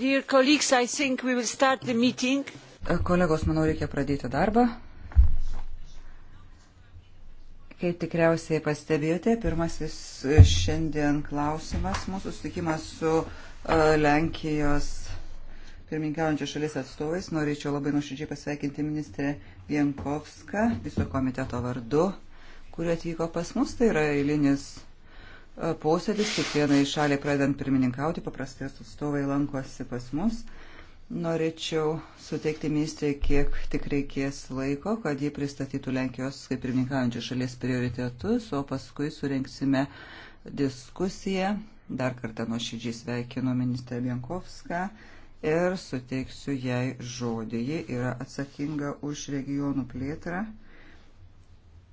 E, kolegos, manau, reikia pradėti darbą. Kaip tikriausiai pastebėjote, pirmasis e, šiandien klausimas mūsų susitikimas su e, Lenkijos pirmininkaujančios šalies atstovais. Norėčiau labai nuoširdžiai pasveikinti ministrę Vienkovską viso komiteto vardu, kuri atvyko pas mus. Tai yra eilinis posėdis, kiekvienai šaliai pradedant pirmininkauti, paprastai atstovai lankosi pas mus. Norėčiau suteikti ministrė, kiek tik reikės laiko, kad ji pristatytų Lenkijos kaip pirmininkaujančios šalies prioritetus, o paskui surenksime diskusiją. Dar kartą nuoširdžiai sveikinu ministrę Bienkovską ir suteiksiu jai žodį. Ji yra atsakinga už regionų plėtrą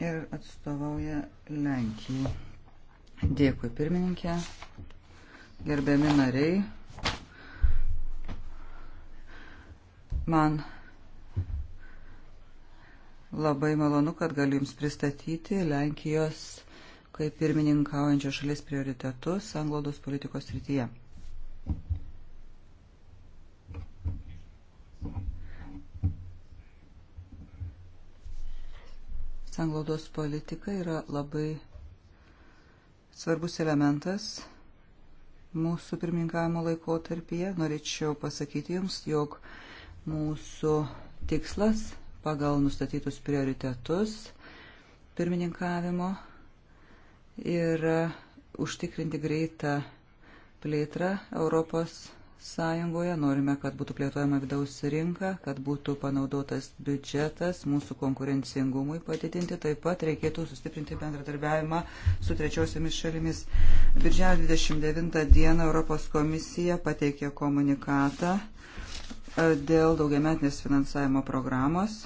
ir atstovauja Lenkijai. Dėkui pirmininkė, gerbiami nariai. Man labai malonu, kad galiu Jums pristatyti Lenkijos kaip pirmininkaujančios šalies prioritetus anglodos politikos rytyje. Sanglaudos politika yra labai svarbus elementas mūsų pirmininkavimo laikotarpyje. Norėčiau pasakyti Jums, jog mūsų tikslas pagal nustatytus prioritetus pirmininkavimo yra užtikrinti greitą plėtrą Europos sąjungoje, norime, kad būtų plėtojama vidaus rinka, kad būtų panaudotas biudžetas mūsų konkurencingumui padidinti, taip pat reikėtų sustiprinti bendradarbiavimą su trečiosiamis šalimis. Birželio 29 dieną Europos komisija pateikė komunikatą e, dėl daugiametinės finansavimo programos.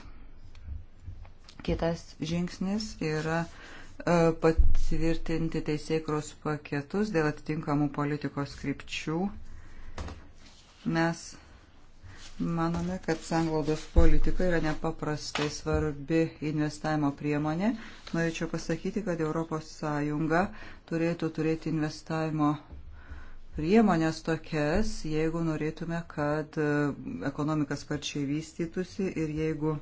Kitas žingsnis yra e, patvirtinti teisėkros paketus dėl atitinkamų politikos krypčių Mes manome, kad sanglaudos politika yra nepaprastai svarbi investavimo priemonė. Norėčiau pasakyti, kad ES turėtų turėti investavimo priemonės tokias, jeigu norėtume, kad e, ekonomika sparčiai vystytųsi ir jeigu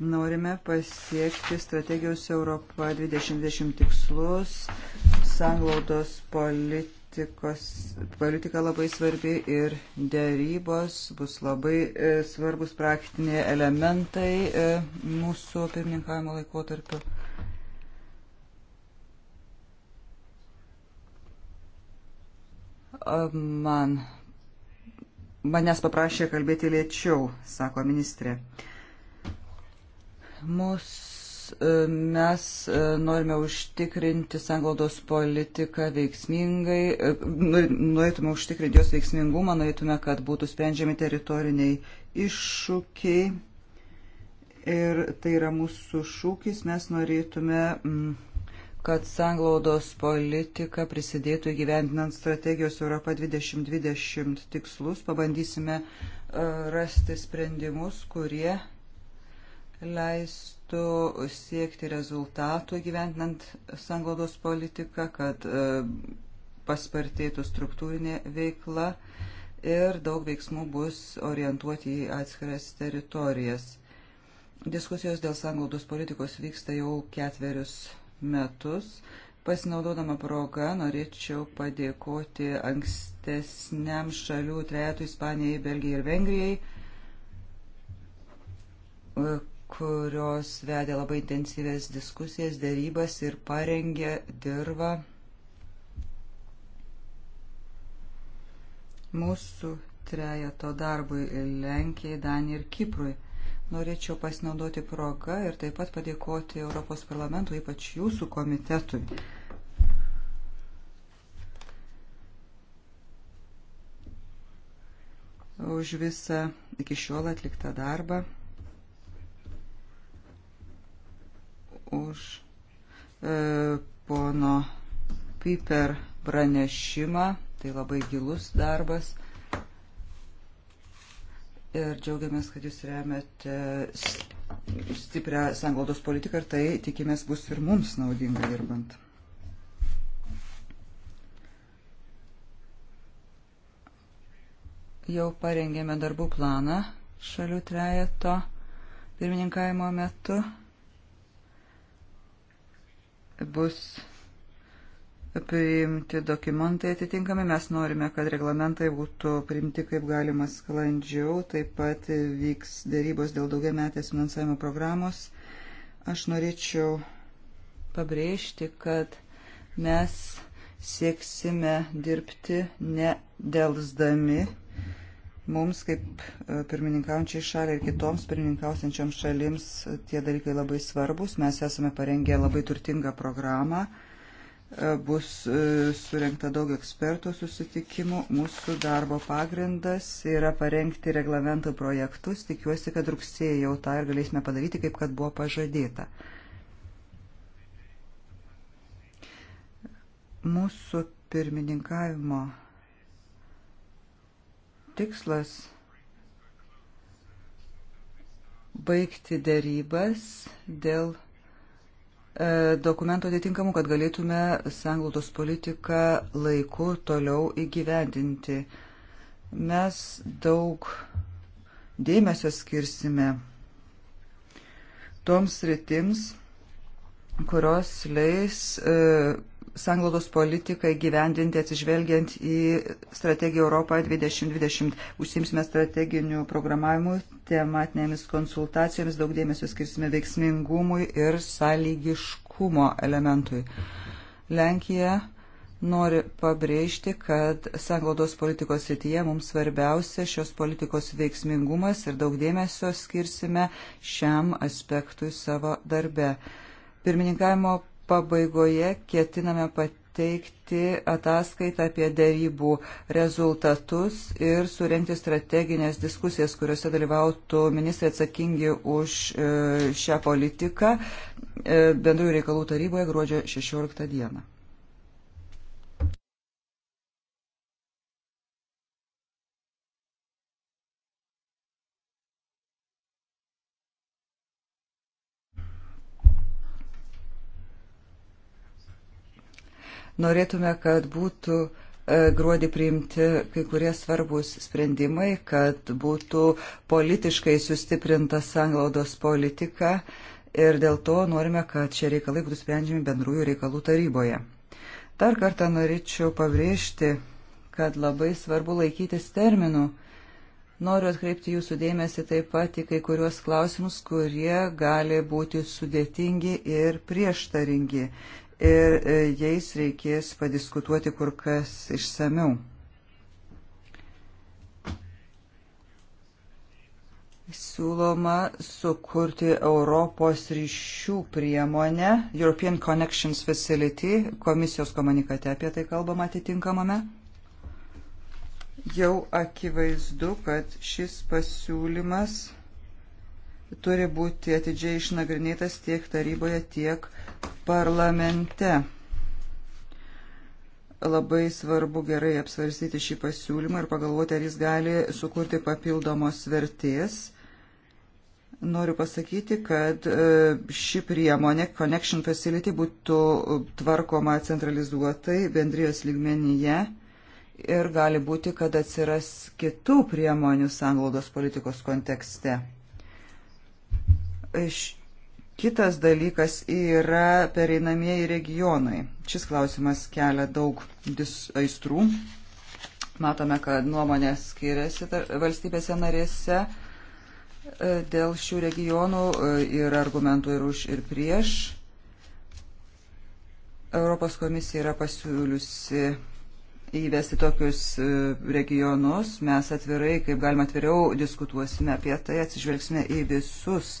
norime pasiekti strategijos Europa 2020 tikslus, sanglaudos politikos politika labai svarbi ir dėrybos bus labai e, svarbus praktiniai elementai e, mūsų pirmininkavimo laikotarpiu. Man, manęs paprašė kalbėti lėčiau, sako ministrė. Mūsų E, mes e, norime užtikrinti sanglaudos politiką veiksmingai, e, norėtume užtikrinti jos veiksmingumą, norėtume, kad būtų sprendžiami teritoriniai iššūkiai. Ir tai yra mūsų šūkis, mes norėtume, mm, kad sanglaudos politika prisidėtų įgyvendinant strategijos Europa 2020 tikslus. Pabandysime rasti sprendimus, kurie leistų siekti rezultatų gyventinant sanglaudos politiką, kad e, paspartėtų struktūrinė veikla ir daug veiksmų bus orientuoti į atskiras teritorijas. Diskusijos dėl sanglaudos politikos vyksta jau ketverius metus. Pasinaudodama progą norėčiau padėkoti ankstesniam šalių trejetui Ispanijai, Belgijai ir Vengrijai, kurios vedė labai intensyvės diskusijas, dėrybas ir parengė dirbą mūsų trejato darbui Lenkijai, Danijai ir Kiprui. Norėčiau pasinaudoti progą ir taip pat padėkoti Europos parlamentui, ypač jūsų komitetui. Už visą iki šiol atliktą darbą. už e, pono Piper pranešimą. Tai labai gilus darbas. Ir džiaugiamės, kad jūs remiate stiprią sanglaudos politiką ir tai tikimės bus ir mums naudinga dirbant. Jau parengėme darbų planą šalių trejeto pirmininkavimo metu bus priimti dokumentai atitinkami. Mes norime, kad reglamentai būtų priimti kaip galima sklandžiau. Taip pat vyks dėrybos dėl daugiametės finansavimo programos. Aš norėčiau pabrėžti, kad mes sieksime dirbti nedelsdami Mums kaip e, pirmininkaujančiai šaliai ir kitoms pirmininkausiančioms šalims e, tie dalykai labai svarbus. Mes esame parengę labai turtingą programą e, bus surinkta daug ekspertų susitikimų. Mūsų darbo pagrindas yra parengti reglamentų projektus. Tikiuosi, kad rugsėje jau tą ir galėsime padaryti, kaip kad buvo pažadėta. Mūsų pirmininkavimo tikslas baigti dėrybas dėl e, dokumento atitinkamų, kad galėtume sanglautos politiką laiku toliau įgyvendinti. Mes daug dėmesio skirsime toms rytims, kurios leis e, sanglaudos politiką gyvendinti atsižvelgiant į strategiją Europą 2020. Užsimsime strateginių programavimų, tematinėmis konsultacijomis, daug dėmesio skirsime veiksmingumui ir sąlygiškumo elementui. Lenkija nori pabrėžti, kad sanglaudos politikos srityje mums svarbiausia šios politikos veiksmingumas ir daug dėmesio skirsime šiam aspektui savo darbe. Pirmininkavimo pabaigoje ketiname pateikti ataskaitą apie dėrybų rezultatus ir surenkti strateginės diskusijas, kuriuose dalyvautų ministrai atsakingi už e, šią politiką e, bendrųjų reikalų taryboje gruodžio 16 dieną. Norėtume, kad būtų e, gruodį priimti kai kurie svarbus sprendimai, kad būtų politiškai sustiprinta sanglaudos politika ir dėl to norime, kad šie reikalai būtų sprendžiami bendrųjų reikalų taryboje. Dar kartą norėčiau pabrėžti, kad labai svarbu laikytis terminų. Noriu atkreipti jūsų dėmesį taip pat į kai kuriuos klausimus, kurie gali būti sudėtingi ir prieštaringi ir e, jais reikės padiskutuoti kur kas išsamiau. Siūloma sukurti Europos ryšių priemonę, European Connections Facility, komisijos komunikate apie tai kalbama atitinkamame jau akivaizdu, kad šis pasiūlymas turi būti atidžiai išnagrinėtas tiek taryboje, tiek parlamente. Labai svarbu gerai apsvarstyti šį pasiūlymą ir pagalvoti, ar jis gali sukurti papildomos vertės. Noriu pasakyti, kad e, ši priemonė Connection Facility būtų tvarkoma centralizuotai bendrijos lygmenyje ir gali būti, kad atsiras kitų priemonių sanglaudos politikos kontekste. Iš Kitas dalykas yra pereinamieji regionai. Šis klausimas kelia daug aistrų. Matome, kad nuomonės skiriasi valstybėse narėse e, dėl šių regionų ir e, argumentų ir už ir prieš. Europos komisija yra pasiūliusi įvesti tokius e, regionus. Mes atvirai, kaip galima atviriau, diskutuosime apie tai, atsižvelgsime į visus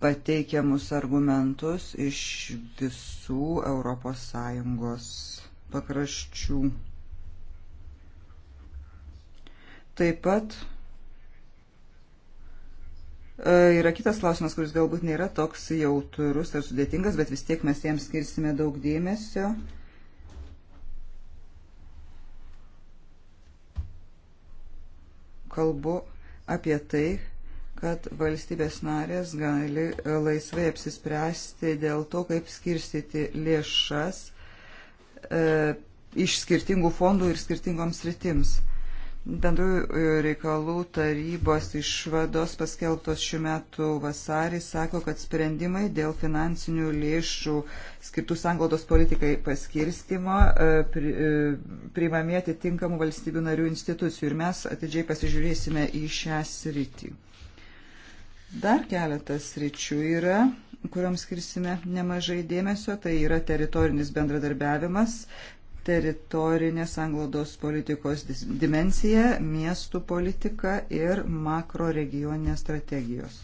pateikiamus argumentus iš visų ES pakraščių. Taip pat e, yra kitas klausimas, kuris galbūt nėra toks jautrus ar sudėtingas, bet vis tiek mes jiems skirsime daug dėmesio. Kalbu apie tai, kad valstybės narės gali e, laisvai apsispręsti dėl to, kaip skirstyti lėšas e, iš skirtingų fondų ir skirtingoms rytims. Bendrųjų e, reikalų tarybos išvados paskelbtos šių metų vasarį sako, kad sprendimai dėl finansinių lėšų skirtų sanglaudos politikai paskirstimo e, priimami atitinkamų valstybių narių institucijų ir mes atidžiai pasižiūrėsime į šią sritį. Dar keletas ryčių yra, kuriams skirsime nemažai dėmesio, tai yra teritorinis bendradarbiavimas, teritorinės anglodos politikos dimensija, miestų politika ir makro regioninės strategijos.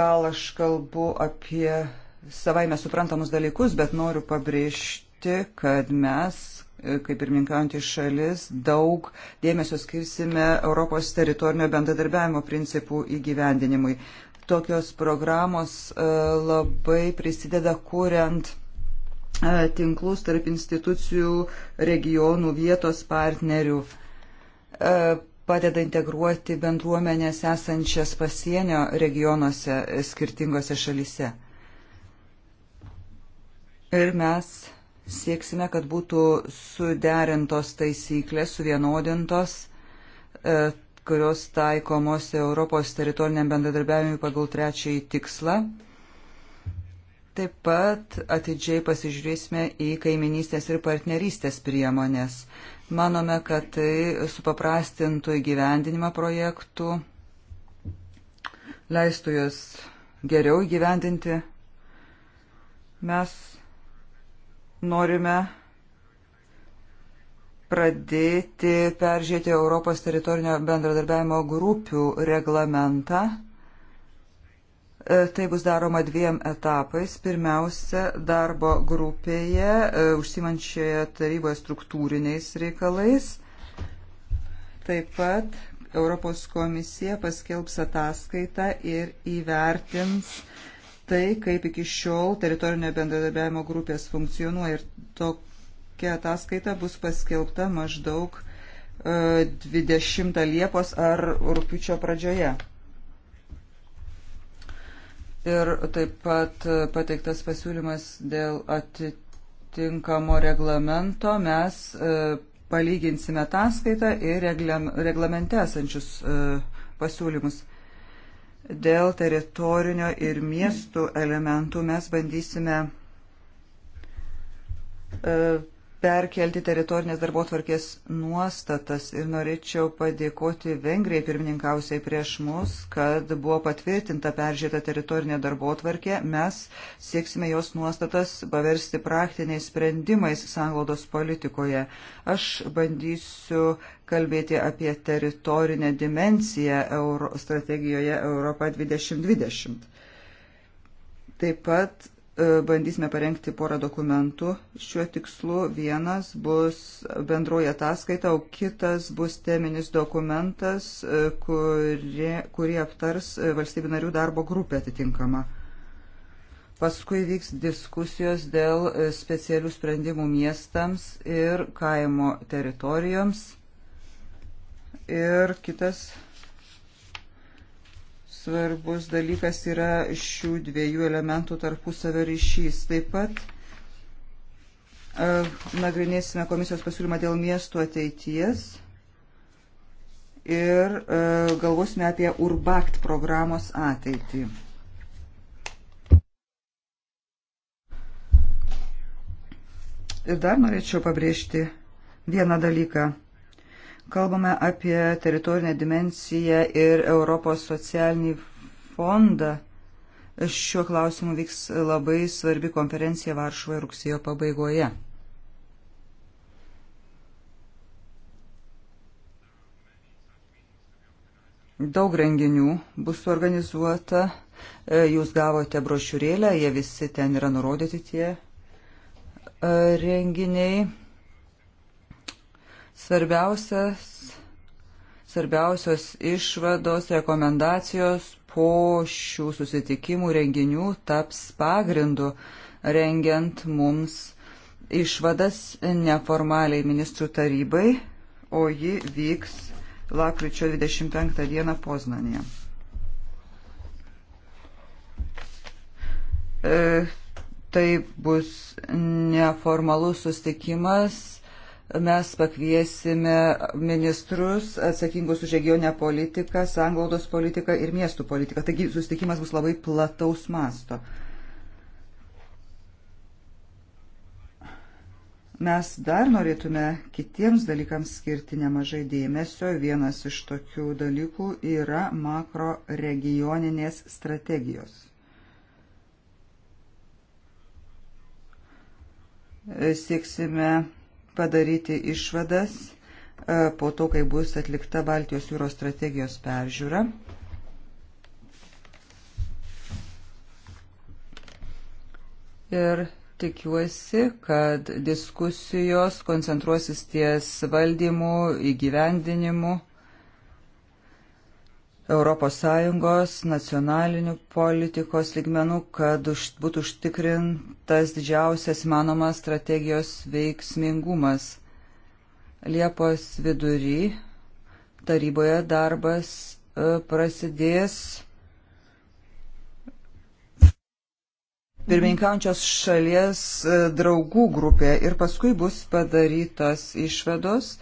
Gal aš kalbu apie savaime suprantamus dalykus, bet noriu pabrėžti, kad mes kaip ir minkantis šalis, daug dėmesio skirsime Europos teritorinio bendradarbiavimo principų įgyvendinimui. Tokios programos e, labai prisideda kuriant e, tinklus tarp institucijų, regionų, vietos partnerių, e, padeda integruoti bendruomenės esančias pasienio regionuose skirtingose šalyse. Ir mes Sieksime, kad būtų suderintos taisyklės, suvienodintos, e, kurios taikomos Europos teritoriniam bendradarbiavimui pagal trečiąjį tikslą. Taip pat atidžiai pasižiūrėsime į kaiminystės ir partnerystės priemonės. Manome, kad tai supaprastintų įgyvendinimą projektų, leistų juos geriau įgyvendinti. Mes norime pradėti peržiūrėti Europos teritorinio bendradarbiavimo grupių reglamentą. E, tai bus daroma dviem etapais. Pirmiausia, darbo grupėje, e, užsimančioje taryboje struktūriniais reikalais. Taip pat Europos komisija paskelbs ataskaitą ir įvertins uh, tai, kaip iki šiol teritorinio bendradarbiavimo grupės funkcionuoja. Ir tokia ataskaita bus paskelbta maždaug 20 e, Liepos ar rūpiučio pradžioje. Ir taip pat e, pateiktas pasiūlymas dėl atitinkamo reglamento. Mes e, palyginsime ataskaitą ir reglamente esančius pasiūlymus dėl teritorinio ir miestų elementų mes bandysime e, perkelti teritorinės darbo tvarkės nuostatas ir norėčiau padėkoti Vengrijai pirmininkausiai prieš mus, kad buvo patvirtinta peržiūrėta teritorinė darbo tvarkė. Mes sieksime jos nuostatas paversti praktiniais sprendimais sanglaudos politikoje. Aš bandysiu kalbėti apie teritorinę dimensiją Euro, strategijoje Europa 2020. Taip pat e, bandysime parengti porą dokumentų šiuo tikslu. Vienas bus bendroji ataskaita, o kitas bus teminis dokumentas, e, kurį, kurį aptars e, valstybių narių darbo grupė atitinkama. Paskui vyks diskusijos dėl specialių sprendimų miestams ir kaimo teritorijoms Ir kitas svarbus dalykas yra šių dviejų elementų tarpusavio ryšys. Taip pat e, nagrinėsime komisijos pasiūlymą dėl miestų ateities ir e, galvosime apie Urbakt programos ateitį. Ir dar norėčiau pabrėžti vieną dalyką. Kalbame apie teritorinę dimensiją ir Europos socialinį fondą. Šiuo klausimu vyks labai svarbi konferencija Varšuvoje rugsėjo pabaigoje. Daug renginių bus organizuota. E, jūs gavote brošiūrėlę, jie visi ten yra nurodyti tie e, renginiai. Svarbiausias, svarbiausios išvados, rekomendacijos po šių susitikimų renginių taps pagrindu rengiant mums išvadas neformaliai ministrų tarybai, o ji vyks lapkričio 25 dieną Poznanėje. E, tai bus neformalus sustikimas mes pakviesime ministrus atsakingus už regionę politiką, sanglaudos politiką ir miestų politiką. Taigi susitikimas bus labai plataus masto. Mes dar norėtume kitiems dalykams skirti nemažai dėmesio. Vienas iš tokių dalykų yra makro regioninės strategijos. Sieksime padaryti išvadas e, po to, kai bus atlikta Baltijos jūros strategijos peržiūra. Ir tikiuosi, kad diskusijos koncentruosis ties valdymu, įgyvendinimu ES nacionalinių politikos ligmenų, kad už, būtų užtikrintas didžiausias manomas strategijos veiksmingumas. Liepos vidury taryboje darbas e, prasidės. Pirmininkančios šalies e, draugų grupė ir paskui bus padarytos išvados.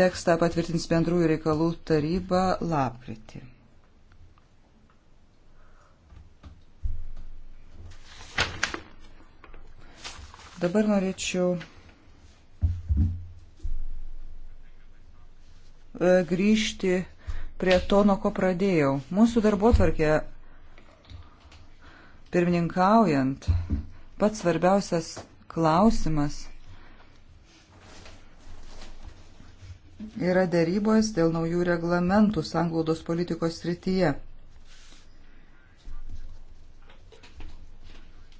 Tekstą patvirtins bendrųjų reikalų taryba lapkritį. Dabar norėčiau e, grįžti prie to, nuo ko pradėjau. Mūsų darbo tvarkė pirmininkaujant pats svarbiausias klausimas yra dėrybos dėl naujų reglamentų sanglaudos politikos srityje.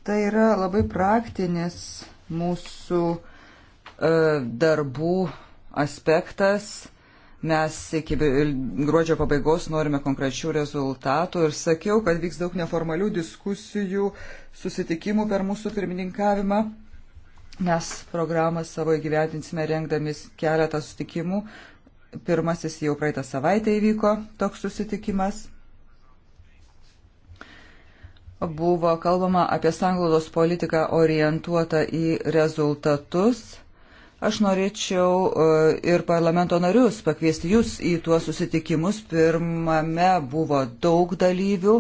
Tai yra labai praktinis mūsų e, darbų aspektas. Mes iki gruodžio pabaigos norime konkrečių rezultatų ir sakiau, kad vyks daug neformalių diskusijų, susitikimų per mūsų pirmininkavimą. Mes programą savo įgyventinsime rengdamis keletą susitikimų. Pirmasis jau praeitą savaitę įvyko toks susitikimas buvo kalbama apie sanglaudos politiką orientuotą į rezultatus. Aš norėčiau e, ir parlamento narius pakviesti jūs į tuos susitikimus. Pirmame buvo daug dalyvių.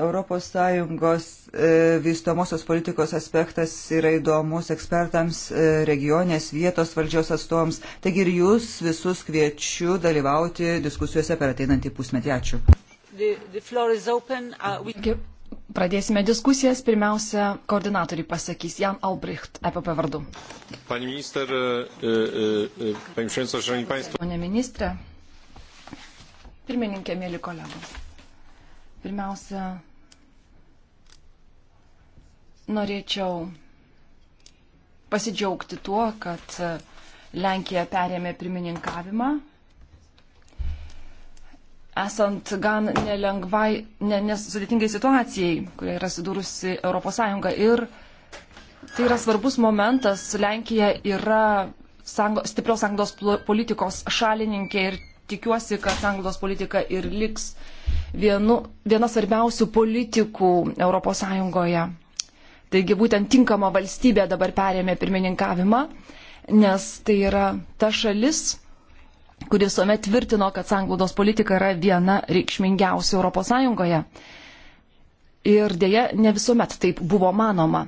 ES e, vystomosios politikos aspektas yra įdomus ekspertams, e, regionės, vietos valdžios atstovams. Taigi ir jūs visus kviečiu dalyvauti diskusijose per ateinantį pusmetį. Ačiū. The, the open, uh, we... Pradėsime diskusijas. Pirmiausia, koordinatoriai pasakys Jan Albrecht, EPP vardu. Pani minister, e, pani przewodnicząca, szanowni państwo. Panie ministrė, pirmininkė, mėly kolegos. Pirmiausia, Norėčiau pasidžiaugti tuo, kad Lenkija perėmė pirmininkavimą. Esant gan nelengvai, nesudėtingai ne situacijai, kuria yra sidūrusi ES. Ir tai yra svarbus momentas. Lenkija yra sango, stiprios anglos politikos šalininkė ir tikiuosi, kad anglos politika ir liks vienu, viena svarbiausių politikų ES Taigi būtent tinkama valstybė dabar perėmė pirmininkavimą, nes tai yra ta šalis, kuris visuomet tvirtino, kad sanglaudos politika yra viena reikšmingiausių ES. Ir dėja, ne visuomet taip buvo manoma.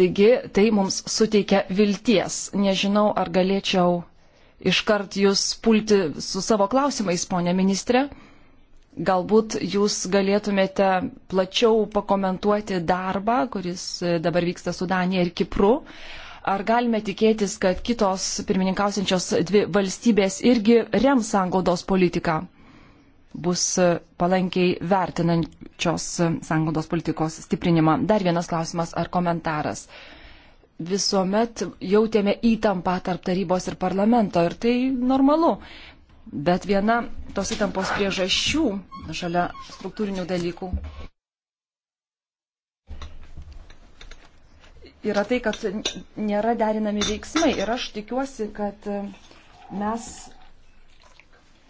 Taigi tai mums suteikia vilties. Nežinau, ar galėčiau iškart jūs pulti su savo klausimais, ponė ministrė. Galbūt jūs galėtumėte plačiau pakomentuoti darbą, kuris e, dabar vyksta su Danija ir Kipru. Ar galime tikėtis, kad kitos pirmininkausiančios dvi valstybės irgi rems anglodos politiką? bus e, palankiai vertinančios e, sąnaudos politikos stiprinimą. Dar vienas klausimas ar komentaras. Visuomet jautėme įtampą tarp tarybos ir parlamento ir tai normalu. Bet viena tos įtampos priežasčių, šalia struktūrinių dalykų, yra tai, kad nėra derinami veiksmai. Ir aš tikiuosi, kad mes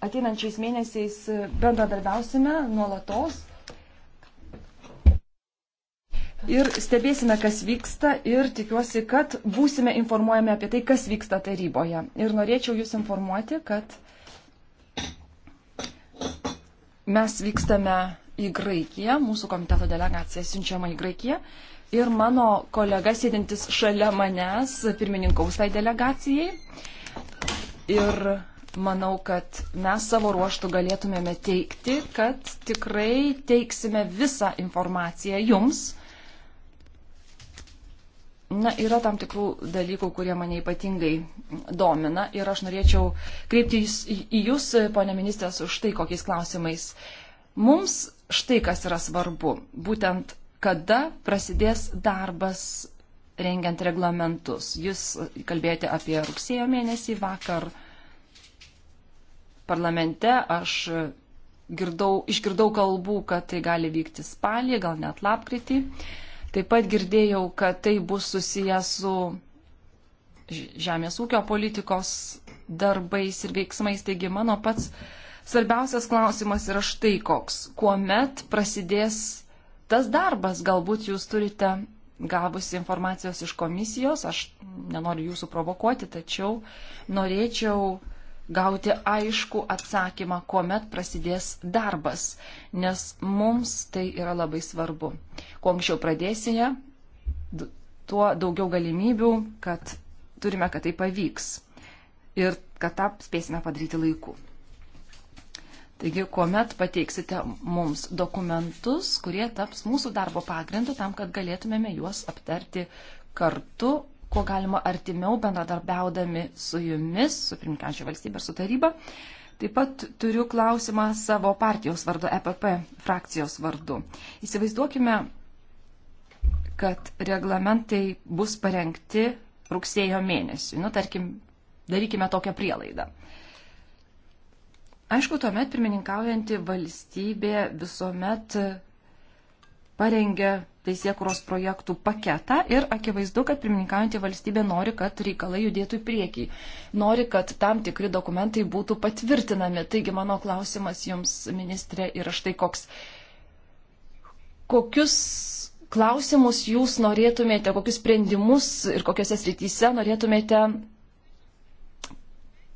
ateinančiais mėnesiais bendradarbiausime nuolatos ir stebėsime, kas vyksta ir tikiuosi, kad būsime informuojami apie tai, kas vyksta taryboje. Ir norėčiau Jūs informuoti, kad Mes vykstame į Graikiją, mūsų komiteto delegacija siunčiama į Graikiją ir mano kolega sėdintis šalia manęs pirmininkaus tai delegacijai. Ir manau, kad mes savo ruoštų galėtumėme teikti, kad tikrai teiksime visą informaciją jums Na, yra tam tikrų dalykų, kurie mane ypatingai domina ir aš norėčiau kreipti į Jūs, ponė ministrės, už tai, kokiais klausimais. Mums štai kas yra svarbu, būtent kada prasidės darbas rengiant reglamentus. Jūs kalbėjote apie rugsėjo mėnesį vakar parlamente, aš girdau, išgirdau kalbų, kad tai gali vykti spalį, gal net lapkritį. Uh, Taip pat girdėjau, kad tai bus susiję su žemės ūkio politikos darbais ir veiksmais. Taigi mano pats svarbiausias klausimas yra štai koks. Kuomet prasidės tas darbas? Galbūt jūs turite gavusi informacijos iš komisijos, aš nenoriu jūsų provokuoti, tačiau norėčiau gauti aišku atsakymą, kuomet prasidės darbas, nes mums tai yra labai svarbu. Kuo anksčiau pradėsime, tuo daugiau galimybių, kad turime, kad tai pavyks ir kad tą spėsime padaryti laiku. Taigi, kuomet pateiksite mums dokumentus, kurie taps mūsų darbo pagrindu tam, kad galėtumėme juos aptarti kartu kuo galima artimiau bendradarbiaudami su jumis, su pirmininkančia valstybė ir su taryba. Taip pat turiu klausimą savo partijos vardu, EPP frakcijos vardu. Įsivaizduokime, kad reglamentai bus parengti rugsėjo mėnesiui. Nu, tarkim, darykime tokią prielaidą. Aišku, tuomet pirmininkaujanti valstybė visuomet parengė teisėkuros projektų paketą ir akivaizdu, kad pirmininkaujantį valstybę nori, kad reikalai judėtų į priekį, nori, kad tam tikri dokumentai būtų patvirtinami. Taigi mano klausimas jums, ministrė, yra štai koks. Kokius klausimus jūs norėtumėte, kokius sprendimus ir kokiuose srityse norėtumėte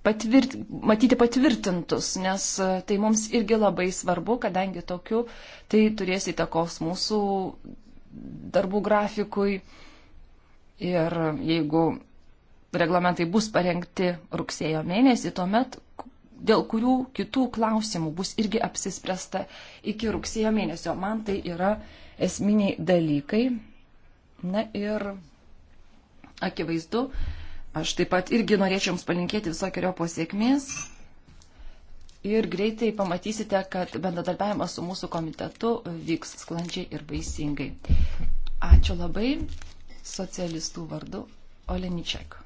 patvirt, matyti patvirtintus, nes e, tai mums irgi labai svarbu, kadangi tokiu tai turės įtakos mūsų darbų grafikui. Ir jeigu reglamentai bus parengti rugsėjo mėnesį, tuomet dėl kurių kitų klausimų bus irgi apsispręsta iki rugsėjo mėnesio. Man tai yra esminiai dalykai. Na ir akivaizdu, Aš taip pat irgi norėčiau Jums palinkėti visokiojo pasiekmės. Ir greitai pamatysite, kad bendradarbiavimas su mūsų komitetu vyks sklandžiai ir vaisingai. Ačiū labai socjalistų vardu Oleniček.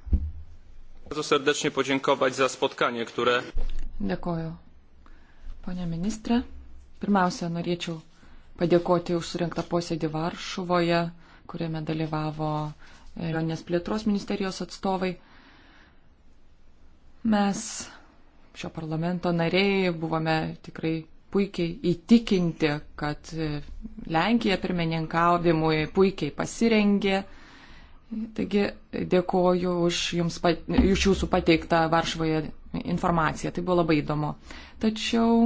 Bardzo serdecznie podziękować za spotkanie, które. Dėkoju. Pone ministrė, pirmiausia, norėčiau padėkoti už surinktą posėdį Varšuvoje, kuriame dalyvavo uh, regioninės plėtros ministerijos atstovai. Mes, šio parlamento nariai, buvome tikrai puikiai įtikinti, kad Lenkija pirmininkavimui puikiai pasirengė. Taigi dėkoju už, jums, už jūsų pateiktą Varšuvoje informaciją. Tai buvo labai įdomu. Tačiau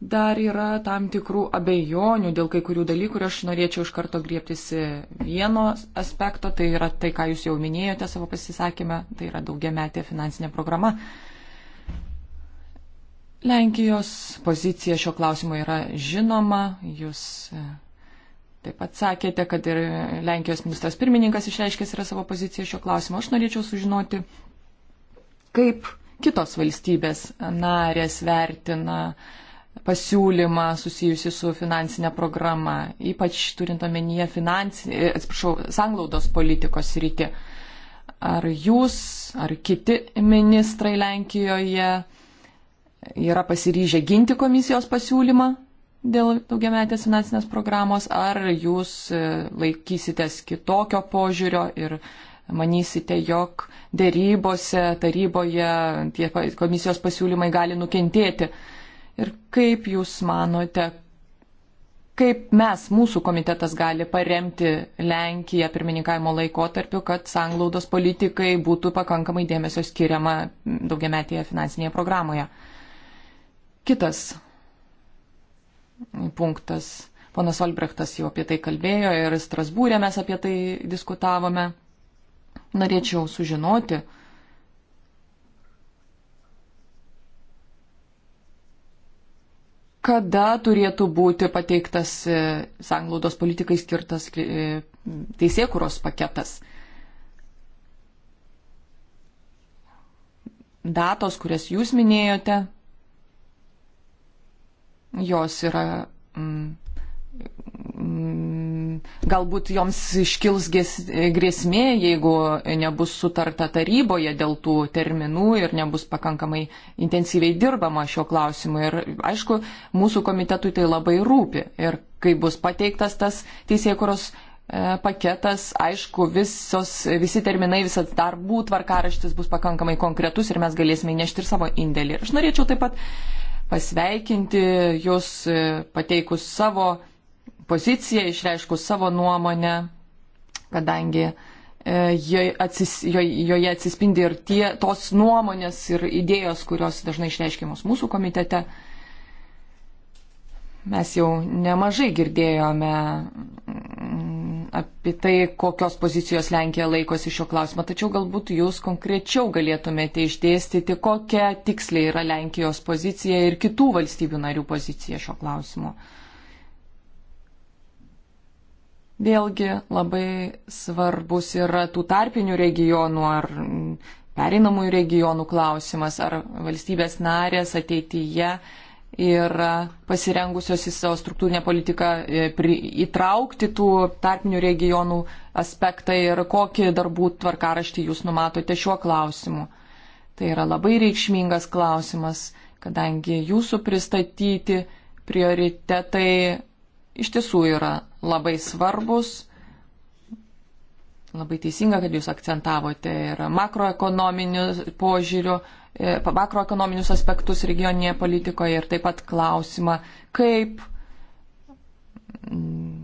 dar yra tam tikrų abejonių dėl kai kurių dalykų ir aš norėčiau iš karto griebtis vieno aspekto, tai yra tai, ką jūs jau minėjote savo pasisakymę, tai yra daugiametė finansinė programa. Lenkijos pozicija šio klausimo yra žinoma, jūs taip pat sakėte, kad ir Lenkijos ministras pirmininkas išreiškęs yra savo poziciją šio klausimo. Aš norėčiau sužinoti, kaip kitos valstybės narės vertina uh, pasiūlymą susijusi su finansinė programa, ypač turint omenyje finansinį, e, atsiprašau, sanglaudos politikos rytį. Ar jūs, ar kiti ministrai Lenkijoje yra pasiryžę ginti komisijos pasiūlymą dėl daugiametės finansinės programos, ar jūs e, laikysitės kitokio požiūrio ir manysite, jog dėrybose, taryboje tie komisijos pasiūlymai gali nukentėti? Ir kaip Jūs manote, kaip mes, mūsų komitetas, gali paremti Lenkiją pirmininkavimo laikotarpiu, kad sanglaudos politikai būtų pakankamai dėmesio skiriama daugiametėje finansinėje programoje. Kitas punktas. Ponas Olbrechtas jau apie tai kalbėjo ir Strasbūrė mes apie tai diskutavome. Norėčiau sužinoti, kada turėtų būti pateiktas e, sanglaudos politikai skirtas e, teisėkuros paketas. Datos, kurias jūs minėjote, jos yra mm, galbūt joms iškils grėsmė, jeigu nebus sutarta taryboje dėl tų terminų ir nebus pakankamai intensyviai dirbama šio klausimu. Ir aišku, mūsų komitetui tai labai rūpi. Ir kai bus pateiktas tas teisėkuros e, paketas, aišku, visos, visi terminai, visas darbų tvarkaraštis bus pakankamai konkretus ir mes galėsime įnešti ir savo indėlį. Ir aš norėčiau taip pat pasveikinti jūs e, pateikus savo poziciją, išreiškus savo nuomonę, kadangi e, joje, atsis, joje atsispindi ir tie, tos nuomonės ir idėjos, kurios dažnai išreiškiamos mūsų komitete. Mes jau nemažai girdėjome mm, apie tai, kokios pozicijos Lenkija laikosi šio klausimo, tačiau galbūt jūs konkrečiau galėtumėte išdėstyti, kokia tiksliai yra Lenkijos pozicija ir kitų valstybių narių pozicija šio klausimo. Uh, Vėlgi labai svarbus yra tų tarpinių regionų ar pereinamųjų regionų klausimas, ar valstybės narės ateityje yra pasirengusios į savo struktūrinę politiką e, įtraukti tų tarpinių regionų aspektą ir kokį darbų tvarkaraštį jūs numatote šiuo klausimu. Tai yra labai reikšmingas klausimas, kadangi jūsų pristatyti prioritetai iš tiesų yra labai svarbus. Labai teisinga, kad jūs akcentavote ir makroekonominius požiūrių, e, makroekonominius aspektus regioninėje politikoje ir taip pat klausimą, kaip mm,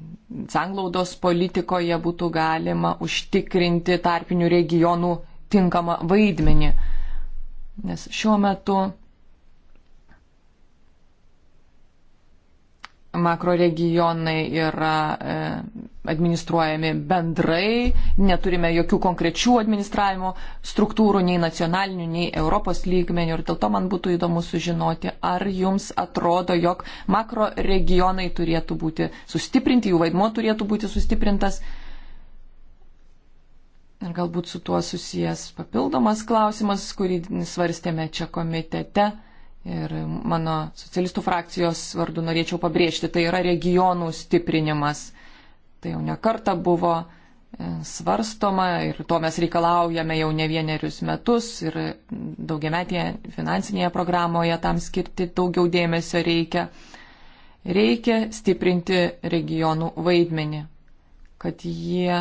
sanglaudos politikoje būtų galima užtikrinti tarpinių regionų tinkamą vaidmenį. Nes šiuo metu makroregionai yra e, administruojami bendrai, neturime jokių konkrečių administravimo struktūrų, nei nacionalinių, nei Europos lygmenių. Ir dėl to man būtų įdomu sužinoti, ar jums atrodo, jog makroregionai turėtų būti sustiprinti, jų vaidmo turėtų būti sustiprintas. Ir galbūt su tuo susijęs papildomas klausimas, kurį svarstėme čia komitete Ir mano socialistų frakcijos vardu norėčiau pabrėžti, tai yra regionų stiprinimas. Tai jau nekarta buvo e, svarstoma ir to mes reikalaujame jau ne vienerius metus ir daugiametėje finansinėje programoje tam skirti daugiau dėmesio reikia. Reikia stiprinti regionų vaidmenį, kad jie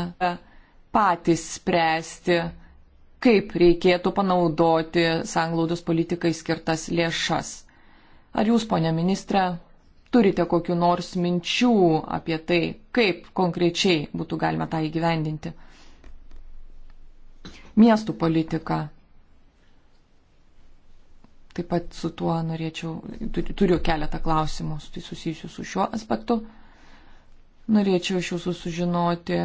patys spręsti kaip reikėtų panaudoti sanglaudos politikai skirtas lėšas. Ar jūs, ponė ministrė, turite kokiu nors minčių apie tai, kaip konkrečiai būtų galima tą įgyvendinti? Miestų politika. Taip pat su tuo norėčiau, turiu keletą klausimų tai susijusių su šiuo aspektu. Norėčiau iš jūsų sužinoti,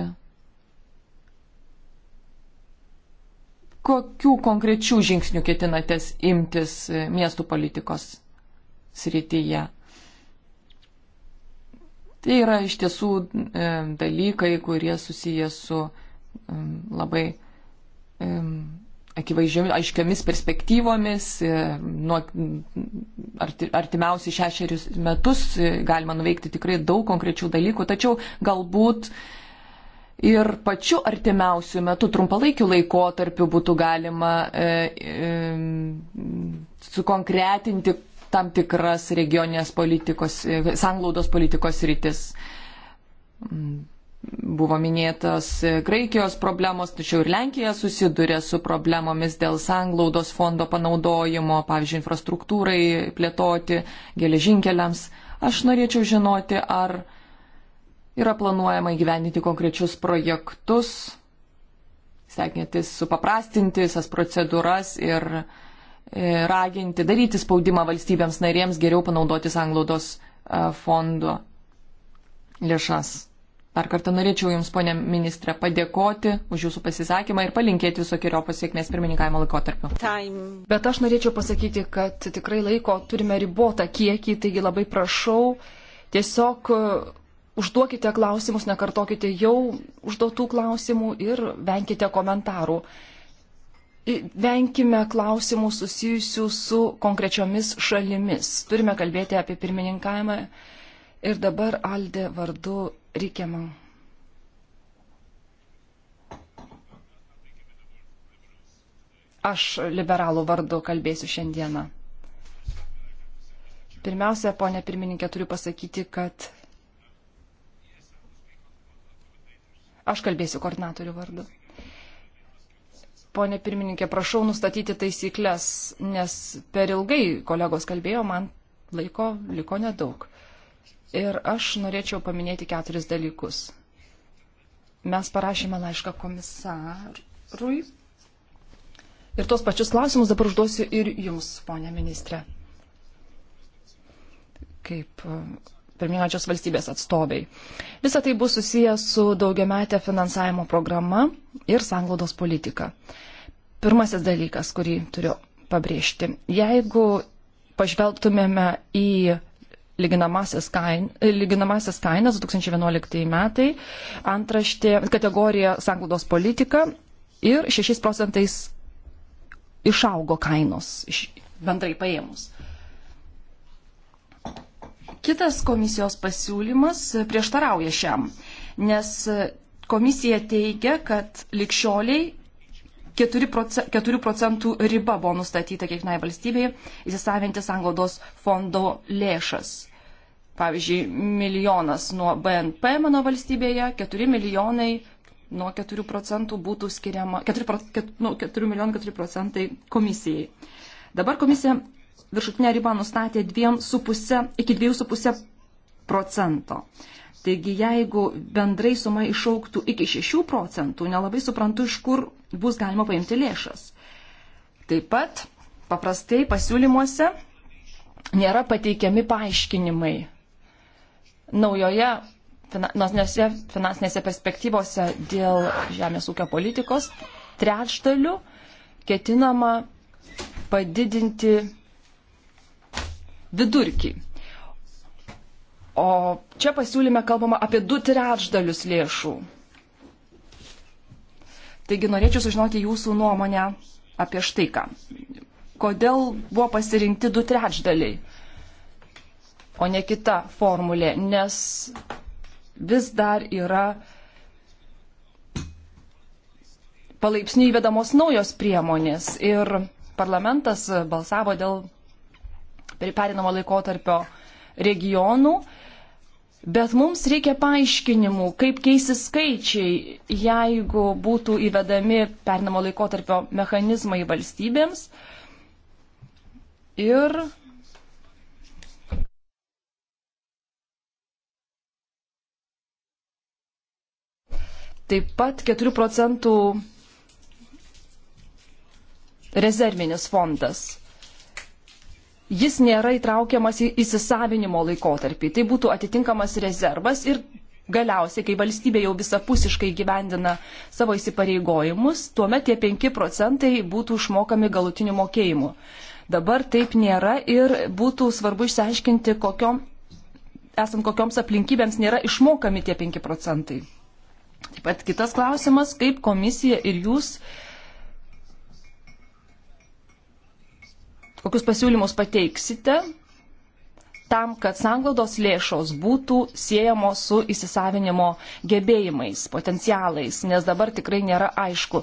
kokių konkrečių žingsnių ketinatės imtis e, miestų politikos srityje? Tai yra iš tiesų e, dalykai, kurie susiję su labai aiškiomis perspektyvomis. E, nuo artimiausiai šešerius metus galima nuveikti tikrai daug konkrečių dalykų, tačiau galbūt uh, ir pačiu artimiausiu metu, trumpalaikiu laikotarpiu būtų galima e, e, sukonkretinti tam tikras regioninės politikos, e, sanglaudos politikos rytis. Buvo minėtas e, Graikijos problemos, tačiau ir Lenkija susiduria su problemomis dėl sanglaudos fondo panaudojimo, pavyzdžiui, infrastruktūrai plėtoti, geležinkeliams. Aš norėčiau žinoti, ar Yra planuojama įgyvendinti konkrečius projektus, stengiantis supaprastinti visas procedūras ir e, raginti, daryti spaudimą valstybėms narėms geriau panaudoti sanglaudos e, fondo lėšas. Dar kartą norėčiau Jums, ponė ministrė, padėkoti už Jūsų pasisakymą ir palinkėti visokiojo pasiekmės pirmininkavimo laikotarpiu. Time. Bet aš norėčiau pasakyti, kad tikrai laiko turime ribotą kiekį, taigi labai prašau tiesiog užduokite klausimus, nekartokite jau užduotų klausimų ir venkite komentarų. Venkime klausimų susijusių su konkrečiomis šalimis. Turime kalbėti apie pirmininkavimą ir dabar Aldė vardu reikiamą. Aš liberalų vardu kalbėsiu šiandieną. Pirmiausia, ponė pirmininkė, turiu pasakyti, kad Aš kalbėsiu koordinatorių vardu. Pone pirmininkė, prašau nustatyti taisyklės, nes per ilgai kolegos kalbėjo, man laiko liko nedaug. Ir aš norėčiau paminėti keturis dalykus. Mes parašėme laišką komisarui. Ir tos pačius klausimus dabar užduosiu ir jums, ponė ministrė. Kaip pirmingančios valstybės atstovai. Visa tai bus susijęs su daugiametė finansavimo programa ir sanglaudos politika. Pirmasis dalykas, kurį turiu pabrėžti. Jeigu pažvelgtumėme į lyginamasias, kain, lyginamasias kainas 2011 metai, antraštė kategorija sanglaudos politika ir 6 procentais išaugo kainos iš, bendrai paėmus. Kitas komisijos pasiūlymas prieštarauja šiam, nes komisija teigia, kad likščioliai 4 procentų riba buvo nustatyta kiekvienai valstybei įsisavinti sanglaudos fondo lėšas. Pavyzdžiui, milijonas nuo BNP mano valstybėje, 4 milijonai nuo 4 procentų būtų skiriama, 4, 4, nu, 4 milijonų 4 procentai komisijai. Dabar komisija viršutinę ribą nustatė 2,5 iki 2,5 procento. Taigi jeigu bendrai suma išauktų iki 6 procentų, nelabai suprantu, iš kur bus galima paimti lėšas. Taip pat paprastai pasiūlymuose nėra pateikiami paaiškinimai. Naujoje finansinėse, finansinėse perspektyvose dėl žemės ūkio politikos trečdalių ketinama padidinti vidurkį. O čia pasiūlyme kalbama apie du trečdalius lėšų. Taigi norėčiau sužinoti jūsų nuomonę apie štai ką. Kodėl buvo pasirinkti du trečdaliai, o ne kita formulė, nes vis dar yra palaipsniui įvedamos naujos priemonės ir parlamentas balsavo dėl perinamo laikotarpio regionų, bet mums reikia paaiškinimų, kaip keisi skaičiai, jeigu būtų įvedami perinamo laikotarpio mechanizmai valstybėms. Ir taip pat 4 procentų rezervinis fondas jis nėra įtraukiamas į įsisavinimo laikotarpį. Tai būtų atitinkamas rezervas ir galiausiai, kai valstybė jau visapusiškai gyvendina savo įsipareigojimus, tuomet tie 5 procentai būtų išmokami galutiniu mokėjimu. Dabar taip nėra ir būtų svarbu išsiaiškinti, kokiom, esant kokioms aplinkybėms nėra išmokami tie 5 procentai. Taip pat kitas klausimas, kaip komisija ir jūs uh, kokius pasiūlymus pateiksite tam, kad sanglaudos lėšos būtų siejamos su įsisavinimo gebėjimais, potencialais, nes dabar tikrai nėra aišku.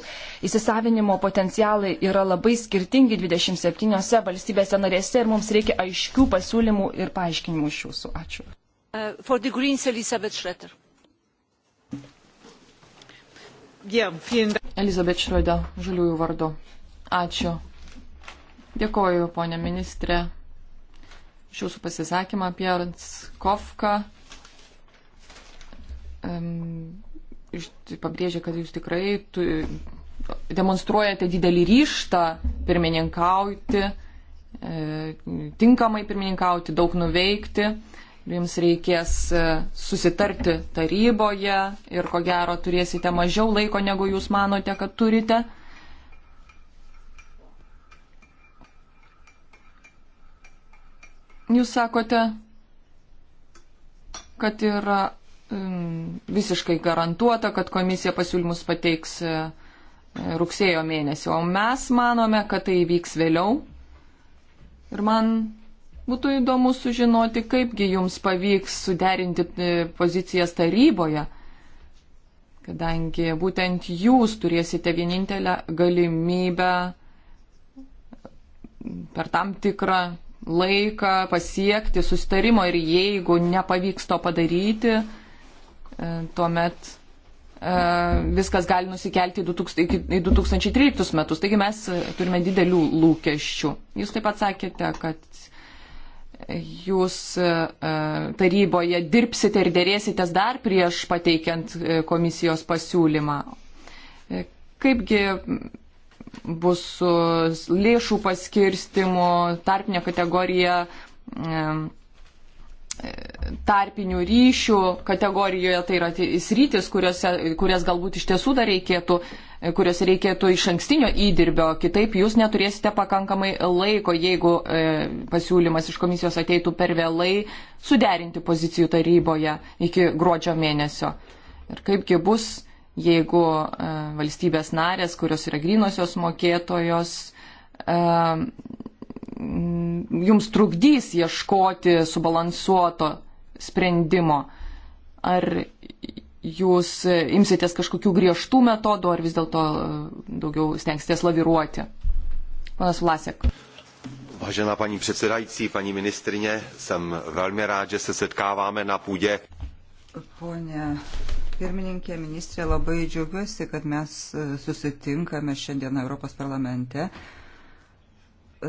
Įsisavinimo potencialai yra labai skirtingi 27 valstybėse narėse ir mums reikia aiškių pasiūlymų ir paaiškinimų iš jūsų. Ačiū. Uh, Greens, Elizabeth Schroeder. Yeah, Elizabeth Schroeder, žaliųjų vardu. Ačiū. Dėkoju, ponė ministrė, iš jūsų pasisakymą apie Ranskovką. Pabrėžė, kad jūs tikrai tu, demonstruojate didelį ryštą pirmininkauti, e, tinkamai pirmininkauti, daug nuveikti. Jums reikės e, susitarti taryboje ir ko gero turėsite mažiau laiko, negu jūs manote, kad turite. Jūs sakote, kad yra um, visiškai garantuota, kad komisija pasiūlymus pateiks e, rugsėjo mėnesį, o mes manome, kad tai įvyks vėliau. Ir man būtų įdomu sužinoti, kaipgi jums pavyks suderinti e, pozicijas taryboje, kadangi būtent jūs turėsite vienintelę galimybę per tam tikrą laiką pasiekti sustarimo ir jeigu nepavyks to padaryti, e, tuomet e, viskas gali nusikelti į 2013 metus. Taigi mes turime didelių lūkesčių. Jūs taip pat sakėte, kad jūs e, taryboje dirbsite ir dėrėsitės dar prieš pateikiant komisijos pasiūlymą. Kaipgi bus su lėšų paskirstimu, tarpinė kategorija, tarpinių ryšių kategorijoje, tai yra sritis, kurias galbūt iš tiesų dar reikėtų kurios reikėtų iš ankstinio įdirbio, kitaip jūs neturėsite pakankamai laiko, jeigu e, pasiūlymas iš komisijos ateitų per vėlai suderinti pozicijų taryboje iki gruodžio mėnesio. Ir kaipgi bus jeigu e, valstybės narės, kurios yra grinosios mokėtojos, e, jums trukdys ieškoti subalansuoto sprendimo. Ar jūs imsitės kažkokių griežtų metodų, ar vis dėlto e, daugiau stengsitės laviruoti? Panas Vlasek. Vážená paní předsedající, paní ministrině, jsem velmi rád, že se setkáváme na půdě. Pone pirmininkė, ministrė, labai džiaugiuosi, kad mes e, susitinkame šiandien Europos parlamente.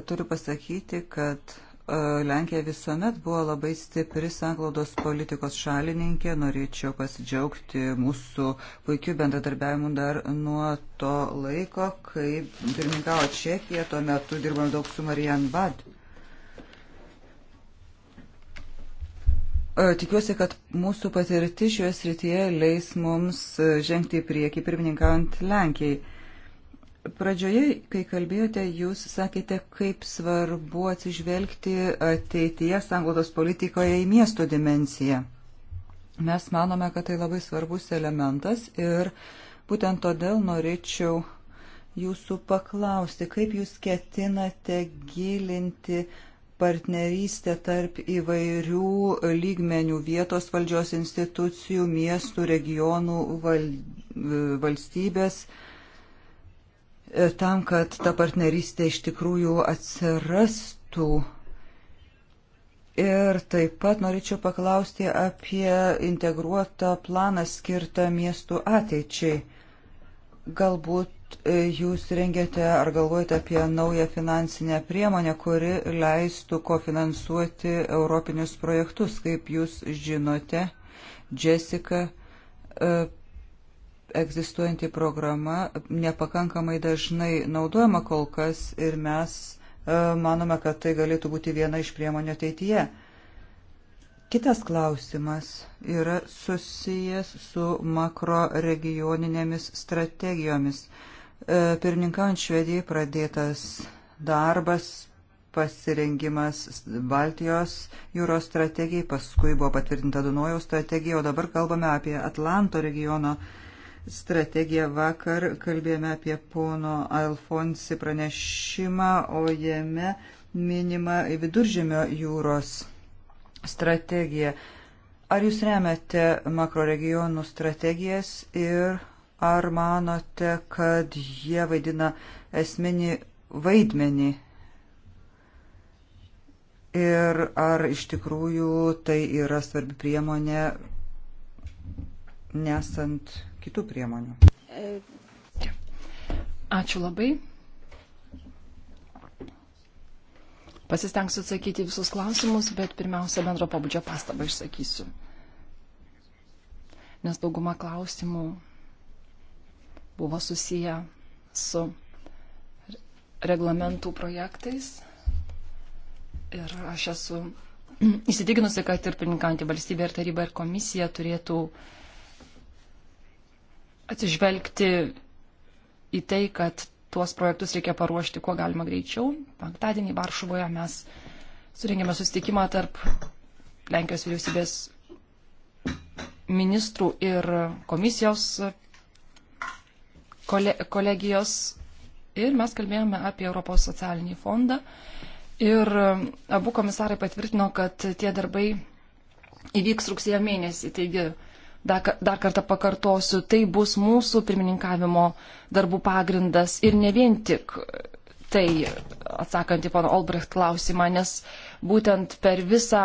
Turiu pasakyti, kad e, Lenkija visuomet buvo labai stipri sanglaudos politikos šalininkė. Norėčiau pasidžiaugti mūsų puikiu bendradarbiavimu dar nuo to laiko, kai pirmininkavo Čekija, tuo metu dirbom daug su Marijan Bad. E, tikiuosi, kad mūsų patirti šioje srityje leis mums e, žengti į priekį, pirmininkaujant Lenkijai. Pradžioje, kai kalbėjote, jūs sakėte, kaip svarbu atsižvelgti ateityje sanglaudos politikoje į miesto dimenciją. Mes manome, kad tai labai svarbus elementas ir būtent todėl norėčiau jūsų paklausti, kaip jūs ketinate gilinti uh, partnerystė tarp įvairių lygmenių vietos valdžios institucijų, miestų, regionų, val, valstybės, e, tam, kad ta partnerystė iš tikrųjų atsirastų. Ir taip pat norėčiau paklausti apie integruotą planą skirtą miestų ateičiai. Galbūt E, jūs rengiate ar galvojate apie naują finansinę priemonę, kuri leistų kofinansuoti europinius projektus? Kaip jūs žinote, Jessica, e, egzistuojanti programa nepakankamai dažnai naudojama kol kas ir mes e, manome, kad tai galėtų būti viena iš priemonių ateityje. Kitas klausimas yra susijęs su makroregioninėmis strategijomis. strategijomis E, pirmininkaujant Švedijai pradėtas darbas, pasirengimas Baltijos jūros strategijai, paskui buvo patvirtinta Dunojaus strategija, o dabar kalbame apie Atlanto regiono strategiją. Vakar kalbėjome apie pono Alfonsi pranešimą, o jame minima viduržėmio jūros strategija. Ar jūs remiate makroregionų strategijas ir Ar manote, kad jie vaidina esminį vaidmenį? Ir ar iš tikrųjų tai yra svarbi priemonė, nesant kitų priemonių? Ačiū labai. Pasistengsiu atsakyti visus klausimus, bet pirmiausia bendro pabudžio pastabą išsakysiu. Nes dauguma klausimų buvo susiję su reglamentų projektais. Ir aš esu įsitikinusi, kad ir pirmininkantį valstybę, ir tarybą, ir komisiją turėtų atsižvelgti į tai, kad tuos projektus reikia paruošti kuo galima greičiau. Penktadienį Varšuvoje mes surinkėme susitikimą tarp Lenkijos vyriausybės ministrų ir komisijos kole, kolegijos ir mes kalbėjome apie Europos socialinį fondą. Ir um, abu komisarai patvirtino, kad tie darbai įvyks rugsėjo mėnesį. Taigi, dar, dar kartą pakartosiu, tai bus mūsų pirmininkavimo darbų pagrindas ir ne vien tik tai, atsakant į pono Olbrecht klausimą, nes būtent per visą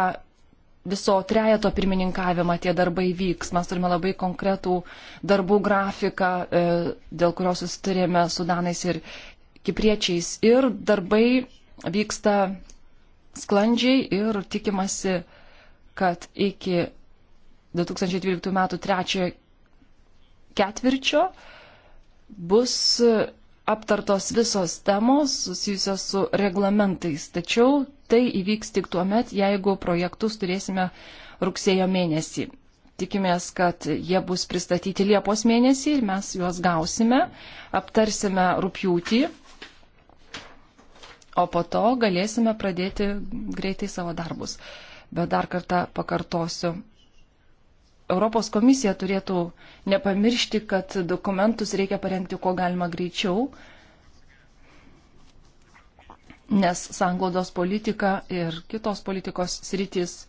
viso trejato pirmininkavimą tie darbai vyks. Mes turime labai konkretų darbų grafiką, e, dėl kurios susitarėme su Danais ir Kipriečiais. Ir darbai vyksta sklandžiai ir tikimasi, kad iki 2012 metų trečiojo ketvirčio bus aptartos visos temos susijusios su reglamentais. Tačiau tai įvyks tik tuo met, jeigu projektus turėsime rugsėjo mėnesį. Tikimės, kad jie bus pristatyti Liepos mėnesį ir mes juos gausime, aptarsime rūpjūtį, o po to galėsime pradėti greitai savo darbus. Bet dar kartą pakartosiu, Europos komisija turėtų nepamiršti, kad dokumentus reikia parengti kuo galima greičiau, nes sanglaudos politika ir kitos politikos sritys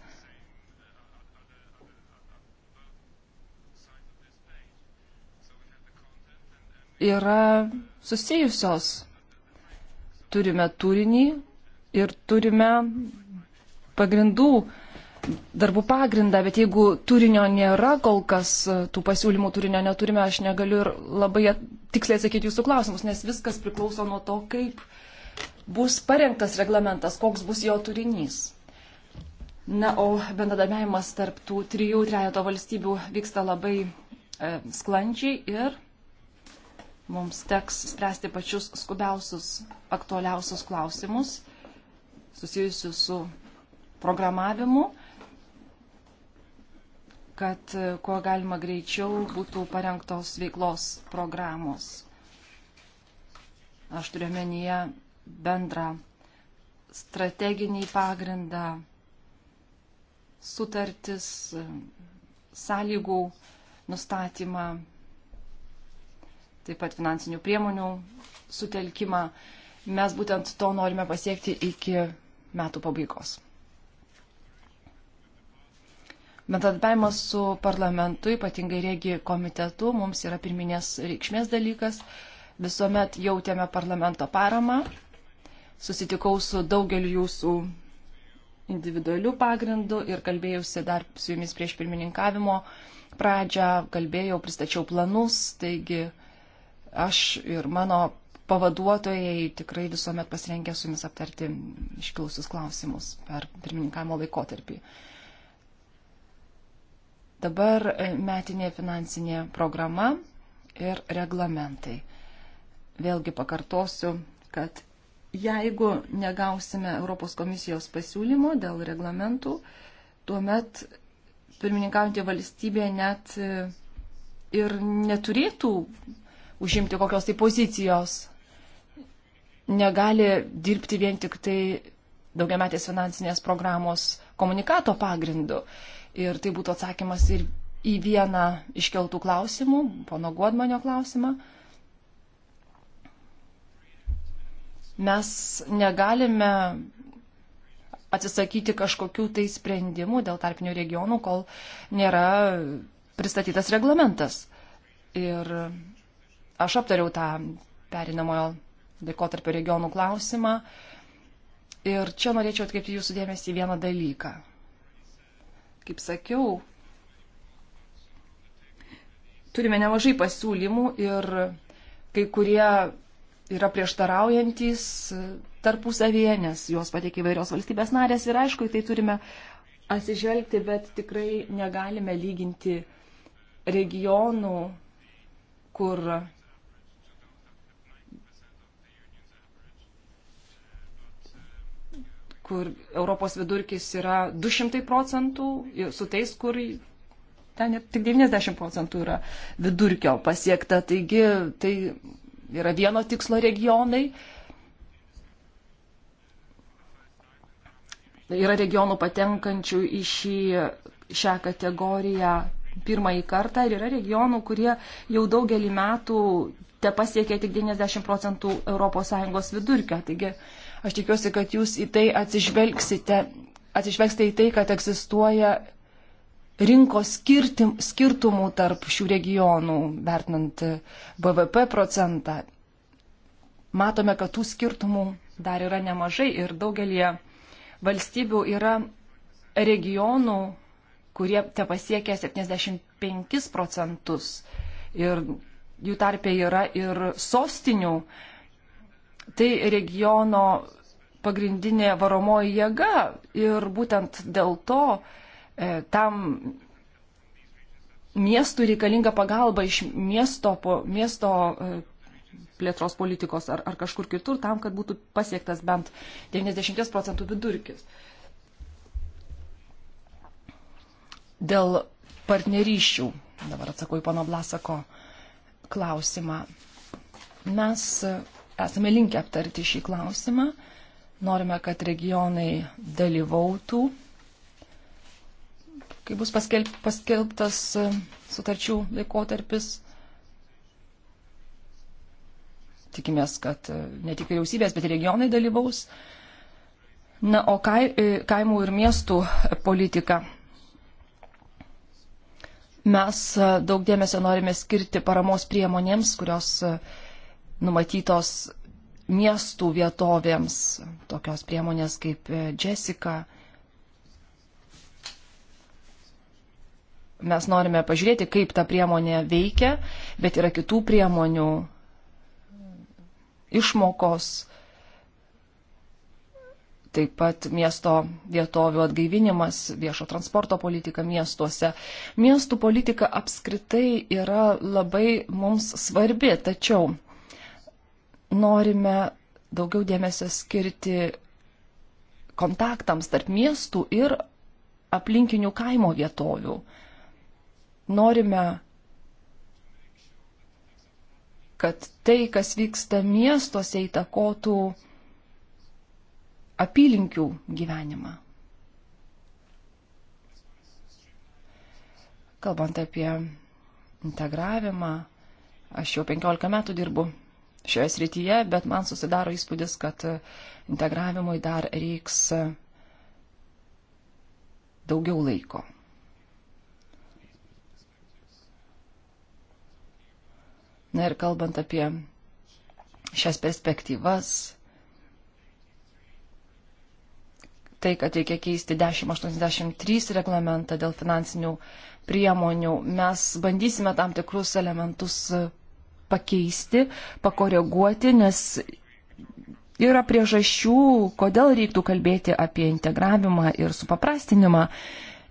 yra susijusios. Turime turinį ir turime pagrindų darbų pagrindą, bet jeigu turinio nėra, kol kas e, tų pasiūlymų turinio neturime, aš negaliu ir labai tiksliai atsakyti jūsų klausimus, nes viskas priklauso nuo to, kaip bus parengtas reglamentas, koks bus jo turinys. Na, o bendradarbiavimas tarp tų trijų trejato valstybių vyksta labai e, sklandžiai ir mums teks spręsti pačius skubiausius, aktualiausius klausimus susijusius su programavimu, kad e, kuo galima greičiau būtų parengtos veiklos programos. Aš turiu menyje bendrą strateginį pagrindą, sutartis, sąlygų nustatymą, taip pat finansinių priemonių sutelkimą. Mes būtent to norime pasiekti iki metų pabaigos. Bendradarbiavimas su parlamentu, ypatingai regi komitetu, mums yra pirminės reikšmės dalykas. Visuomet jautėme parlamento paramą susitikau su daugeliu jūsų individualių pagrindų ir kalbėjausi dar su jumis prieš pirmininkavimo pradžią, kalbėjau, pristačiau planus, taigi aš ir mano pavaduotojai tikrai visuomet pasirengę su jumis aptarti iškilusius klausimus per pirmininkavimo laikotarpį. Dabar metinė finansinė programa ir reglamentai. Vėlgi pakartosiu, kad Jeigu negausime Europos komisijos pasiūlymo dėl reglamentų, tuomet pirmininkaujantį valstybė net e, ir neturėtų užimti kokios tai pozicijos. Negali dirbti vien tik tai daugiametės finansinės programos komunikato pagrindu. Ir tai būtų atsakymas ir į vieną iškeltų klausimų, pono Godmanio klausimą. Mes negalime atsisakyti kažkokių tai sprendimų dėl tarpinių regionų, kol nėra pristatytas reglamentas. Ir aš aptariau tą perinamojo laikotarpio regionų klausimą. Ir čia norėčiau atkreipti jūsų dėmesį į vieną dalyką. Kaip sakiau, turime nemažai pasiūlymų ir kai kurie yra prieštaraujantis tarpusavėje, nes juos pateikia įvairios valstybės narės ir aišku, tai turime atsižvelgti, bet tikrai negalime lyginti regionų, kur kur Europos vidurkis yra 200 procentų, su tais, kur ten tik 90 procentų yra vidurkio pasiekta. Taigi tai yra vieno tikslo regionai. Yra regionų patenkančių į šį, šią kategoriją pirmąjį kartą ir yra regionų, kurie jau daugelį metų te pasiekia tik 90 procentų ES vidurkio. Taigi aš tikiuosi, kad jūs į tai atsižvelgsite, atsižvelgsite į tai, kad egzistuoja rinkos skirtim, skirtumų tarp šių regionų, vertinant BVP procentą, matome, kad tų skirtumų dar yra nemažai ir daugelie valstybių yra regionų, kurie te pasiekia 75 procentus. Ir jų tarpė yra ir sostinių. Tai regiono pagrindinė varomoji jėga ir būtent dėl to E, tam miestų reikalinga pagalba iš miesto, po, miesto e, plėtros politikos ar, ar kažkur kitur, tam, kad būtų pasiektas bent 90 procentų vidurkis. Dėl partnerysčių, dabar atsakau į pono Blasako klausimą. Mes esame linkę aptarti šį klausimą, norime, kad regionai dalyvautų kai bus paskelb, paskelbtas e, sutarčių laikotarpis. Tikimės, kad e, ne tik vyriausybės, bet ir regionai dalyvaus. Na, o e, kaimų ir miestų politika. Mes daug dėmesio norime skirti paramos priemonėms, kurios numatytos miestų vietovėms, tokios priemonės kaip Jessica, mes norime pažiūrėti, kaip ta priemonė veikia, bet yra kitų priemonių išmokos, taip pat miesto vietovių atgaivinimas, viešo transporto politika miestuose. Miestų politika apskritai yra labai mums svarbi, tačiau norime daugiau dėmesio skirti kontaktams tarp miestų ir aplinkinių kaimo vietovių norime, kad tai, kas vyksta miestuose, įtakotų apylinkių gyvenimą. Kalbant apie integravimą, aš jau 15 metų dirbu šioje srityje, bet man susidaro įspūdis, kad integravimui dar reiks daugiau laiko. Na ir kalbant apie šias perspektyvas, tai, kad reikia keisti 1083 reglamentą dėl finansinių priemonių, mes bandysime tam tikrus elementus pakeisti, pakoreguoti, nes yra priežasčių, kodėl reiktų kalbėti apie integravimą ir supaprastinimą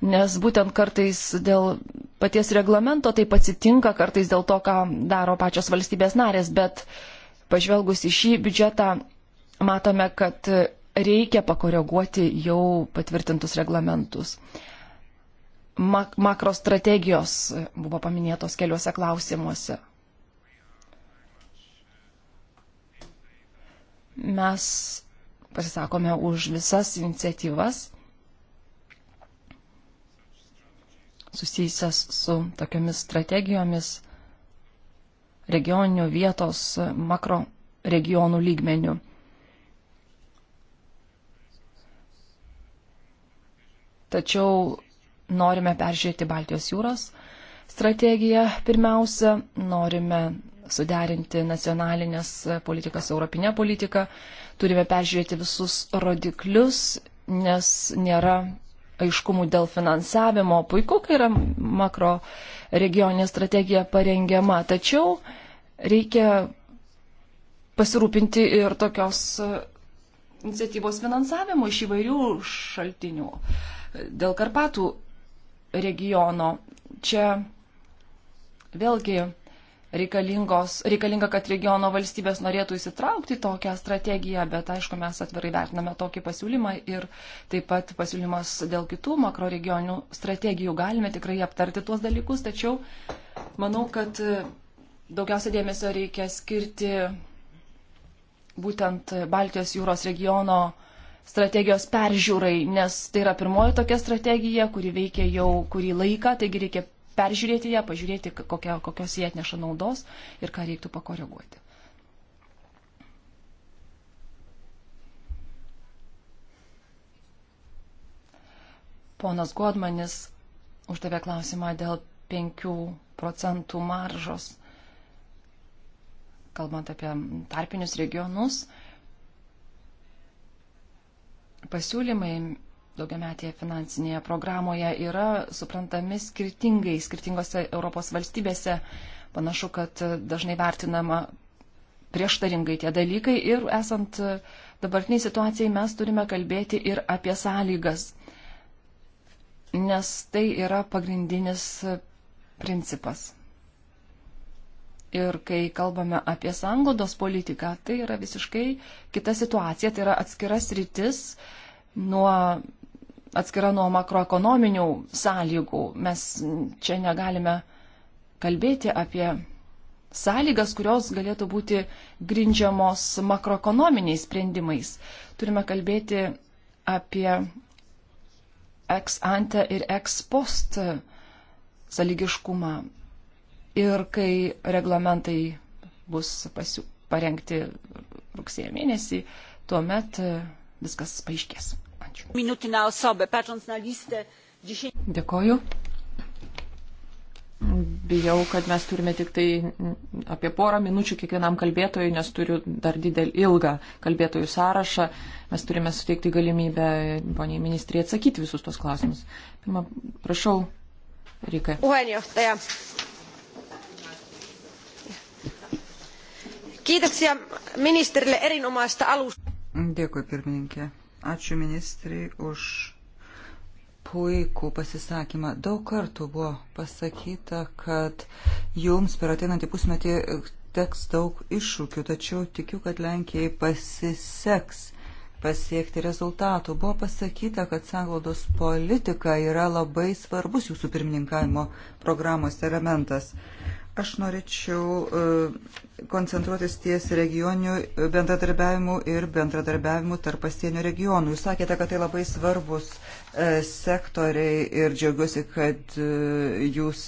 nes būtent kartais dėl paties reglamento taip atsitinka, kartais dėl to, ką daro pačios valstybės narės, bet pažvelgus į šį biudžetą matome, kad reikia pakoreguoti jau patvirtintus reglamentus. Mak makrostrategijos buvo paminėtos keliuose klausimuose. Mes pasisakome už visas iniciatyvas susijusias su tokiamis strategijomis regioninių vietos makro regionų lygmenių. Tačiau norime peržiūrėti Baltijos jūros strategiją. Pirmiausia, norime suderinti nacionalinės politikas su europinė politika. Turime peržiūrėti visus rodiklius, nes nėra aiškumų dėl finansavimo. Puiku, kai yra makro regioninė strategija parengiama, tačiau reikia pasirūpinti ir tokios e, iniciatyvos finansavimo iš įvairių šaltinių. Dėl Karpatų regiono čia vėlgi reikalinga, kad regiono valstybės norėtų įsitraukti į tokią strategiją, bet aišku, mes atvirai vertiname tokį pasiūlymą ir taip pat pasiūlymas dėl kitų makroregioninių strategijų. Galime tikrai aptarti tuos dalykus, tačiau manau, kad daugiausia dėmesio reikia skirti būtent Baltijos jūros regiono strategijos peržiūrai, nes tai yra pirmoji tokia strategija, kuri veikia jau kurį laiką, taigi reikia peržiūrėti ją, pažiūrėti, kokia, kokios jie atneša naudos ir ką reiktų pakoreguoti. Ponas Godmanis uždavė klausimą dėl 5 procentų maržos, kalbant apie tarpinius regionus. Pasiūlymai daugiametėje finansinėje programoje yra suprantami skirtingai skirtingose Europos valstybėse. Panašu, kad dažnai vertinama prieštaringai tie dalykai ir esant dabartiniai situacijai mes turime kalbėti ir apie sąlygas, nes tai yra pagrindinis principas. Ir kai kalbame apie sanglaudos politiką, tai yra visiškai kita situacija, tai yra atskiras rytis nuo atskira nuo makroekonominių sąlygų. Mes čia negalime kalbėti apie sąlygas, kurios galėtų būti grindžiamos makroekonominiais sprendimais. Turime kalbėti apie ex ante ir ex post sąlygiškumą. Ir kai reglamentai bus pasiū, parengti rugsėjo mėnesį, tuomet viskas paaiškės. Ačiū. Minutį na osobę, patrons na listę. Dėkoju. Bijau, kad mes turime tik tai apie porą minučių kiekvienam kalbėtojui, nes turiu dar didelį ilgą kalbėtojų sąrašą. Mes turime suteikti galimybę, poniai ministrė, atsakyti visus tos klausimus. Pirma, prašau, Rika. Puheenjohtaja. Kiitoksia ministerille erinomaista alusta. Dėkui, pirmininkė. Ačiū ministrai už puikų pasisakymą. Daug kartų buvo pasakyta, kad jums per ateinantį pusmetį teks daug iššūkių, tačiau tikiu, kad Lenkijai pasiseks pasiekti rezultatų. Buvo pasakyta, kad sanglaudos politika yra labai svarbus jūsų pirmininkavimo programos elementas. Aš norėčiau e, koncentruotis ties regioninių bendradarbiavimų ir bendradarbiavimų tarp pasienio regionų. Jūs sakėte, kad tai labai svarbus e, sektoriai ir džiaugiuosi, kad e, jūs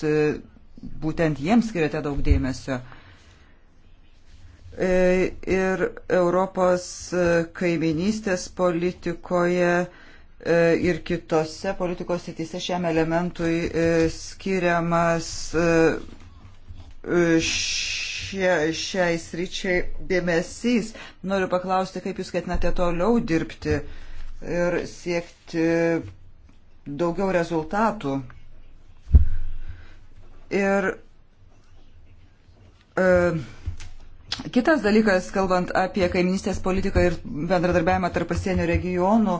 būtent jiems skiriate daug dėmesio. Ir Europos kaiminystės politikoje ir kitose politikos sitise šiam elementui skiriamas šia, šiai sričiai dėmesys. Noriu paklausti, kaip jūs ketinate toliau dirbti ir siekti daugiau rezultatų. Ir e, Kitas dalykas, kalbant apie kaiminystės politiką ir bendradarbiavimą tarp pasienio regionų,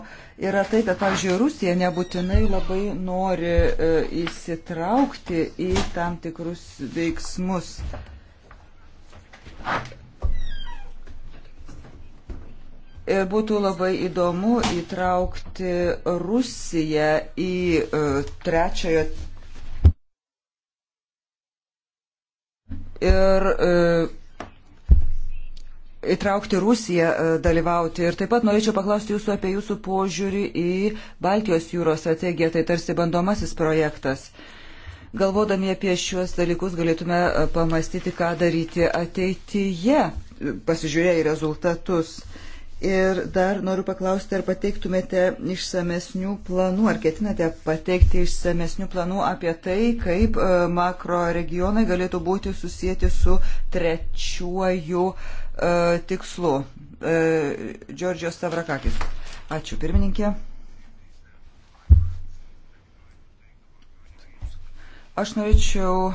yra tai, kad, pavyzdžiui, Rusija nebūtinai labai nori e, įsitraukti į tam tikrus veiksmus. Ir e, būtų labai įdomu įtraukti Rusiją į e, trečiojo ir įtraukti Rusiją e, dalyvauti. Ir taip pat norėčiau paklausti jūsų apie jūsų požiūrį į Baltijos jūros strategiją, tai tarsi bandomasis projektas. Galvodami apie šiuos dalykus galėtume e, pamastyti, ką daryti ateityje, e, pasižiūrėję į rezultatus. Ir dar noriu paklausti, ar pateiktumėte išsamesnių planų, ar ketinate pateikti išsamesnių planų apie tai, kaip makro regionai galėtų būti susijęti su trečiuoju uh, E, tikslu. E, Džordžios Savrakakis. Ačiū, pirmininkė. Aš norėčiau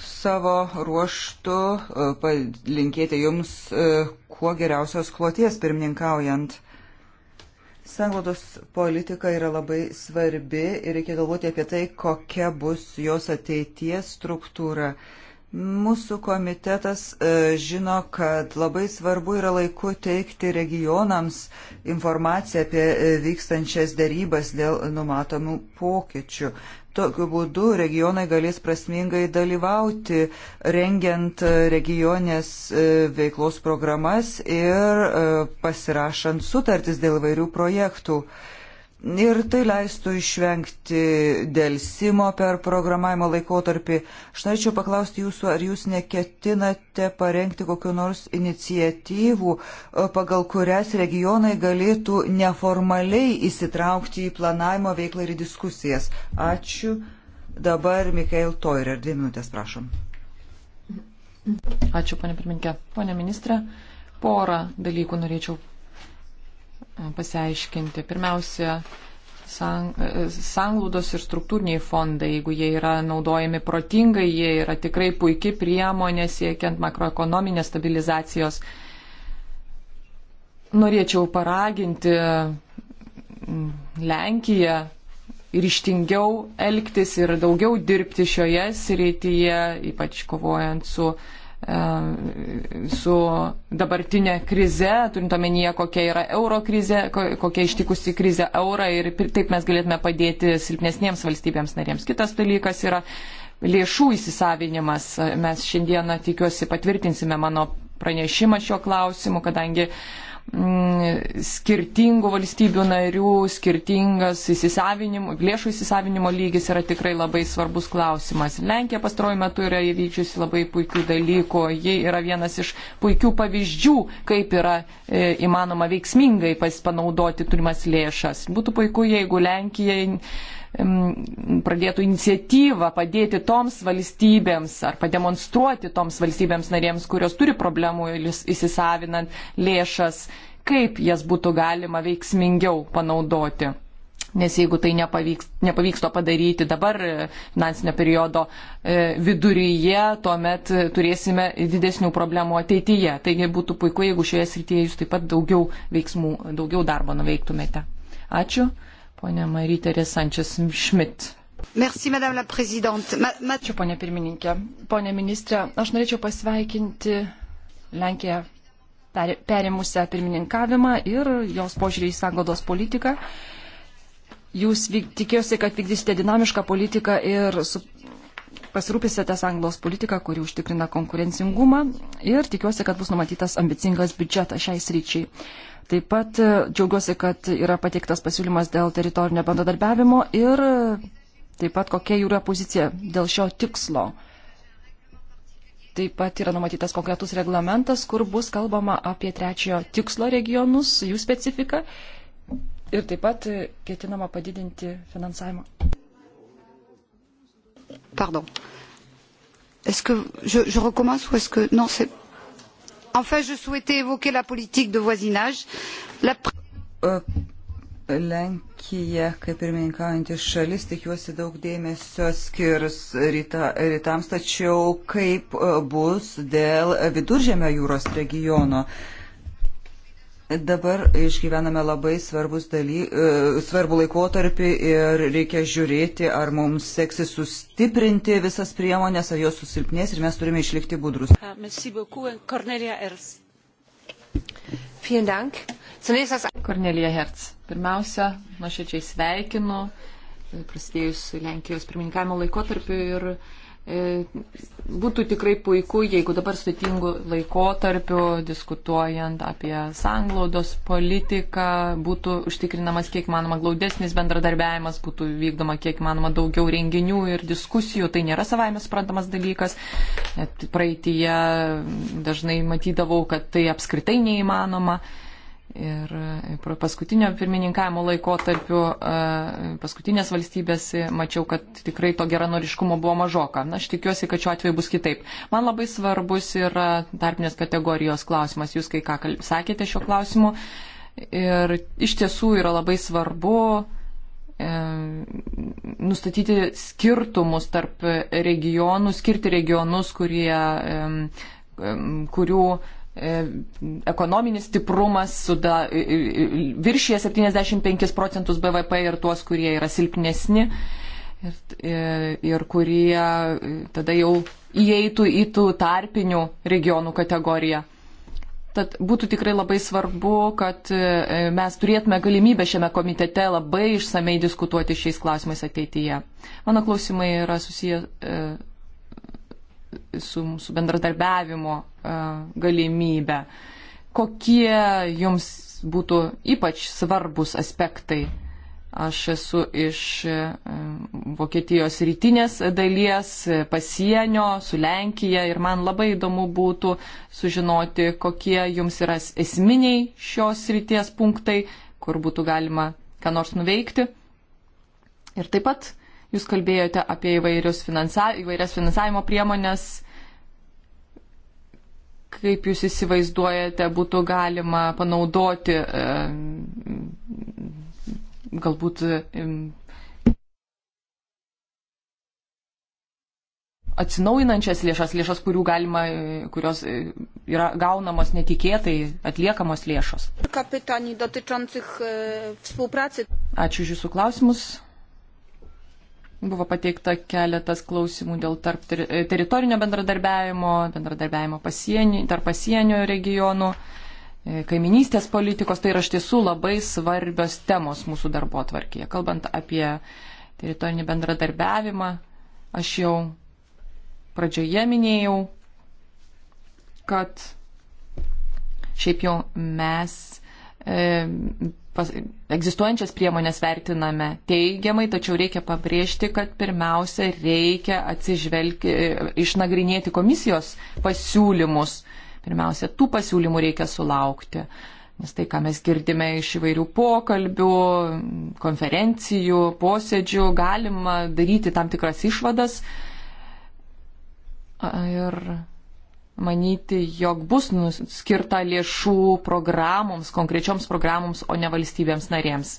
savo ruoštų e, palinkėti Jums kuo geriausios kloties pirmininkaujant. Sanglodos politika yra labai svarbi ir reikia galvoti apie tai, kokia bus jos ateities struktūra. Uh, Mūsų komitetas e, žino, kad labai svarbu yra laiku teikti regionams informaciją apie e, vykstančias dėrybas dėl numatomų pokyčių. Tokiu būdu regionai galės prasmingai dalyvauti, rengiant e, regionės veiklos programas ir pasirašant sutartis dėl vairių projektų. Ir tai leistų išvengti dėlsimo per programavimo laikotarpį. Aš norėčiau paklausti jūsų, ar jūs neketinate parengti kokiu nors iniciatyvų, e, pagal kurias regionai galėtų neformaliai įsitraukti į planavimo veiklą ir į diskusijas. Ačiū. Dabar Mikael Toirer, dvi minutės, prašom. Ačiū, ponė pirminkė. Pone ministrė, porą dalykų norėčiau pasiaiškinti. Pirmiausia, sanglaudos ir struktūriniai fondai, jeigu jie yra naudojami protingai, jie yra tikrai puikia priemonė siekiant makroekonominės stabilizacijos. Norėčiau paraginti Lenkiją ryštingiau elgtis ir daugiau dirbti šioje srityje, ypač kovojant su uh, su dabartinė krize, turint omenyje, kokia yra euro krize, kokia ištikusi krize eurą ir taip mes galėtume padėti silpnesniems valstybėms narėms. Kitas dalykas yra lėšų įsisavinimas. Mes šiandieną, tikiuosi, patvirtinsime mano pranešimą šio klausimu, kadangi uh, Mm, skirtingų valstybių narių, skirtingas įsisavinimo, lėšų įsisavinimo lygis yra tikrai labai svarbus klausimas. Lenkija pastaruoju metu yra įvykdžiusi labai puikių dalykų. Ji yra vienas iš puikių pavyzdžių, kaip yra e, įmanoma veiksmingai panaudoti turimas lėšas. Būtų puiku, jeigu Lenkija pradėtų iniciatyvą padėti toms valstybėms ar pademonstruoti toms valstybėms narėms, kurios turi problemų įsisavinant lėšas, kaip jas būtų galima veiksmingiau panaudoti. Nes jeigu tai nepavyks, nepavyks to padaryti dabar e, finansinio periodo e, viduryje, tuomet e, turėsime didesnių problemų ateityje. Taigi būtų puiku, jeigu šioje srityje jūs taip pat daugiau veiksmų, daugiau darbo nuveiktumėte. Ačiū. Pone Maryterė Sančias Šmit. Merci, madame la prezidente. Ma, ma... Ačiū, ponė pirmininkė. Pone ministrė, aš norėčiau pasveikinti Lenkiją perimusią pirmininkavimą ir jos požiūrį į sągodos politiką. Jūs vyk, tikėjosi, kad vykdysite dinamišką politiką ir su, pasirūpysite sąjungos politiką, kuri užtikrina konkurencingumą ir tikiuosi, kad bus numatytas ambicingas biudžetas šiai sryčiai. Taip pat e, džiaugiuosi, kad yra pateiktas pasiūlymas dėl teritorinio bendradarbiavimo ir e, taip pat kokia jų yra pozicija dėl šio tikslo. Taip pat yra numatytas konkretus reglamentas, kur bus kalbama apie trečiojo tikslo regionus, jų specifiką ir taip pat e, ketinama padidinti finansavimą. Pardon. Est-ce que je, je recommence ou est-ce que... Non, c'est enfin je souhaitais évoquer la politique de voisinage la Lenkija, kaip pirmininkaujantis šalis, tikiuosi daug dėmesio skirs ryta, rytams, tačiau kaip bus dėl viduržėmio jūros regiono. Uh, Dabar išgyvename labai daly, e, svarbų laikotarpį ir reikia žiūrėti, ar mums seksis sustiprinti visas priemonės, ar jos susilpnės ir mes turime išlikti budrus. Kornelija uh, uh, Herz. Pirmiausia, nuoširdžiai sveikinu prasidėjus Lenkijos pirmininkavimo laikotarpiu ir uh, E, būtų tikrai puiku, jeigu dabar sutingu laikotarpiu, diskutuojant apie sanglaudos politiką, būtų užtikrinamas kiek manoma glaudesnis bendradarbiavimas, būtų vykdoma kiek manoma daugiau renginių ir diskusijų. Tai nėra savaime suprantamas dalykas. Net praeitie dažnai matydavau, kad tai apskritai neįmanoma. E, Ir paskutinio pirmininkavimo laiko tarpiu e, paskutinės valstybės e, mačiau, kad tikrai to geranoriškumo buvo mažoka. Na, aš tikiuosi, kad šiuo atveju bus kitaip. Man labai svarbus yra tarpinės kategorijos klausimas. Jūs kai ką sakėte šiuo klausimu. Ir iš tiesų yra labai svarbu e, nustatyti skirtumus tarp regionų, skirti regionus, kurie, kurių E, ekonominis stiprumas suda, viršyje 75 procentus BVP ir tuos, kurie yra silpnesni ir, e, ir kurie e, tada jau įeitų į tų tarpinių regionų kategoriją. Tad būtų tikrai labai svarbu, kad mes turėtume galimybę šiame komitete labai išsamei diskutuoti šiais klausimais ateityje. Mano klausimai yra susiję su mūsų bendradarbiavimo E, galimybę. Kokie jums būtų ypač svarbus aspektai? Aš esu iš e, Vokietijos rytinės dalies, pasienio su Lenkija ir man labai įdomu būtų sužinoti, kokie jums yra esminiai šios ryties punktai, kur būtų galima ką nors nuveikti. Ir taip pat jūs kalbėjote apie įvairias finansavimo priemonės, kaip jūs įsivaizduojate, būtų galima panaudoti galbūt atsinaujinančias lėšas, lėšas, kurių galima, kurios e, yra gaunamos netikėtai, atliekamos lėšos. E, Ačiū už Jūsų klausimus. Buvo pateikta keletas klausimų dėl tarp e, teritorinio bendradarbiavimo, bendradarbiavimo pasienį, tarp pasienio regionų, e, kaiminystės politikos. Tai yra iš tiesų labai svarbios temos mūsų darbo atvarkėje. Kalbant apie teritorinį bendradarbiavimą, aš jau pradžioje minėjau, kad šiaip jau mes. E, pas, egzistuojančias priemonės vertiname teigiamai, tačiau reikia pabrėžti, kad pirmiausia reikia atsižvelgti, išnagrinėti komisijos pasiūlymus. Pirmiausia, tų pasiūlymų reikia sulaukti. Nes tai, ką mes girdime iš įvairių pokalbių, konferencijų, posėdžių, galima daryti tam tikras išvadas. Ir manyti, jog bus skirta lėšų programoms, konkrečioms programoms, o ne valstybėms narėms.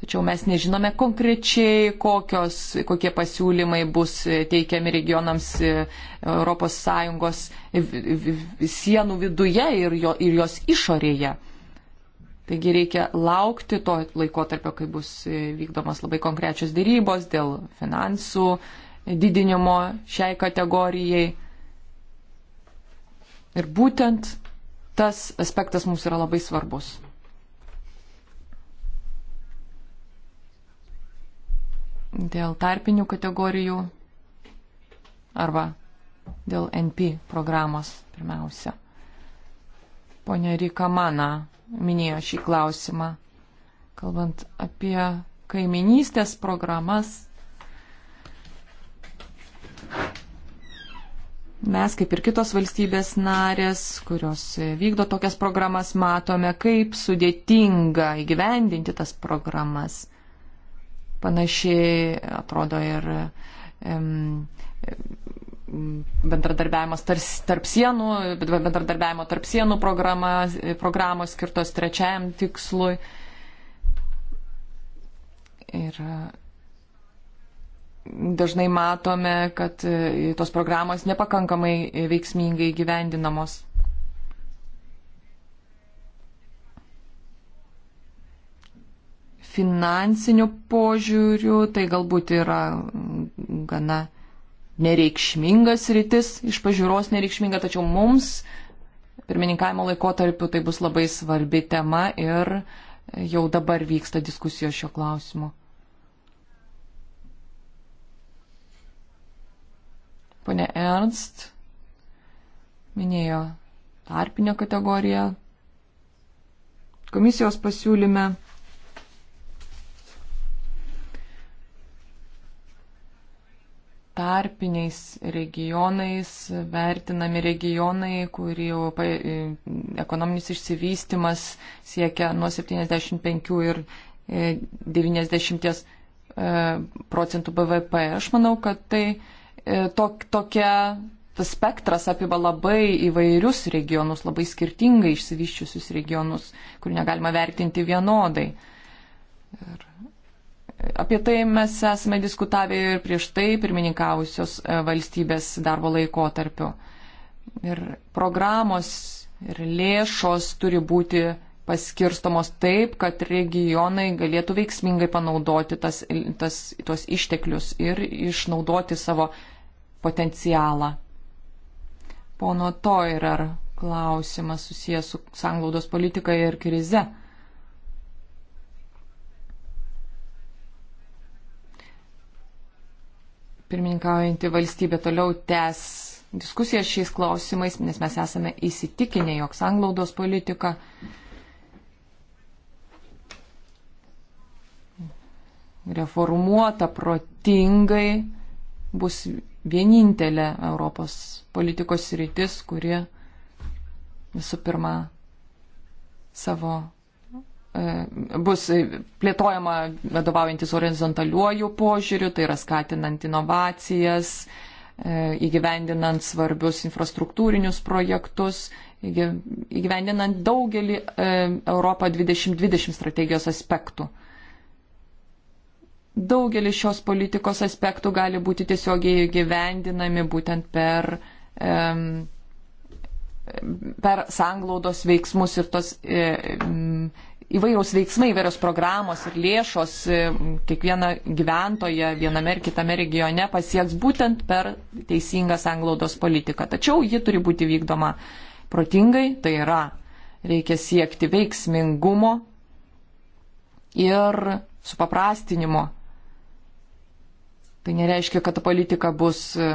Tačiau mes nežinome konkrečiai, kokios, kokie pasiūlymai bus teikiami regionams ES sienų viduje ir, jo, ir jos išorėje. Taigi reikia laukti to laikotarpio, kai bus e, vykdomas labai konkrečios dėrybos dėl finansų didinimo šiai kategorijai. Ir būtent tas aspektas mums yra labai svarbus. Dėl tarpinių kategorijų arba dėl NP programos pirmiausia. Pone Rika Mana minėjo šį klausimą. Kalbant apie kaiminystės programas, Mes, kaip ir kitos valstybės narės, kurios vykdo tokias programas, matome, kaip sudėtinga įgyvendinti tas programas. Panašiai atrodo ir um, bendradarbiavimas tarp sienų, bendradarbiavimo tarp sienų programos skirtos trečiajam tikslui. Ir dažnai matome, kad e, tos programos nepakankamai e, veiksmingai gyvendinamos. Finansiniu požiūriu tai galbūt yra gana nereikšmingas rytis, iš pažiūros nereikšminga, tačiau mums pirmininkavimo laikotarpiu tai bus labai svarbi tema ir jau dabar vyksta diskusijos šio klausimu. Pone Ernst minėjo tarpinę kategoriją. Komisijos pasiūlyme tarpiniais regionais vertinami regionai, kurių e, ekonominis išsivystimas siekia nuo 75 ir 90 e, e, procentų BVP. Aš manau, kad tai E, tok, tokia tas spektras apima labai įvairius regionus, labai skirtingai išsivyščiusius regionus, kur negalima vertinti vienodai. Ir apie tai mes esame diskutavę ir prieš tai pirmininkavusios e, valstybės darbo laikotarpiu. Ir programos ir lėšos turi būti paskirstomos taip, kad regionai galėtų veiksmingai panaudoti tas, tas, tuos išteklius ir išnaudoti savo potencialą. Pono Toirer klausimas susijęs su sanglaudos politika ir krize. Pirmininkaujanti valstybė toliau tęs diskusiją šiais klausimais, nes mes esame įsitikinę, jog sanglaudos politika reformuota protingai bus vienintelė Europos politikos rytis, kuri visų pirma savo e, bus plėtojama vadovaujantis horizontaliuoju požiūriu, tai yra skatinant inovacijas, e, įgyvendinant svarbius infrastruktūrinius projektus, įgyvendinant daugelį e, Europą 2020 strategijos aspektų daugelis šios politikos aspektų gali būti tiesiogiai gyvendinami būtent per, um, per sanglaudos veiksmus ir tos um, įvairūs veiksmai, įvairios programos ir lėšos e, kiekvieną gyventoją viename ir kitame regione pasieks būtent per teisingą sanglaudos politiką. Tačiau ji turi būti vykdoma protingai, tai yra reikia siekti veiksmingumo ir supaprastinimo Tai nereiškia, kad ta politika bus e,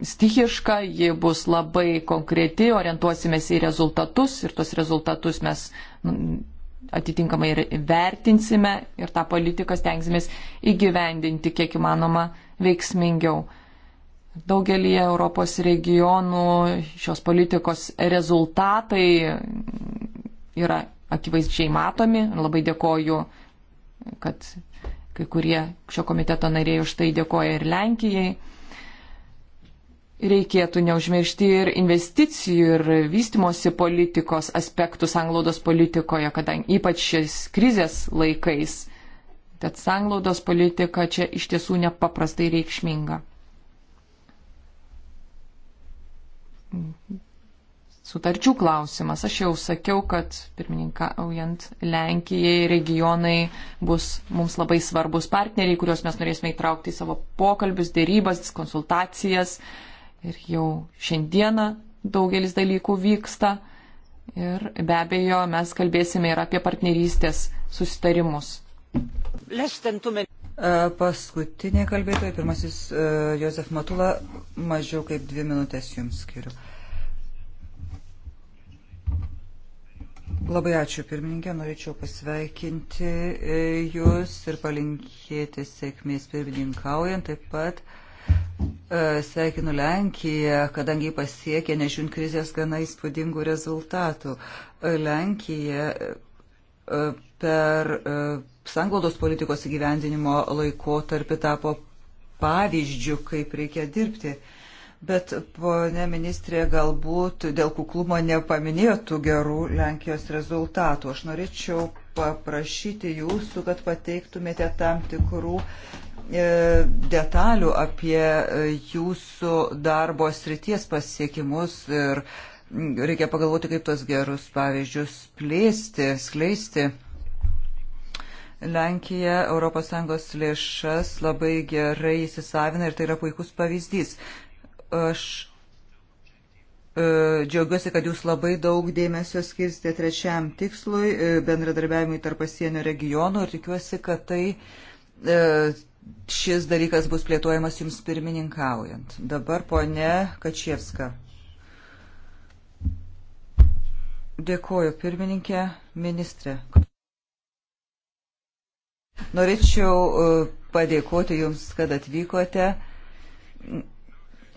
stichiška, ji bus labai konkreti, orientuosimės į rezultatus ir tos rezultatus mes nu, atitinkamai ir vertinsime ir tą politiką stengsimės įgyvendinti kiek įmanoma veiksmingiau. Daugelį Europos regionų šios politikos rezultatai yra akivaizdžiai matomi. Labai dėkoju, kad Kai kurie šio komiteto nariai už tai dėkoja ir Lenkijai. Reikėtų neužmiršti ir investicijų ir vystimosi politikos aspektų sanglaudos politikoje, kadangi ypač šis krizės laikais. Tad sanglaudos politika čia iš tiesų nepaprastai reikšminga sutarčių klausimas. Aš jau sakiau, kad pirmininkaujant Lenkijai regionai bus mums labai svarbus partneriai, kuriuos mes norėsime įtraukti į savo pokalbius, dėrybas, konsultacijas. Ir jau šiandieną daugelis dalykų vyksta. Ir be abejo, mes kalbėsime ir apie partnerystės susitarimus. E, paskutinė kalbėtoja, pirmasis e, Josef Matula, mažiau kaip dvi minutės jums skiriu. Labai ačiū pirmininkė, norėčiau pasveikinti e, Jūs ir palinkėti sėkmės pirmininkaujant. Taip pat e, sveikinu Lenkiją, kadangi pasiekė, nežiūrint krizės, gana įspūdingų rezultatų. E, Lenkija per sanglaudos politikos įgyvendinimo laikotarpį tapo pavyzdžių, kaip reikia dirbti bet ponė ministrė galbūt dėl kuklumo nepaminėjo tų gerų Lenkijos rezultatų. Aš norėčiau paprašyti jūsų, kad pateiktumėte tam tikrų e, detalių apie e, jūsų darbo srities pasiekimus ir reikia pagalvoti, kaip tos gerus pavyzdžius plėsti, skleisti. Lenkija ES lėšas labai gerai įsisavina ir tai yra puikus pavyzdys. Aš e, džiaugiuosi, kad jūs labai daug dėmesio skirsite trečiam tikslui e, bendradarbiavimui tarp pasienio regionų ir tikiuosi, kad tai e, šis dalykas bus plėtojamas jums pirmininkaujant. Dabar ponė Kačievska. Dėkuoju, pirmininkė, ministrė. Norėčiau padėkoti Jums, kad atvykote.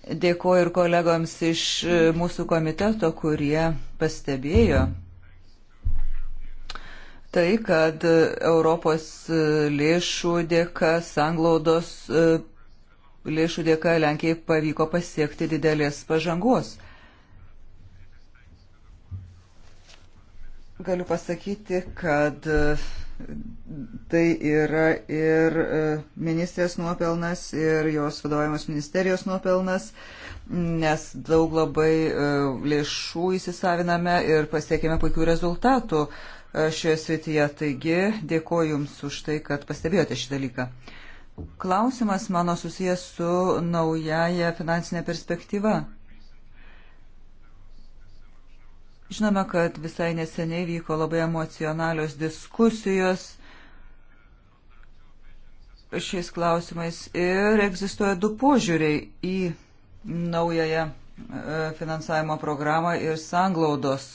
Dėkuoju ir kolegoms iš e, mūsų komiteto, kurie pastebėjo tai, kad Europos e, lėšų dėka, sanglaudos e, lėšų dėka Lenkijai pavyko pasiekti didelės pažangos. Galiu pasakyti, kad Tai yra ir e, ministrės nuopelnas, ir jos vadovavimas ministerijos nuopelnas, nes daug labai e, lėšų įsisaviname ir pasiekėme puikių rezultatų e, šioje srityje. Taigi dėkoju Jums už tai, kad pastebėjote šį dalyką. Klausimas mano susijęs su naujaja finansinė perspektyva. Žinome, kad visai neseniai vyko labai emocionalios diskusijos šiais klausimais ir egzistuoja du požiūriai į naująją e, finansavimo programą ir sanglaudos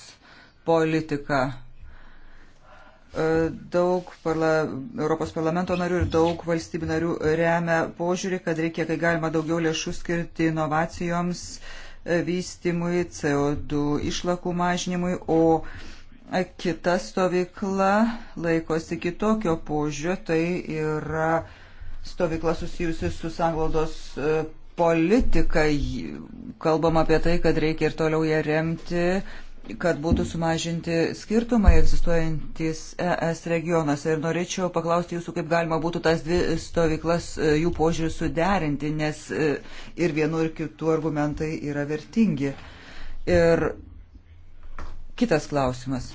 politiką. E, daug parla, Europos parlamento narių ir daug valstybių narių remia požiūrį, kad reikia, kai galima, daugiau lėšų skirti inovacijoms, uh, vystimui, CO2 išlakų mažinimui, o kita stovykla laikosi kitokio požiūrio, tai yra stovykla susijusi su sanglaudos e, politika. Kalbam apie tai, kad reikia ir toliau ją remti, kad būtų sumažinti skirtumai egzistuojantis ES regionuose. Ir norėčiau paklausti jūsų, kaip galima būtų tas dvi stovyklas e, jų požiūrį suderinti, nes e, ir vienu ir kitu argumentai yra vertingi. Ir kitas klausimas.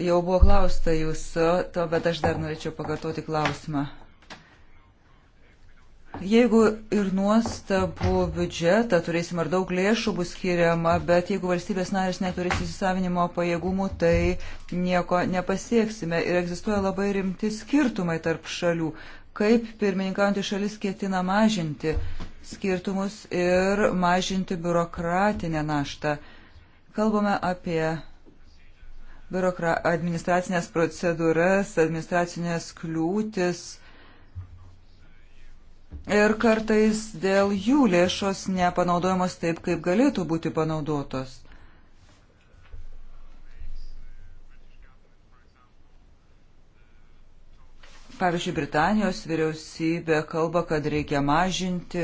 Jau buvo klausta jūsų, to, bet aš dar norėčiau pakartoti klausimą. Jeigu ir nuostabų biudžetą turėsim ar daug lėšų bus skiriama, bet jeigu valstybės narės neturės įsisavinimo pajėgumų, tai nieko nepasieksime. Ir egzistuoja labai rimti skirtumai tarp šalių, kaip pirmininkaujantį šalis ketina mažinti skirtumus ir mažinti biurokratinę naštą. Kalbame apie administracinės procedūras, administracinės kliūtis ir kartais dėl jų lėšos nepanaudojamos taip, kaip galėtų būti panaudotos. Pavyzdžiui, Britanijos vyriausybė kalba, kad reikia mažinti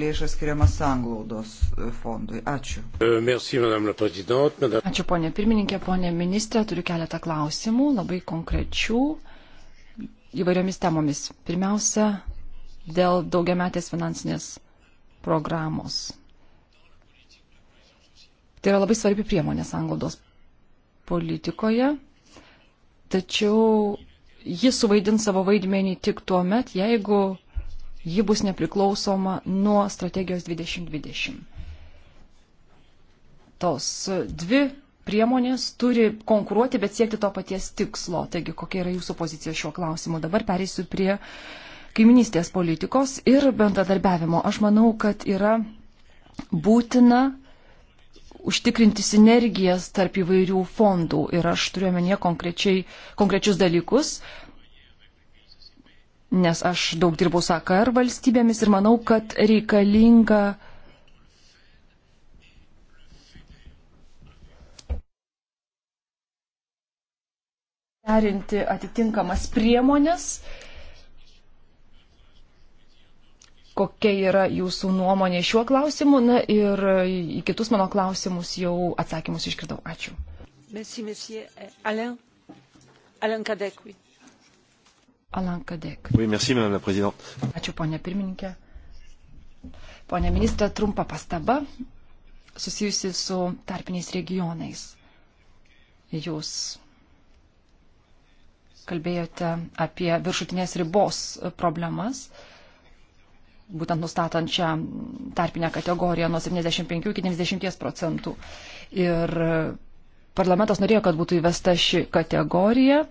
lėšas skiriamas sanglaudos fondui. Ačiū. Euh, Ačiū, ponė pirmininkė, ponė ministrė. Turiu keletą klausimų, labai konkrečių, įvairiomis temomis. Pirmiausia, dėl daugiametės finansinės programos. Tai yra labai svarbi priemonė sanglaudos politikoje, tačiau ji suvaidins savo vaidmenį tik tuo met, jeigu ji bus nepriklausoma nuo strategijos 2020. Tos dvi priemonės turi konkuruoti, bet siekti to paties tikslo. Taigi, kokia yra jūsų pozicija šiuo klausimu? Dabar pereisiu prie uh, kaiminystės politikos ir bendradarbiavimo. Aš manau, kad yra būtina užtikrinti sinergijas tarp įvairių fondų ir aš turiu omenyje konkrečius dalykus, nes aš daug dirbau su AKR valstybėmis ir manau, kad reikalinga derinti atitinkamas priemonės kokia yra jūsų nuomonė šiuo klausimu. Na ir į kitus mano klausimus jau atsakymus išgirdau. Ačiū. Merci, merci. Alain. Alain Kadek, oui. Alain Kadek. Oui, merci, madame la présidente. Ačiū, ponė pirmininkė. Pone ministrė, trumpa pastaba susijusi su tarpiniais regionais. Jūs kalbėjote apie viršutinės ribos problemas. Uh, būtent nustatant šią tarpinę kategoriją nuo 75 iki 90 procentų. Ir parlamentas norėjo, kad būtų įvesta ši kategorija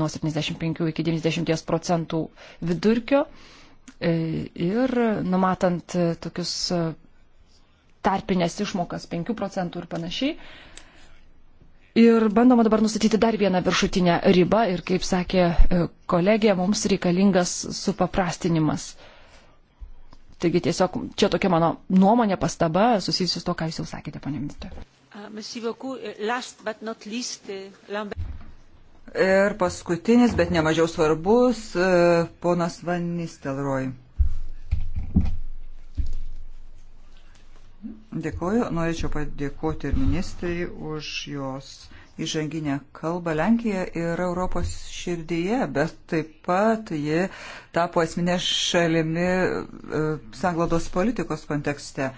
nuo 75 iki 90 procentų vidurkio e, ir numatant tokius tarpinės išmokas 5 procentų ir panašiai. Ir bandoma dabar nustatyti dar vieną viršutinę ribą ir, kaip sakė e, kolegė, mums reikalingas supaprastinimas. Taigi tiesiog čia tokia mano nuomonė, pastaba susijusius to, ką jūs jau sakėte, ponė ministrė. Ah, eh, ir paskutinis, bet nemažiau svarbus, eh, ponas Van Nistelroj. Dėkoju, norėčiau padėkoti ir ministrai už jos įžanginę kalbą. Lenkija yra Europos širdyje, bet taip pat ji tapo esminė šalimi e, sanglados politikos kontekste.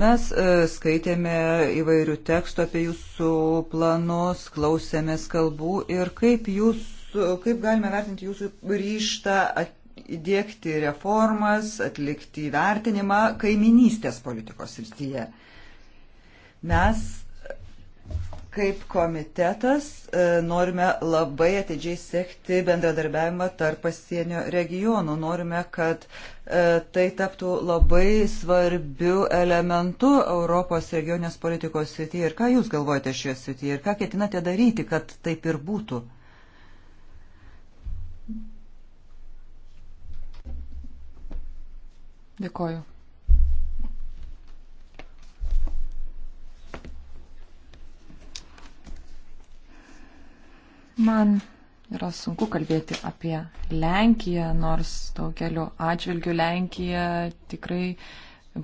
Mes e, skaitėme įvairių tekstų apie jūsų planus, klausėmės kalbų ir kaip, jūs, kaip galime vertinti jūsų ryštą įdėkti reformas, atlikti įvertinimą kaiminystės politikos srityje. Mes kaip komitetas e, norime labai atidžiai sekti bendradarbiavimą tarp pasienio regionų. Norime, kad e, tai taptų labai svarbiu elementu Europos regionės politikos srityje. Ir ką Jūs galvojate šioje srityje ir ką ketinate daryti, kad taip ir būtų? Dėkoju. Man yra sunku kalbėti apie Lenkiją, nors daugeliu atžvilgių Lenkija tikrai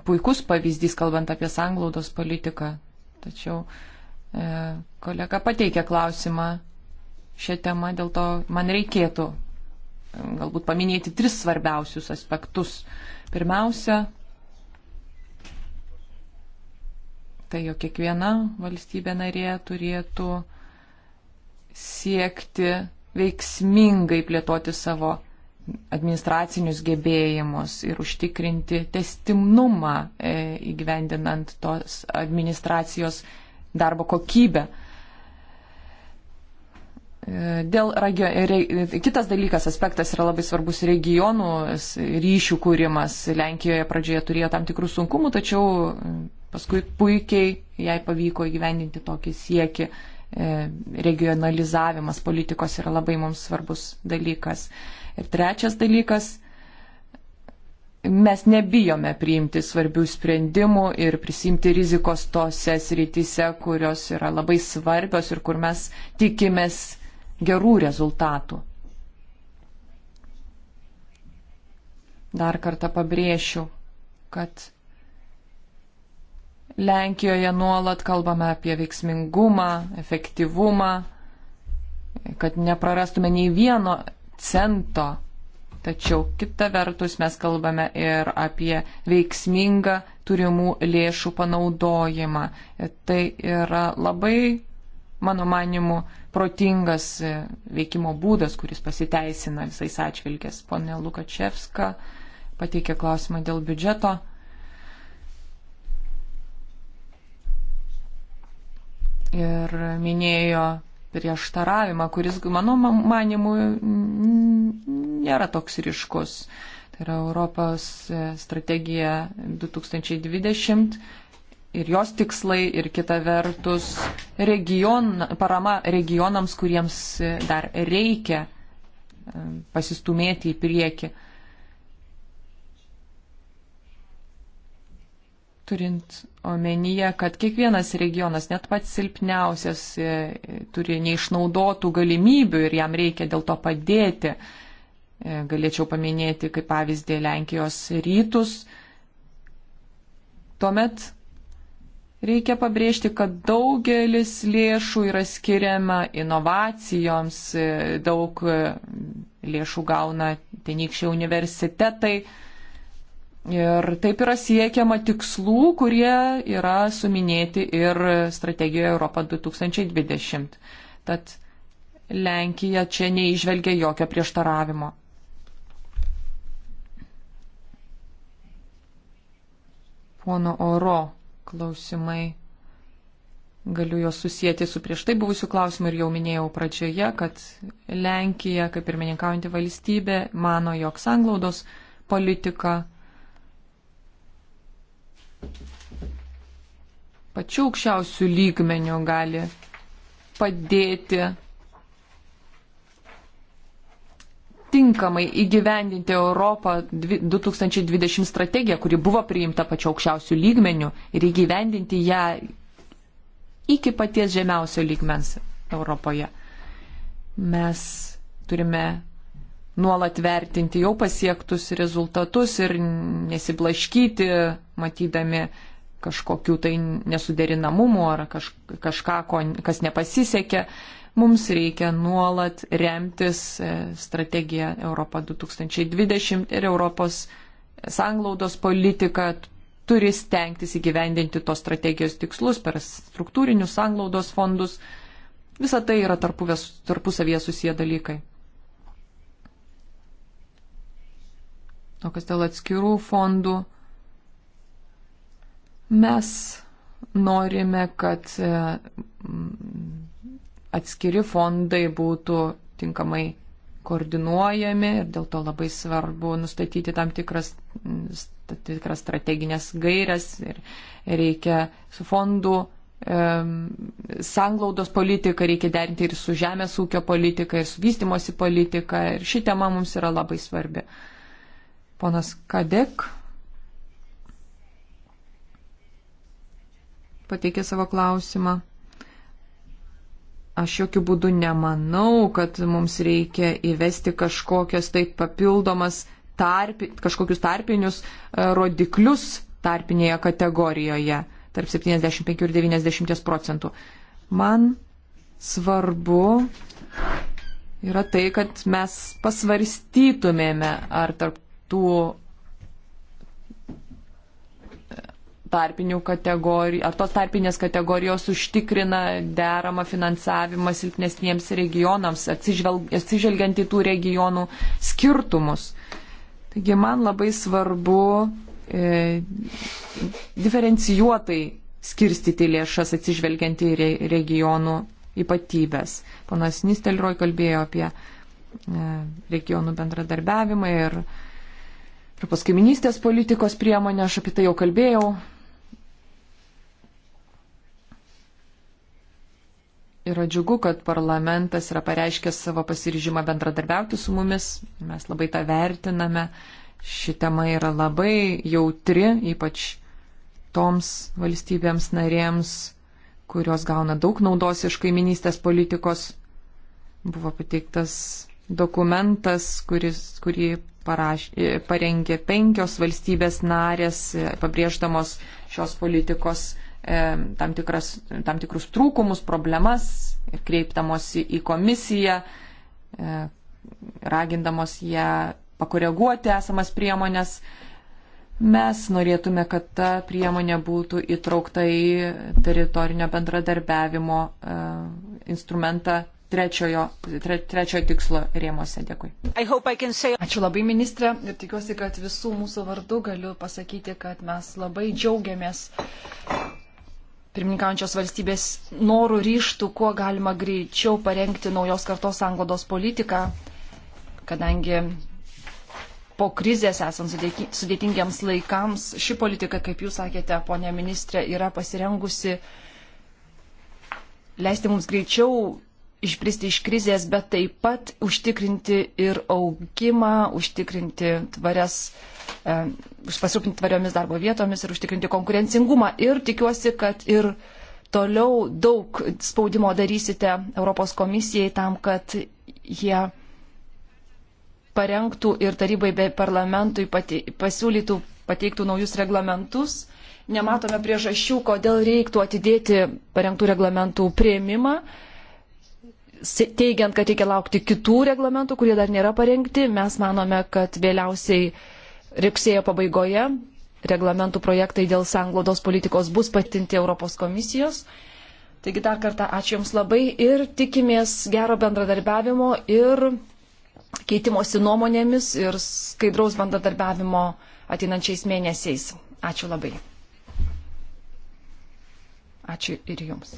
puikus pavyzdys, kalbant apie sanglaudos politiką. Tačiau e, kolega pateikė klausimą šią temą, dėl to man reikėtų e, galbūt paminėti tris svarbiausius aspektus. Pirmiausia, tai jo kiekviena valstybė narė turėtų siekti veiksmingai plėtoti savo administracinius gebėjimus ir užtikrinti testimnumą e, įgyvendinant tos administracijos darbo kokybę. E, dėl regio, re, kitas dalykas, aspektas yra labai svarbus regionų ryšių kūrimas. Lenkijoje pradžioje turėjo tam tikrų sunkumų, tačiau paskui puikiai jai pavyko įgyvendinti tokį siekį E, regionalizavimas politikos yra labai mums svarbus dalykas. Ir trečias dalykas mes nebijome priimti svarbių sprendimų ir prisimti rizikos tose srityse, kurios yra labai svarbios ir kur mes tikimės gerų rezultatų. Dar kartą pabrėšiu, kad Lenkijoje nuolat kalbame apie veiksmingumą, efektyvumą, kad neprarastume nei vieno cento. Tačiau kita vertus mes kalbame ir apie veiksmingą turimų lėšų panaudojimą. Tai yra labai, mano manimu, protingas veikimo būdas, kuris pasiteisina visais atšvilgės. Pone Lukačevska pateikė klausimą dėl biudžeto. ir minėjo prieštaravimą, kuris, mano manimu, nėra toks ryškus. Tai yra Europos e, strategija 2020 ir jos tikslai, ir kita vertus region, parama regionams, kuriems e, dar reikia e, pasistumėti į priekį. turint omenyje, kad kiekvienas regionas, net pats silpniausias, e, turi neišnaudotų galimybių ir jam reikia dėl to padėti. E, galėčiau paminėti kaip pavyzdį Lenkijos rytus. Tuomet reikia pabrėžti, kad daugelis lėšų yra skiriama inovacijoms, e, daug lėšų gauna tenykščiai universitetai Ir taip yra siekiama tikslų, kurie yra suminėti ir strategijoje Europa 2020. Tad Lenkija čia neižvelgia jokio prieštaravimo. Pono Oro klausimai. Galiu juos susijęti su prieš tai buvusiu klausimu ir jau minėjau pradžioje, kad Lenkija, kaip ir meninkaujanti valstybė, mano, jog sanglaudos politika pačiu aukščiausių lygmenių gali padėti tinkamai įgyvendinti Europą 2020 strategiją, kuri buvo priimta pačiu aukščiausių lygmenių ir įgyvendinti ją iki paties žemiausio lygmens Europoje. Mes turime nuolat vertinti jau pasiektus rezultatus ir nesiblaškyti, matydami kažkokių tai nesuderinamumų ar kaž, kažką, ko, kas nepasisekė. Mums reikia nuolat remtis e, strategiją Europą 2020 ir Europos sanglaudos politika turi stengtis įgyvendinti tos strategijos tikslus per struktūrinius sanglaudos fondus. Visa tai yra tarpusavėje susiję dalykai. O kas dėl atskirų fondų, mes norime, kad e, atskiri fondai būtų tinkamai koordinuojami ir dėl to labai svarbu nustatyti tam tikras, tikras strateginės gairias ir reikia su fondų sanglaudos politiką reikia derinti ir su žemės ūkio politika, ir su vystimosi politika. Ir ši tema mums yra labai svarbi. Uh, Ponas Kadek pateikė savo klausimą. Aš jokių būdų nemanau, kad mums reikia įvesti kažkokios taip papildomas tarpi, kažkokius tarpinius e, rodiklius tarpinėje kategorijoje tarp 75 ir 90 procentų. Man svarbu yra tai, kad mes pasvarstytumėme, ar tarp tų tarpinių kategorijų, ar tos tarpinės kategorijos užtikrina deramą finansavimą silpnesniems regionams, atsižvelg, atsižvelgiant į tų regionų skirtumus. Taigi man labai svarbu e, diferencijuotai skirstyti lėšas atsižvelgiant į re, regionų ypatybės. Panas Nistelroj kalbėjo apie e, regionų bendradarbiavimą ir e, Europos kaiminystės politikos priemonę, aš apie tai jau kalbėjau. Yra džiugu, kad parlamentas yra pareiškęs savo pasiryžimą bendradarbiauti su mumis. Mes labai tą vertiname. Ši tema yra labai jautri, ypač toms valstybėms narėms, kurios gauna daug naudos iš kaiminystės politikos. Buvo pateiktas dokumentas, kuris, kurį paraš, parengė penkios valstybės narės, e, pabrėždamos šios politikos e, tam, tikras, tam tikrus trūkumus, problemas ir kreiptamosi į komisiją, e, ragindamos ją pakoreguoti esamas priemonės. Mes norėtume, kad ta priemonė būtų įtraukta į teritorinio bendradarbiavimo instrumentą trečiojo, tre, trečiojo tikslo rėmose. Dėkui. I I say... Ačiū labai, ministrė, ir tikiuosi, kad visų mūsų vardų galiu pasakyti, kad mes labai džiaugiamės pirmininkaujančios valstybės norų ryštų, kuo galima greičiau parengti naujos kartos anglodos politiką, kadangi po krizės esant sudėtingiams laikams, ši politika, kaip jūs sakėte, ponė ministrė, yra pasirengusi leisti mums greičiau išpristi iš krizės, bet taip pat užtikrinti ir augimą, užtikrinti tvarias, e, pasirūpinti tvariomis darbo vietomis ir užtikrinti konkurencingumą. Ir tikiuosi, kad ir toliau daug spaudimo darysite Europos komisijai tam, kad jie parengtų ir tarybai bei parlamentui pati, pasiūlytų, pateiktų naujus reglamentus. Nematome priežasčių, kodėl reiktų atidėti parengtų reglamentų prieimimą. E, teigiant, kad reikia laukti kitų reglamentų, kurie dar nėra parengti. Mes manome, kad vėliausiai rugsėjo pabaigoje reglamentų projektai dėl sanglodos politikos bus patinti Europos komisijos. Taigi dar kartą ačiū Jums labai ir tikimės gero bendradarbiavimo ir keitimosi nuomonėmis ir skaidraus bendradarbiavimo ateinančiais mėnesiais. Ačiū labai. Ačiū ir Jums.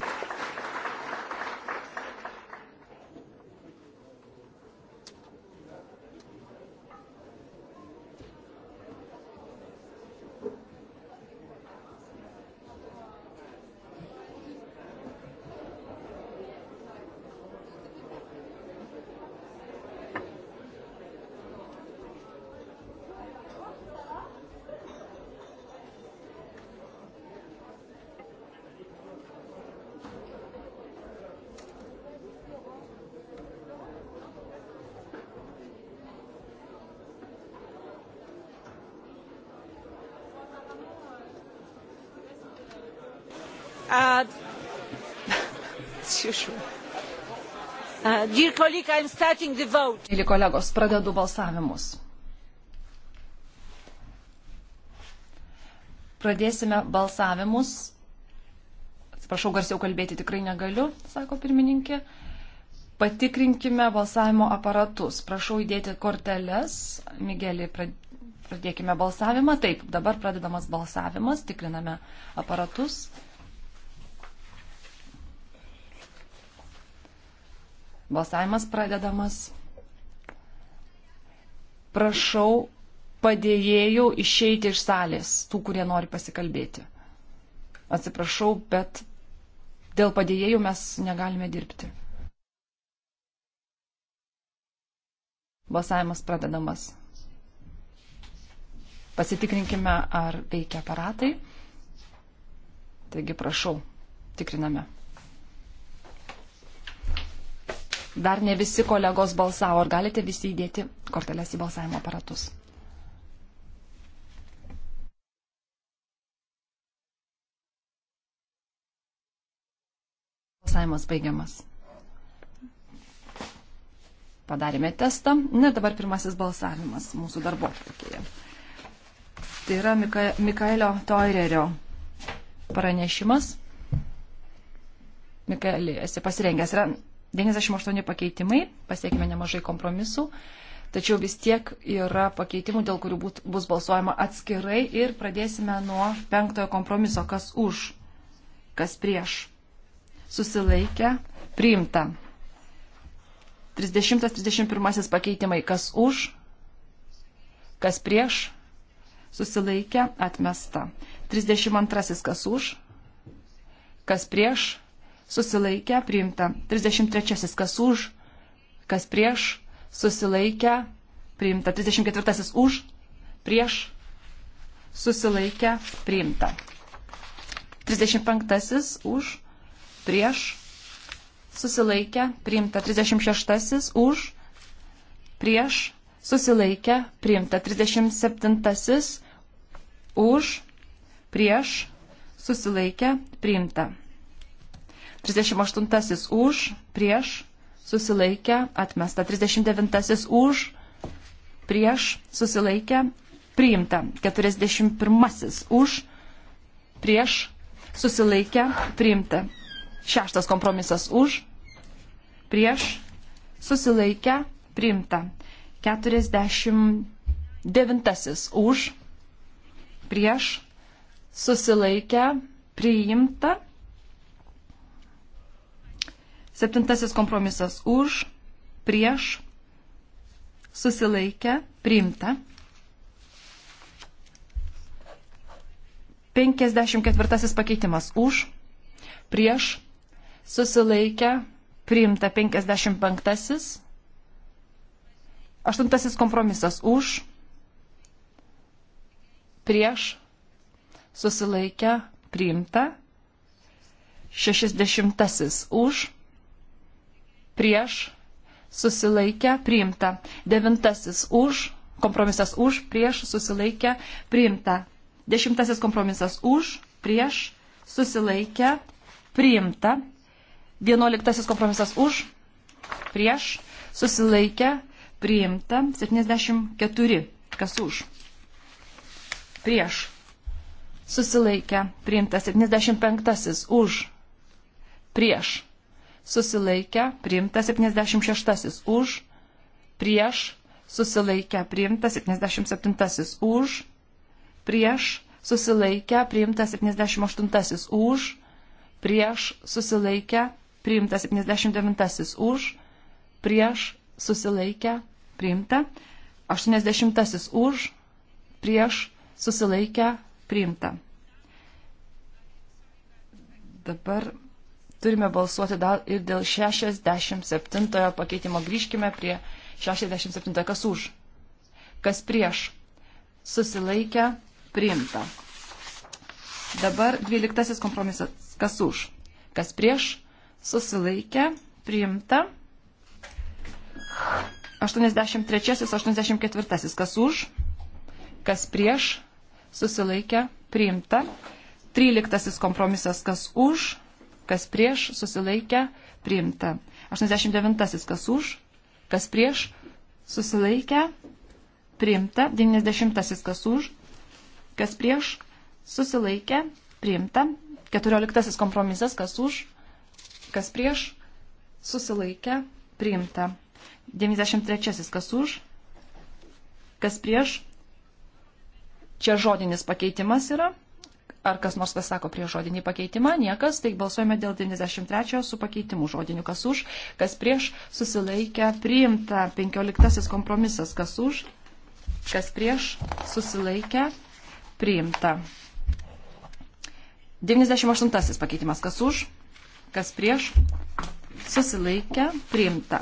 Uh, Dear colleague, I'm starting the vote. Mėly kolegos, pradedu balsavimus. Pradėsime balsavimus. Atsiprašau, garsiau kalbėti tikrai negaliu, sako pirmininkė. Patikrinkime balsavimo aparatus. Prašau įdėti korteles. Migelį, pradėkime balsavimą. Taip, dabar pradedamas balsavimas. Tikriname aparatus. Balsavimas pradedamas. Prašau padėjėjų išeiti iš salės, tų, kurie nori pasikalbėti. Atsiprašau, bet dėl padėjėjų mes negalime dirbti. Balsavimas pradedamas. Pasitikrinkime, ar veikia aparatai. Taigi prašau, tikriname. Dar ne visi kolegos balsavo. Ar galite visi įdėti korteles į balsavimo aparatus? Balsavimas baigiamas. Padarėme testą. Na, dabar pirmasis balsavimas mūsų darbo atvarkėje. Tai yra Mika Mikaelio Toirerio pranešimas. Mikaeli, esi pasirengęs. Yra 98 pakeitimai, pasiekime nemažai kompromisų, tačiau vis tiek yra pakeitimų, dėl kurių būt, bus balsuojama atskirai ir pradėsime nuo penktojo kompromiso, kas už, kas prieš. Susilaikę, priimta. 30-31 pakeitimai, kas už, kas prieš, susilaikę, atmesta. 32 kas už, kas prieš, susilaikę, priimta. 33 kas už, kas prieš, susilaikę, priimta. 34 už, prieš, susilaikę, priimta. 35 už, prieš, susilaikę, priimta. 36 už, prieš, susilaikę, priimta. 37 už, prieš, susilaikę, priimta. 38 už, prieš, susilaikę, atmesta. 39 už, prieš, susilaikę, priimta. 41 už, prieš, susilaikę, priimta. Šeštas kompromisas už, prieš, susilaikę, priimta. 49 už, prieš, susilaikę, priimta. Septintasis kompromisas už, prieš, susilaikę, priimta. 54 pakeitimas už, prieš, susilaikę, priimta 55. Aštuntasis kompromisas už, prieš, susilaikę, priimta. Šešisdešimtasis už prieš, susilaikę, priimta. Devintasis už, kompromisas už, prieš, susilaikę, priimta. Dešimtasis kompromisas už, prieš, susilaikę, priimta. Vienuoliktasis kompromisas už, prieš, susilaikę, priimta. 74. Kas už? Prieš. Susilaikę, priimta. 75. Už. Prieš susilaikę, priimta 76 už, prieš, susilaikę, priimta 77 už, prieš, susilaikę, priimta 78 už, prieš, susilaikę, priimta 79 už, prieš, susilaikę, priimta 80 už, prieš, susilaikę, priimta. Dabar turime balsuoti dar ir dėl 67 pakeitimo. Grįžkime prie 67. Kas už? Kas prieš? Susilaikę, priimta. Dabar 12 kompromisas. Kas už? Kas prieš? Susilaikę, priimta. 83, 84. Kas už? Kas prieš? Susilaikę, priimta. 13 kompromisas. Kas už? kas prieš, susilaikė, priimta. 89. kas už, kas prieš, susilaikė, priimta. 90. kas už, kas prieš, susilaikė, priimta. 14. kompromisas, kas už, kas prieš, susilaikė, priimta. 93. kas už, kas prieš, čia žodinis pakeitimas yra Ar kas nors pasako prieš žodinį pakeitimą? Niekas. Tai balsuojame dėl 93 su pakeitimu žodiniu. Kas už, kas prieš, susilaikę, priimta. 15 kompromisas. Kas už, kas prieš, susilaikę, priimta. 98 pakeitimas. Kas už, kas prieš, susilaikę, priimta.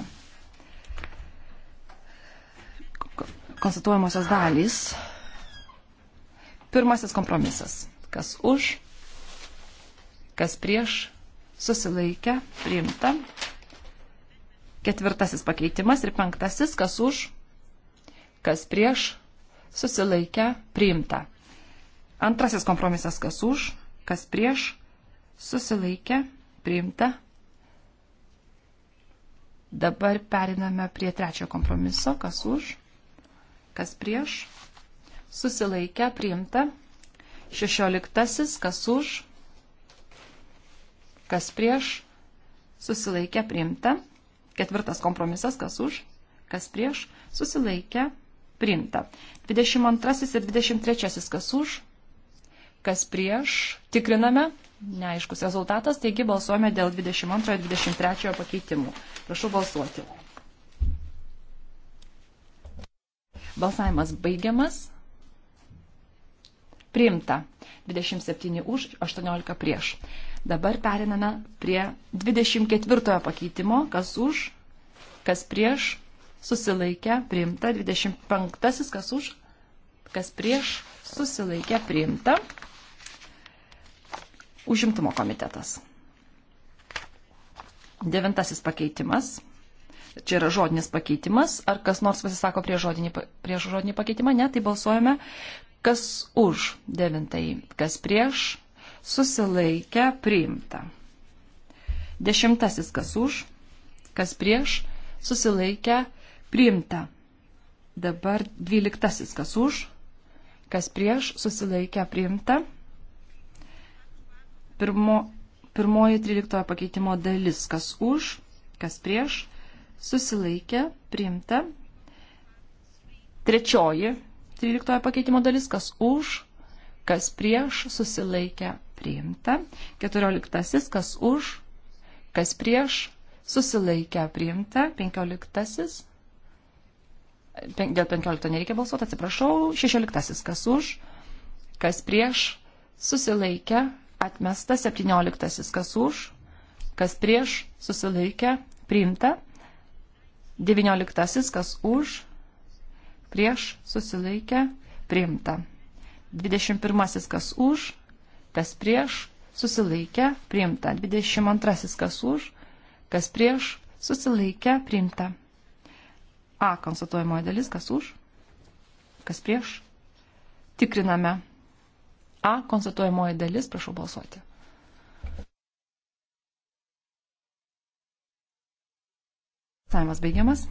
Konstatuojamosios dalys. Pirmasis kompromisas. Kas už, kas prieš, susilaikę, priimta. Ketvirtasis pakeitimas ir penktasis, kas už, kas prieš, susilaikę, priimta. Antrasis kompromisas, kas už, kas prieš, susilaikę, priimta. Dabar periname prie trečiojo kompromiso, kas už, kas prieš, susilaikę, priimta. 16. Kas už, kas prieš, susilaikė priimta. Ketvirtas kompromisas, kas už, kas prieš, susilaikė priimta. 22 ir 23 kas už, kas prieš, tikriname, neaiškus rezultatas, taigi balsuojame dėl 22 ir 23 pakeitimų. Prašau balsuoti. Balsavimas baigiamas priimta. 27 už, 18 prieš. Dabar periname prie 24 pakeitimo, kas už, kas prieš, susilaikė, priimta. 25 kas už, kas prieš, susilaikė, priimta. Užimtumo komitetas. Devintasis pakeitimas. Čia yra žodinis pakeitimas. Ar kas nors pasisako prieš žodinį, prieš žodinį pakeitimą? Ne, tai balsuojame. Kas už devintąjį, kas prieš, susilaikę priimta. Dešimtasis kas už, kas prieš, susilaikę priimta. Dabar dvyliktasis kas už, kas prieš, susilaikę priimta. Pirmo, pirmoji tryliktojo pakeitimo dalis kas už, kas prieš, susilaikę priimta. Trečioji 13 pakeitimo dalis, kas už, kas prieš, susilaikė, priimta. 14, kas už, kas prieš, susilaikė, priimta. 15, dėl 15 nereikia balsuoti, atsiprašau. 16, kas už, kas prieš, susilaikė, atmesta. 17, kas už, kas prieš, susilaikė, priimta. 19, kas už, prieš susilaikę priimta. 21 kas už, kas prieš susilaikę priimta. 22 kas už, kas prieš susilaikę priimta. A konstatuojamoji dalis, kas už, kas prieš. Tikriname. A konstatuojamoji dalis, prašau balsuoti. Saimas baigiamas.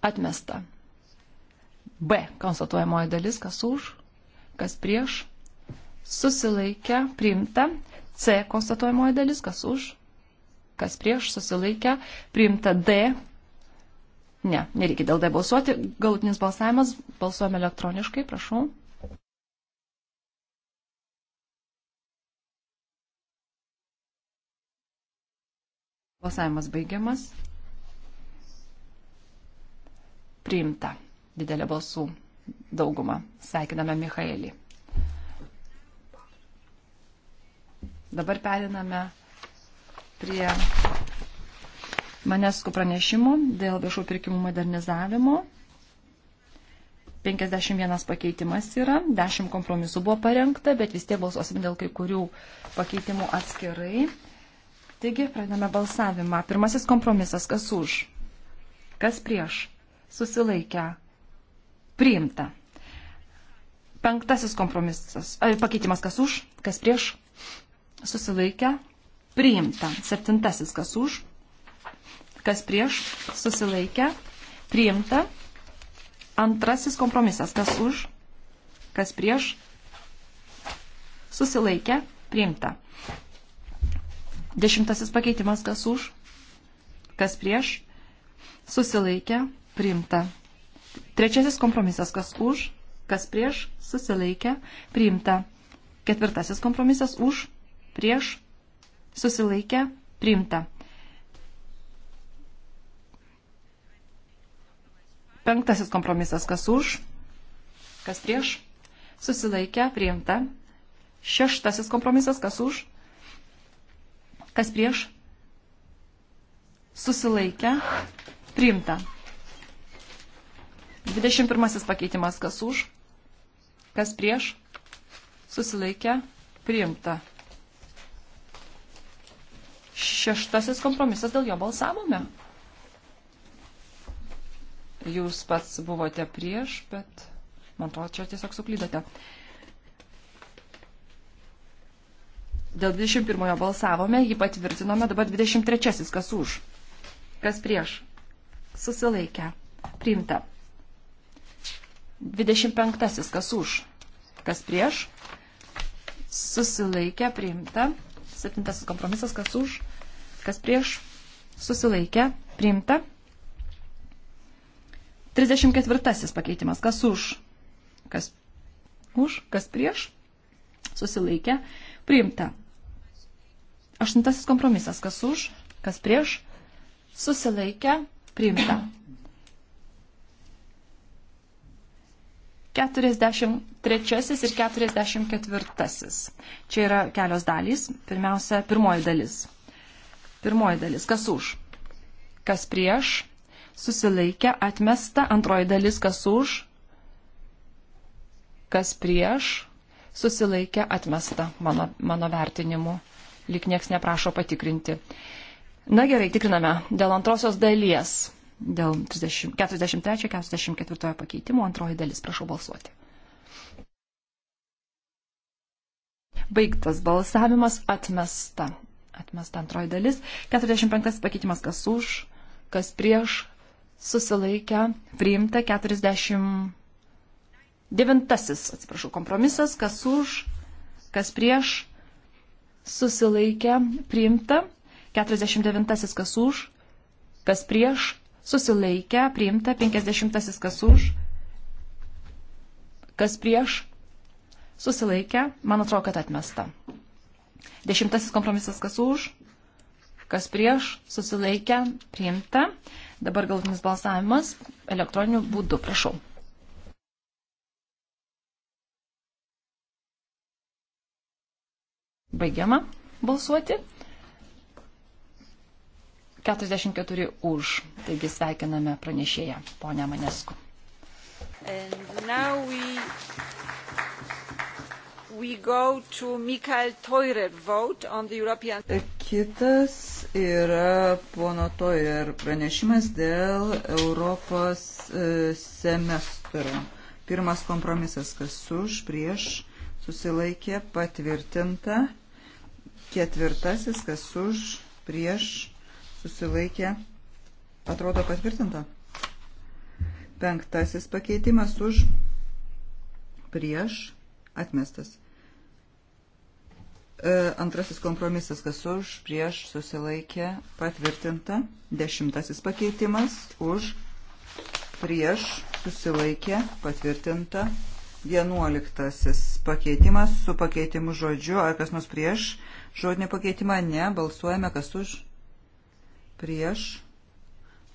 Atmesta. B. Konstatuojamoji dalis, kas už, kas prieš. Susilaikę, priimta. C. Konstatuojamoji dalis, kas už, kas prieš, susilaikę, priimta D. Ne, nereikia dėl D balsuoti. Galutinis balsavimas, balsuojame elektroniškai, prašau. Balsavimas baigiamas priimta didelė balsų dauguma. Sveikiname Michaelį. Dabar periname prie Maneskų pranešimų dėl viešų pirkimų modernizavimo. 51 pakeitimas yra, 10 kompromisų buvo parengta, bet vis tiek balsuosim dėl kai kurių pakeitimų atskirai. Taigi, pradame balsavimą. Pirmasis kompromisas, kas už, kas prieš, susilaikę, priimta. Penktasis kompromisas, ar pakeitimas kas už, kas prieš, susilaikę, priimta. Septintasis kas už, kas prieš, susilaikę, priimta. Antrasis kompromisas, kas už, kas prieš, susilaikę, priimta. Dešimtasis pakeitimas, kas už, kas prieš, susilaikę, priimta. Trečiasis kompromisas, kas už, kas prieš, susilaikė, priimta. Ketvirtasis kompromisas už, prieš, susilaikė, priimta. Penktasis kompromisas, kas už, kas prieš, susilaikė, priimta. Šeštasis kompromisas, kas už, kas prieš, susilaikė, priimta. 21 pakeitimas kas už, kas prieš, susilaikė, priimta. Šeštasis kompromisas dėl jo balsavome. Jūs pats buvote prieš, bet man atrodo, čia tiesiog suklydote. Dėl 21 balsavome, jį patvirtinome, dabar 23 kas už, kas prieš, susilaikę, priimta. 25. Kas už? Kas prieš? Susilaikę, priimta. 7. Kompromisas. Kas už? Kas prieš? Susilaikę, priimta. 34. Pakeitimas. Kas už? Kas už? Kas prieš? Susilaikę, priimta. 8. Kompromisas. Kas už? Kas prieš? Susilaikę, priimta. 43 ir 44. Čia yra kelios dalys. Pirmiausia, pirmoji dalis. Pirmoji dalis. Kas už? Kas prieš? Susilaikė, atmesta. Antroji dalis. Kas už? Kas prieš? Susilaikė, atmesta. Mano, mano vertinimu. Lik nieks neprašo patikrinti. Na gerai, tikriname. Dėl antrosios dalies dėl 43-44 pakeitimų antroji dalis. Prašau balsuoti. Baigtas balsavimas atmesta. Atmesta antroji dalis. 45 pakeitimas kas už, kas prieš, susilaikę, priimta 49, atsiprašau, kompromisas, kas už, kas prieš, susilaikę, priimta 49, kas už, kas prieš, susilaikę, priimta 50 kas už, kas prieš, susilaikę, man atrodo, kad atmesta. Dešimtasis kompromisas kas už, kas prieš, susilaikę, priimta. Dabar galutinis balsavimas elektroniniu būdu, prašau. Baigiama balsuoti. 44 už. Taigi sveikiname pranešėją, ponę Manesku. We, we European... Kitas yra pono Toirer pranešimas dėl Europos e, semestro. Pirmas kompromisas, kas už, prieš, susilaikė, patvirtinta. Ketvirtasis, kas už, prieš, susilaikė, atrodo patvirtinta. Penktasis pakeitimas už prieš atmestas. E, antrasis kompromisas, kas už prieš susilaikė, patvirtinta. Dešimtasis pakeitimas už prieš susilaikė, patvirtinta. Vienuoliktasis pakeitimas su pakeitimu žodžiu, ar kas nors prieš žodinį pakeitimą, ne, balsuojame, kas už prieš,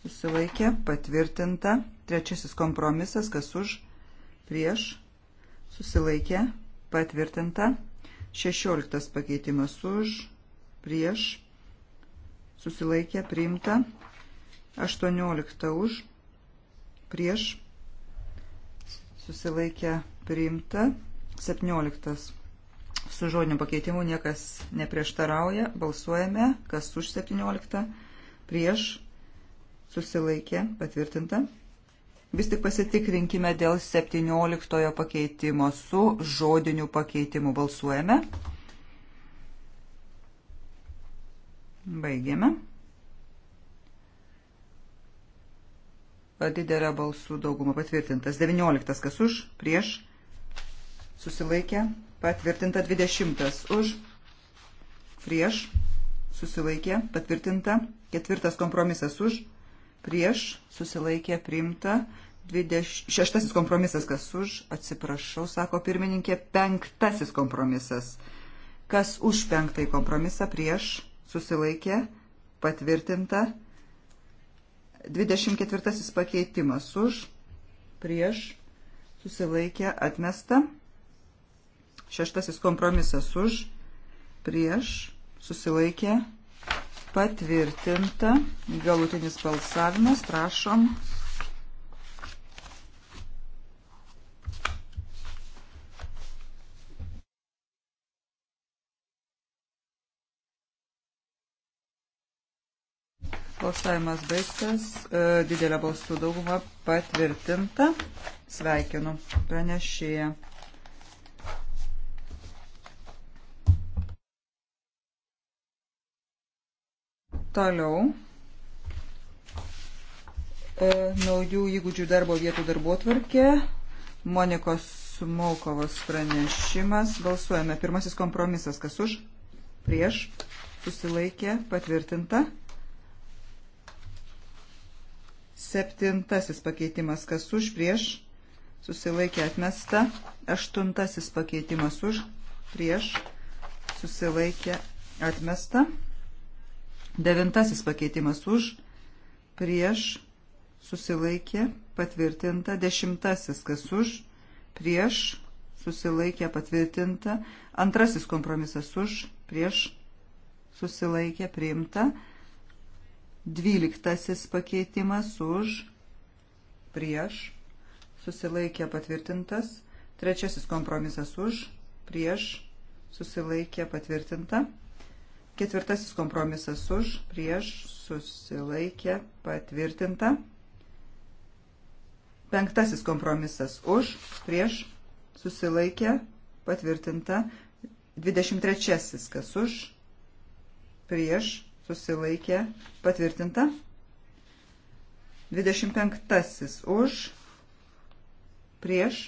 susilaikė, patvirtinta. Trečiasis kompromisas, kas už, prieš, susilaikė, patvirtinta. Šešioliktas pakeitimas už, prieš, susilaikė, priimta. Aštuoniolikta už, prieš, susilaikė, priimta. Septioliktas su žodiniu pakeitimu niekas neprieštarauja. Balsuojame, kas už 17, prieš, susilaikė, patvirtinta. Vis tik pasitikrinkime dėl 17 pakeitimo su žodiniu pakeitimu. Balsuojame. Baigiame. Didelė balsų dauguma patvirtintas. 19 kas už, prieš, susilaikė, patvirtinta 20 už, prieš, susilaikė, patvirtinta. Ketvirtas kompromisas už, prieš, susilaikė, priimta. 20, šeštasis kompromisas, kas už, atsiprašau, sako pirmininkė, penktasis kompromisas. Kas už penktąjį kompromisą, prieš, susilaikė, patvirtinta. 24 pakeitimas už, prieš, susilaikė, atmesta. Šeštasis kompromisas už, prieš, susilaikė patvirtinta. Galutinis balsavimas, prašom. Balsavimas baigtas, e, didelė balsų dauguma patvirtinta. Sveikinu pranešėją. Toliau. E, naujų įgūdžių darbo vietų darbo tvarkė. Monikos Smolkovos pranešimas. Balsuojame. Pirmasis kompromisas. Kas už? Prieš. Susilaikė. Patvirtinta. Septintasis pakeitimas. Kas už? Prieš. Susilaikė atmesta. Aštuntasis pakeitimas už. Prieš. Susilaikė atmesta. Devintasis pakeitimas už, prieš, susilaikė, patvirtinta. Dešimtasis kas už, prieš, susilaikė, patvirtinta. Antrasis kompromisas už, prieš, susilaikė, priimta. Dvyliktasis pakeitimas už, prieš, susilaikė, patvirtintas. Trečiasis kompromisas už, prieš, susilaikė, patvirtinta. Ketvirtasis kompromisas už, prieš, susilaikė, patvirtinta. Penktasis kompromisas už, prieš, susilaikė, patvirtinta. Dvidešimt trečiasis kas už, prieš, susilaikė, patvirtinta. Dvidešimt penktasis už, prieš,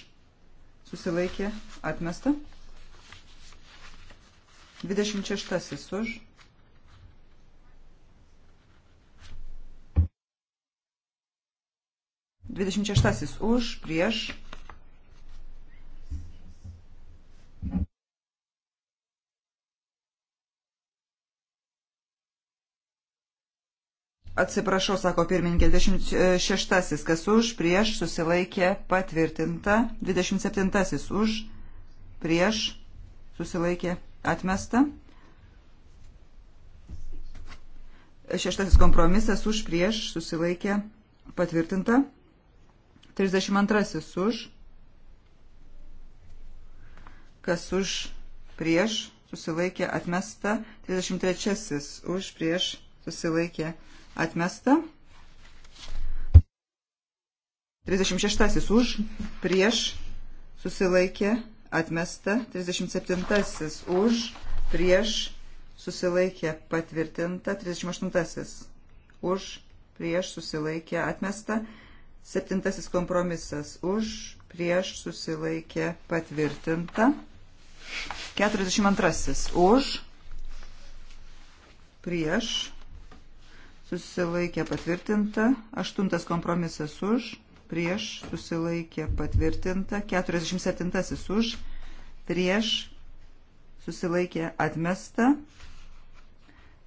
susilaikė, atmesta. 26 už. Dvidešimt šeštasis už, prieš. Atsiprašau, sako pirmininkė, 26, kas už, prieš, susilaikė, patvirtinta, 27 už, prieš, susilaikė, Atmesta. Šeštasis kompromisas už prieš susilaikė patvirtinta. 32 už. Kas už prieš susilaikė atmesta. 33 už prieš susilaikė atmesta. 36 už prieš susilaikė atmesta atmesta, 37 už, prieš, susilaikė, patvirtinta, 38 už, prieš, susilaikė, atmesta, 7 kompromisas už, prieš, susilaikė, patvirtinta, 42 už, prieš, susilaikė, patvirtinta, 8 kompromisas už, prieš susilaikė patvirtinta, 47 už, prieš susilaikė atmesta.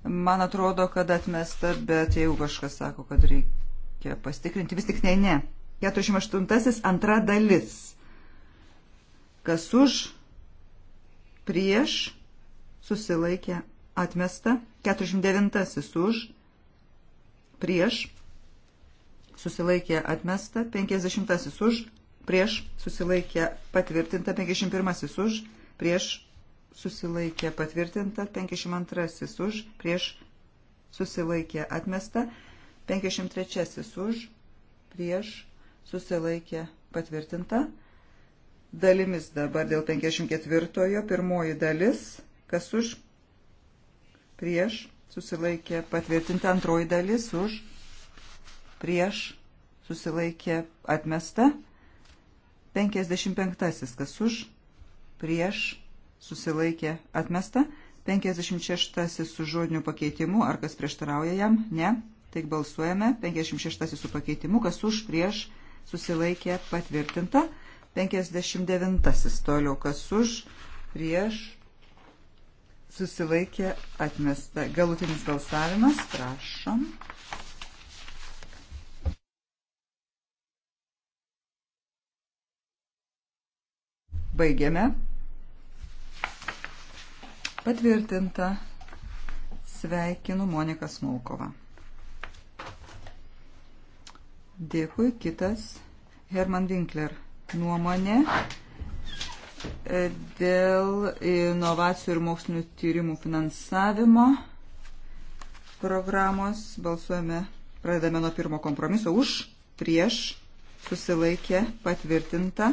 Man atrodo, kad atmesta, bet jeigu kažkas sako, kad reikia pastikrinti, vis tik ne, ne. 48 antra dalis. Kas už, prieš susilaikė atmesta, 49 už, prieš susilaikė atmesta, 50 už, prieš susilaikė patvirtinta, 51 už, prieš susilaikė patvirtinta, 52 už, prieš susilaikė atmesta, 53 už, prieš susilaikė patvirtinta. Dalimis dabar dėl 54-ojo pirmoji dalis, kas už, prieš susilaikė patvirtinta, antroji dalis už, prieš susilaikė atmesta. 55. Kas už, prieš susilaikė atmesta. 56. Su žodiniu pakeitimu. Ar kas prieštarauja jam? Ne. Taigi balsuojame. 56. Su pakeitimu. Kas už, prieš susilaikė patvirtinta. 59. Toliau kas už, prieš susilaikė atmesta. Galutinis balsavimas. Prašom. Baigiame. Patvirtinta. Sveikinu Moniką Smolkovą. Dėkui. Kitas Herman Winkler nuomonė e, dėl inovacijų ir mokslinių tyrimų finansavimo programos. Balsuojame, pradedame nuo pirmo kompromiso už, prieš, susilaikė, patvirtinta.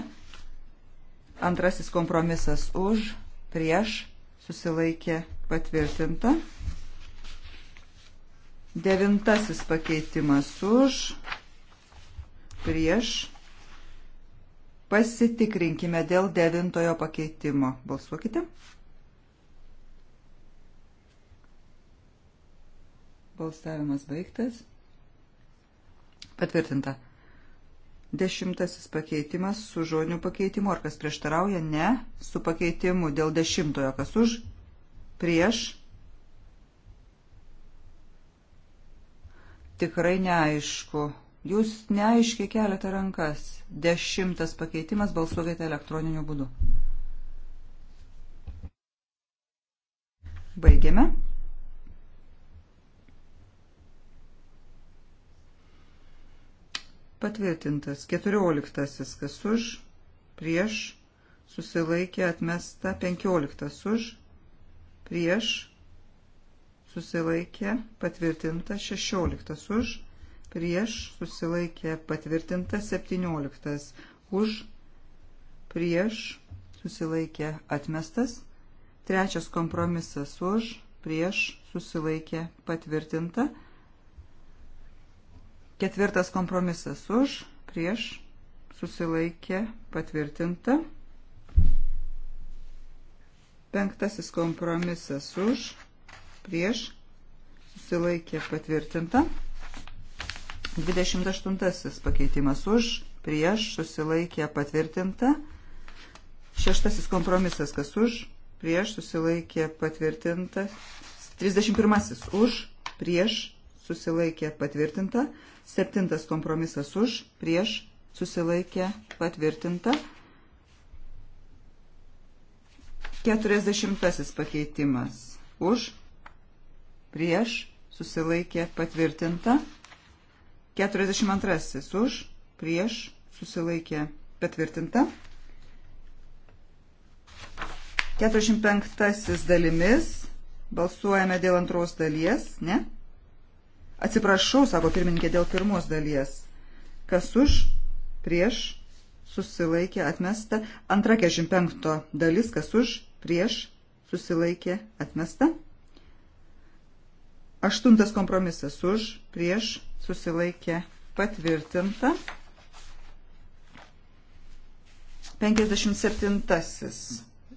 Antrasis kompromisas už, prieš, susilaikė patvirtinta. Devintasis pakeitimas už, prieš. Pasitikrinkime dėl devintojo pakeitimo. Balsuokite. Balsavimas baigtas. Patvirtinta. Dešimtasis pakeitimas su žodiniu pakeitimu. Ar kas prieštarauja? Ne. Su pakeitimu dėl dešimtojo. Kas už? Prieš. Tikrai neaišku. Jūs neaiškiai keliate rankas. Dešimtas pakeitimas balsuokite elektroniniu būdu. Baigiame. patvirtintas. Keturioliktasis, kas už, prieš, susilaikė atmesta. Penkioliktas už, prieš, susilaikė patvirtintas. Šešioliktas už, prieš, susilaikė patvirtintas. Septynioliktas už, prieš, susilaikė atmestas. Trečias kompromisas už, prieš, susilaikė patvirtintas. Ketvirtas kompromisas už, prieš, susilaikė, patvirtinta. Penktasis kompromisas už, prieš, susilaikė, patvirtinta. 28 pakeitimas už, prieš, susilaikė, patvirtinta. Šeštasis kompromisas kas už, prieš, susilaikė, patvirtinta. 31 už, prieš, susilaikė, patvirtinta. Septintas kompromisas už, prieš, susilaikė, patvirtinta. Keturiasdešimtasis pakeitimas už, prieš, susilaikė, patvirtinta. Keturiasdešimt antrasis už, prieš, susilaikė, patvirtinta. 45 dalimis. Balsuojame dėl antros dalies, ne? Atsiprašau, sako pirmininkė, dėl pirmos dalies. Kas už, prieš, susilaikė, atmesta. Antra 45 dalis, kas už, prieš, susilaikė, atmesta. Aštuntas kompromisas už, prieš, susilaikė, patvirtinta. 57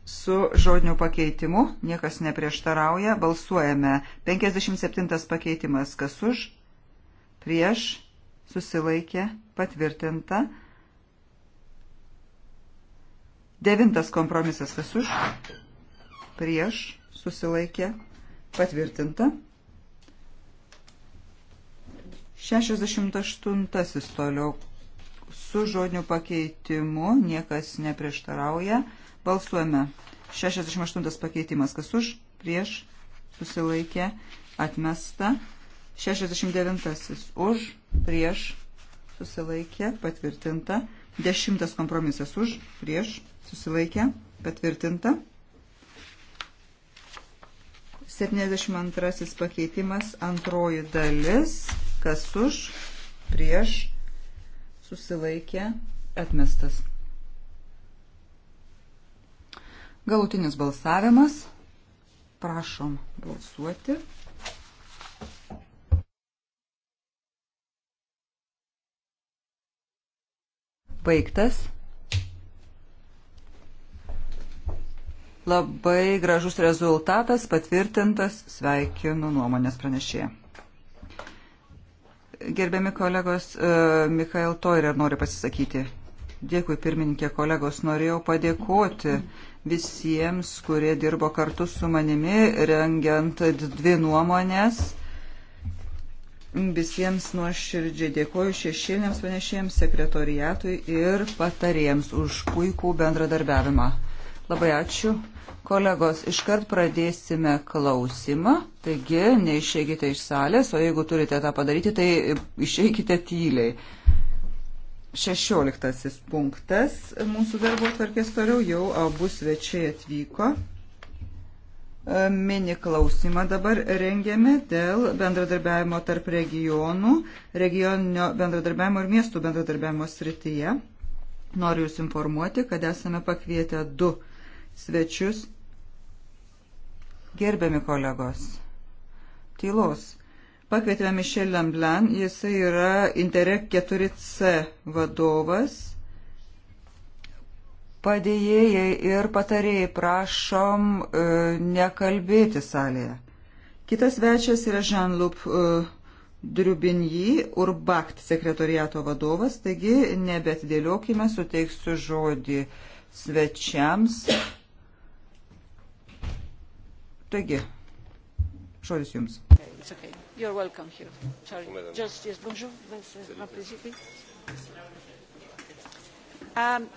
su žodiniu pakeitimu, niekas neprieštarauja, balsuojame. 57 pakeitimas, kas už, prieš, susilaikė, patvirtinta. Devintas kompromisas, kas už, prieš, susilaikė, patvirtinta. 68 toliau su žodiniu pakeitimu, niekas neprieštarauja. Balsuojame. 68 pakeitimas. Kas už? Prieš. Susilaikė. Atmesta. 69 už. Prieš. Susilaikė. Patvirtinta. 10 kompromisas už. Prieš. Susilaikė. Patvirtinta. 72 pakeitimas. Antroji dalis. Kas už? Prieš. Susilaikė. Atmestas. Galutinis balsavimas. Prašom balsuoti. Baigtas. Labai gražus rezultatas patvirtintas. Sveikinu nuomonės pranešėją. Gerbiami kolegos, e, Mikhail Toirer nori pasisakyti. Dėkui pirmininkė kolegos, norėjau padėkoti. Mm visiems, kurie dirbo kartu su manimi, rengiant dvi nuomonės. Visiems nuoširdžiai dėkoju šešėlėms panešėjams, sekretoriatui ir patarėjams už puikų bendradarbiavimą. Labai ačiū. Kolegos, iškart pradėsime klausimą, taigi neišeikite iš salės, o jeigu turite tą padaryti, tai išeikite tyliai. Šešioliktasis punktas mūsų darbo tvarkės toliau jau abu svečiai atvyko. E, mini klausimą dabar rengiame dėl bendradarbiavimo tarp regionų, regioninio bendradarbiavimo ir miestų bendradarbiavimo srityje. Noriu Jūs informuoti, kad esame pakvietę du svečius. Gerbiami kolegos, tylos pakvietėme Mišel Lamblan, jisai yra Interreg 4C vadovas. Padėjėjai ir patarėjai prašom e, nekalbėti salėje. Kitas svečias yra Jean-Luc e, Driubinji, Urbakt sekretoriato vadovas, taigi nebetidėliokime, suteiksiu žodį svečiams. Taigi, žodis jums. Okay, You're welcome here. Sorry. Just, yes, bonjour. Um,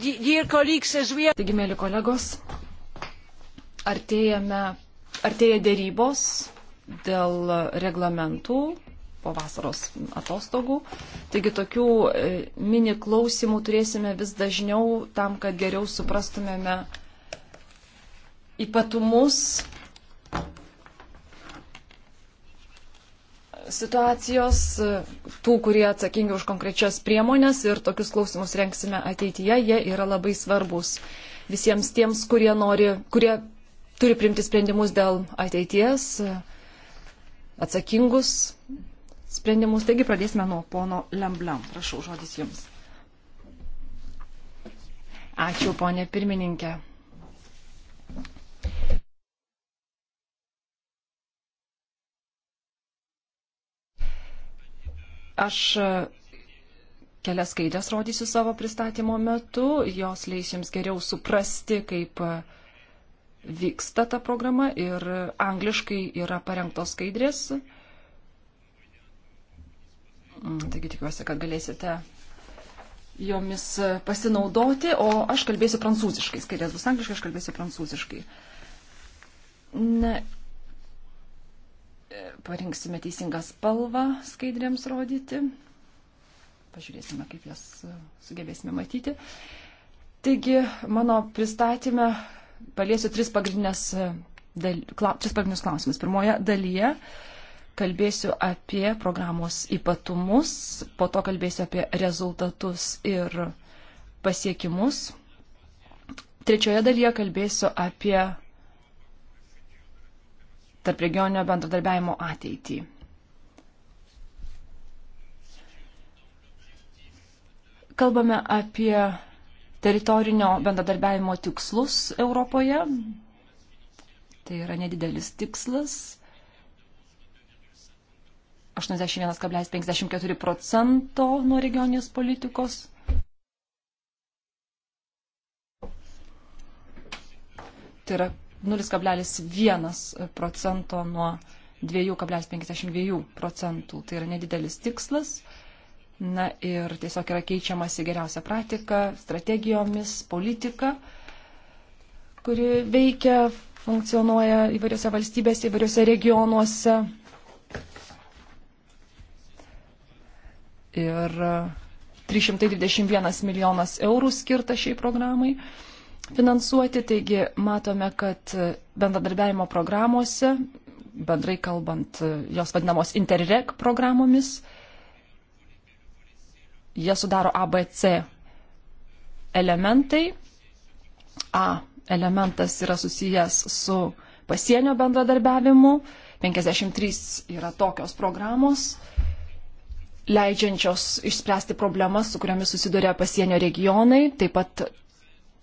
dear colleagues, as we are... Taigi, mėly kolegos, artėjame, artėja dėrybos dėl reglamentų po vasaros atostogų. Taigi tokių e, mini klausimų turėsime vis dažniau tam, kad geriau suprastumėme ypatumus situacijos, tų, kurie atsakingi už konkrečias priemonės ir tokius klausimus renksime ateityje, jie yra labai svarbus visiems tiems, kurie, nori, kurie turi primti sprendimus dėl ateities, atsakingus sprendimus. Taigi pradėsime nuo pono Lemblem. Prašau, žodis jums. Ačiū, ponė pirmininkė. Aš e, kelias skaidės rodysiu savo pristatymo metu, jos leis jums geriau suprasti, kaip e, vyksta ta programa ir e, angliškai yra parengtos skaidrės. Mm, taigi tikiuosi, kad galėsite jomis pasinaudoti, o aš kalbėsiu prancūziškai. Skaidrės bus angliškai, aš kalbėsiu prancūziškai. Na E, parinksime teisingą spalvą skaidrėms rodyti. Pažiūrėsime, kaip jas e, sugebėsime matyti. Taigi, mano pristatymę paliesiu tris, e, dal, kla, tris pagrindinius klausimus. Pirmoje dalyje kalbėsiu apie programos ypatumus, po to kalbėsiu apie rezultatus ir pasiekimus. Trečioje dalyje kalbėsiu apie tarp regioninio bendradarbiavimo ateitį. Kalbame apie teritorinio bendradarbiavimo tikslus Europoje. Tai yra nedidelis tikslas. 81,54 procento nuo regioninės politikos. Tai yra 0,1 procento nuo 2,52 procentų. Tai yra nedidelis tikslas. Na ir tiesiog yra keičiamasi geriausia praktika, strategijomis, politika, kuri veikia, funkcionuoja įvairiose valstybėse, įvairiose regionuose. Ir 321 e, milijonas eurų skirta šiai programai finansuoti, taigi matome, kad bendradarbiavimo programuose, bendrai kalbant, jos vadinamos interreg programomis, jie sudaro ABC elementai. A elementas yra susijęs su pasienio bendradarbiavimu, 53 yra tokios programos leidžiančios išspręsti problemas, su kuriamis susiduria pasienio regionai, taip pat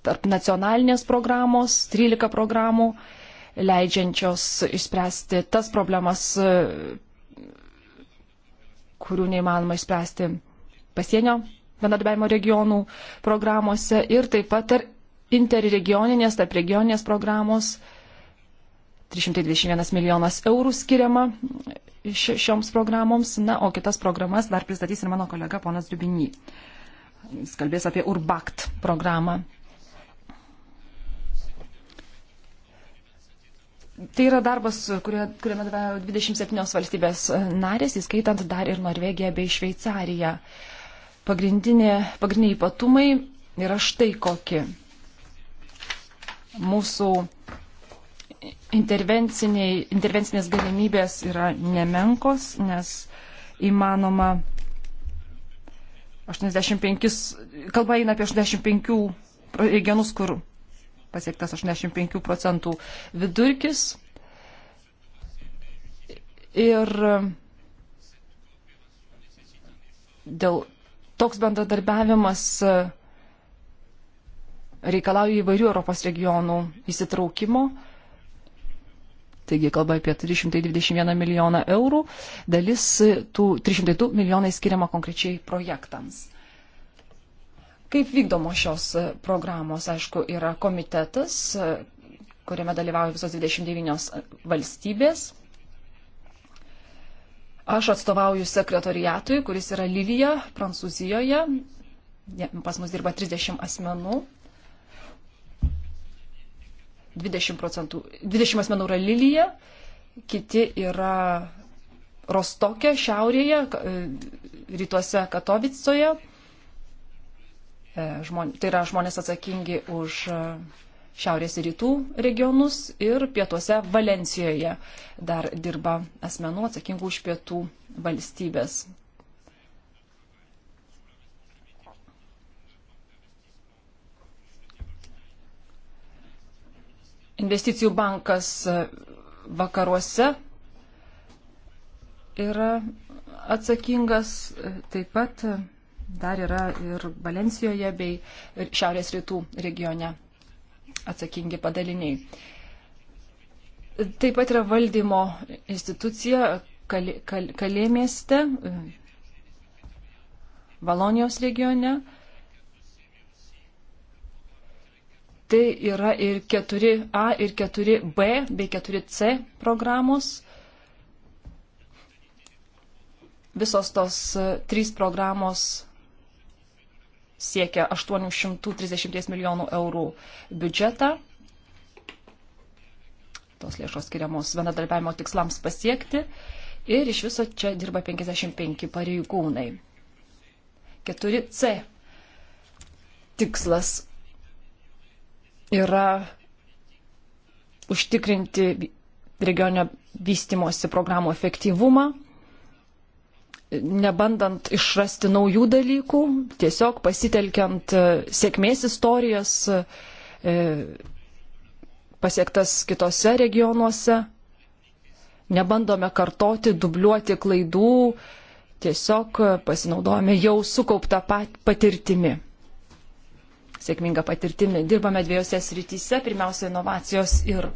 tarp nacionalinės programos, 13 programų, leidžiančios išspręsti tas problemas, kurių neįmanoma išspręsti pasienio bendradarbiavimo regionų programuose ir taip pat interregioninės, tarp regioninės programos 321 milijonas eurų skiriama šioms programoms, na, o kitas programas dar pristatys ir mano kolega ponas Dubiny. Jis kalbės apie URBACT programą. Tai yra darbas, kurio, kuriame dalyvauja 27 valstybės narės, įskaitant dar ir Norvegiją bei Šveicariją. Pagrindinė, pagrindiniai ypatumai yra štai kokie. Mūsų intervencinės galimybės yra nemenkos, nes įmanoma 85, kalba eina apie 85 regionus, kur pasiektas 85 procentų vidurkis. Ir dėl toks bendradarbiavimas reikalauja įvairių Europos regionų įsitraukimo. Taigi kalba apie 321 milijoną eurų, dalis tų 302 milijonai skiriama konkrečiai projektams. Kaip vykdomo šios programos, aišku, yra komitetas, kuriame dalyvauja visos 29 valstybės. Aš atstovauju sekretoriatui, kuris yra Lyvija, Prancūzijoje. Pas mus dirba 30 asmenų. 20, procentų, 20 asmenų yra Lyvija, kiti yra Rostokė, šiaurėje, e, rytuose Katovicoje. E, žmonės, tai yra žmonės atsakingi už e, šiaurės ir rytų regionus ir pietuose Valencijoje dar dirba asmenų atsakingų už pietų valstybės. Investicijų bankas e, vakaruose yra atsakingas taip pat dar yra ir Valencijoje bei ir Šiaurės rytų regione atsakingi padaliniai. Taip pat yra valdymo institucija kal, kal, Kalė mieste, Valonijos regione. Tai yra ir 4A, ir 4B bei 4C programos visos tos e, trys programos siekia 830 milijonų eurų biudžetą. Tos lėšos skiriamos vienadarbiavimo tikslams pasiekti. Ir iš viso čia dirba 55 pareigūnai. 4C tikslas yra užtikrinti regioninio vystimosi programų efektyvumą, nebandant išrasti naujų dalykų, tiesiog pasitelkiant e, sėkmės istorijas e, pasiektas kitose regionuose. Nebandome kartoti, dubliuoti klaidų, tiesiog pasinaudojame jau sukauptą patirtimi. Sėkmingą patirtimį dirbame dviejose srityse. Pirmiausia, inovacijos ir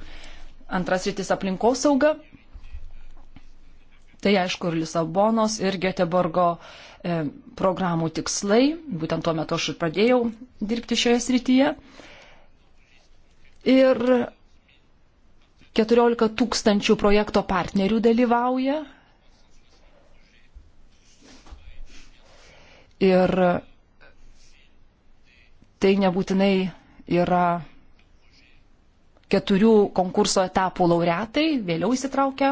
antras rytis aplinkosauga. Tai aišku ir Lisabonos, ir Geteborgo e, programų tikslai. Būtent tuo metu aš ir pradėjau dirbti šioje srityje. Ir 14 tūkstančių projekto partnerių dalyvauja. Ir tai nebūtinai yra keturių konkurso etapų laureatai, vėliau įsitraukia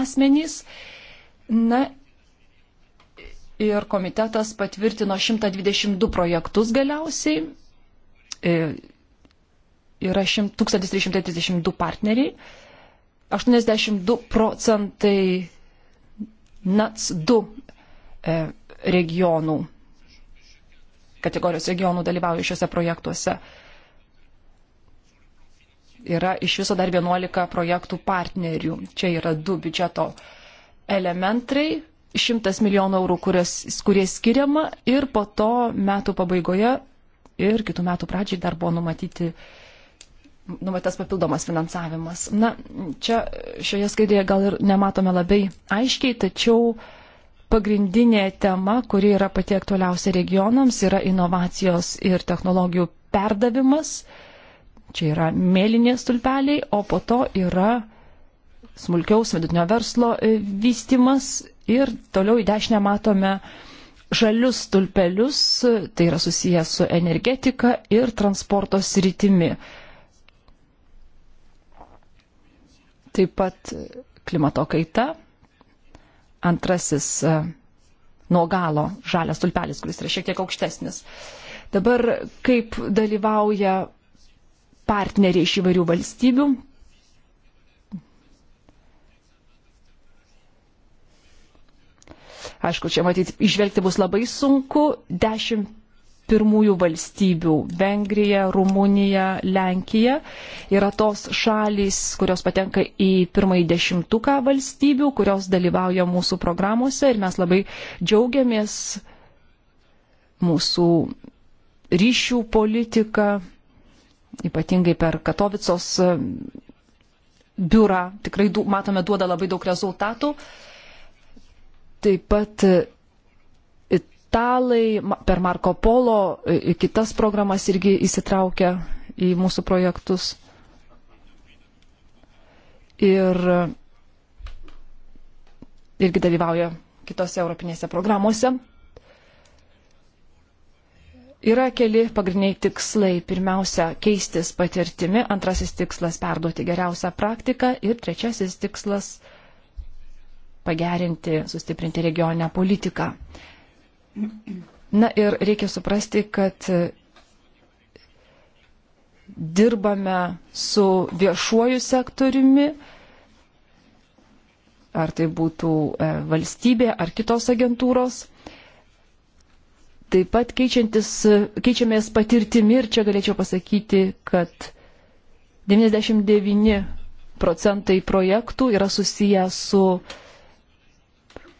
asmenys. E, Na ir komitetas patvirtino 122 projektus galiausiai. E, yra 1332 partneriai. 82 procentai NATS 2 e, regionų, kategorijos regionų dalyvauja šiuose projektuose. Yra iš viso dar 11 projektų partnerių. Čia yra du biudžeto elementai, 100 milijonų eurų, kurios, kurie skiriama ir po to metų pabaigoje ir kitų metų pradžiai dar buvo numatyti numatytas papildomas finansavimas. Na, čia šioje skaidrėje gal ir nematome labai aiškiai, tačiau pagrindinė tema, kuri yra pati aktualiausia regionams, yra inovacijos ir technologijų perdavimas. Čia yra mėlynės tulpeliai, o po to yra smulkiaus vidutinio verslo e, vystimas ir toliau į dešinę matome žalius tulpelius, e, tai yra susijęs su energetika ir transporto sritimi. Taip pat klimato kaita, antrasis e, nuo galo žalias tulpelis, kuris yra šiek tiek aukštesnis. Dabar kaip dalyvauja partneriai iš įvairių valstybių, Aišku, čia matyti, išvelgti bus labai sunku. Dešimt pirmųjų valstybių - Vengrija, Rumunija, Lenkija - yra tos šalys, kurios patenka į pirmąjį dešimtuką valstybių, kurios dalyvauja mūsų programuose ir mes labai džiaugiamės mūsų ryšių politiką, ypatingai per Katovicos biurą, tikrai du, matome duoda labai daug rezultatų. Uh, Taip pat e, italai per Marko Polo e, kitas programas irgi įsitraukia į mūsų projektus. Ir e, irgi dalyvauja kitose europinėse programuose. Yra keli pagrindiniai tikslai. Pirmiausia, keistis patirtimi. Antrasis tikslas - perduoti geriausią praktiką. Ir trečiasis tikslas - pagerinti, sustiprinti regioninę politiką. Na ir reikia suprasti, kad dirbame su viešuoju sektoriumi, ar tai būtų e, valstybė ar kitos agentūros. Taip pat keičiamės patirtimi ir čia galėčiau pasakyti, kad 99 procentai projektų yra susiję su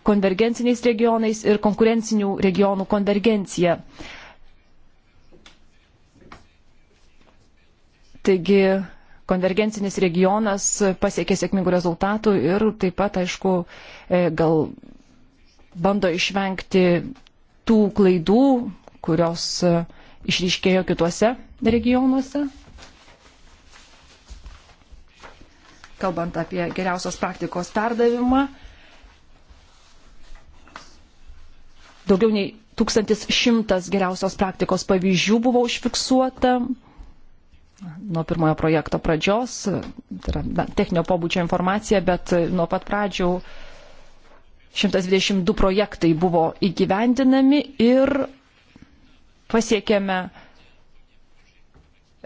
konvergenciniais regionais ir konkurencinių regionų konvergencija. Taigi konvergencinis regionas pasiekė sėkmingų rezultatų ir taip pat, aišku, e, gal bando išvengti tų klaidų, kurios e, išryškėjo kituose regionuose. Kalbant apie geriausios praktikos perdavimą, Daugiau nei 1100 geriausios praktikos pavyzdžių buvo užfiksuota nuo pirmojo projekto pradžios, tai yra na, techninio pobūdžio informacija, bet nuo pat pradžių 122 projektai buvo įgyvendinami ir pasiekėme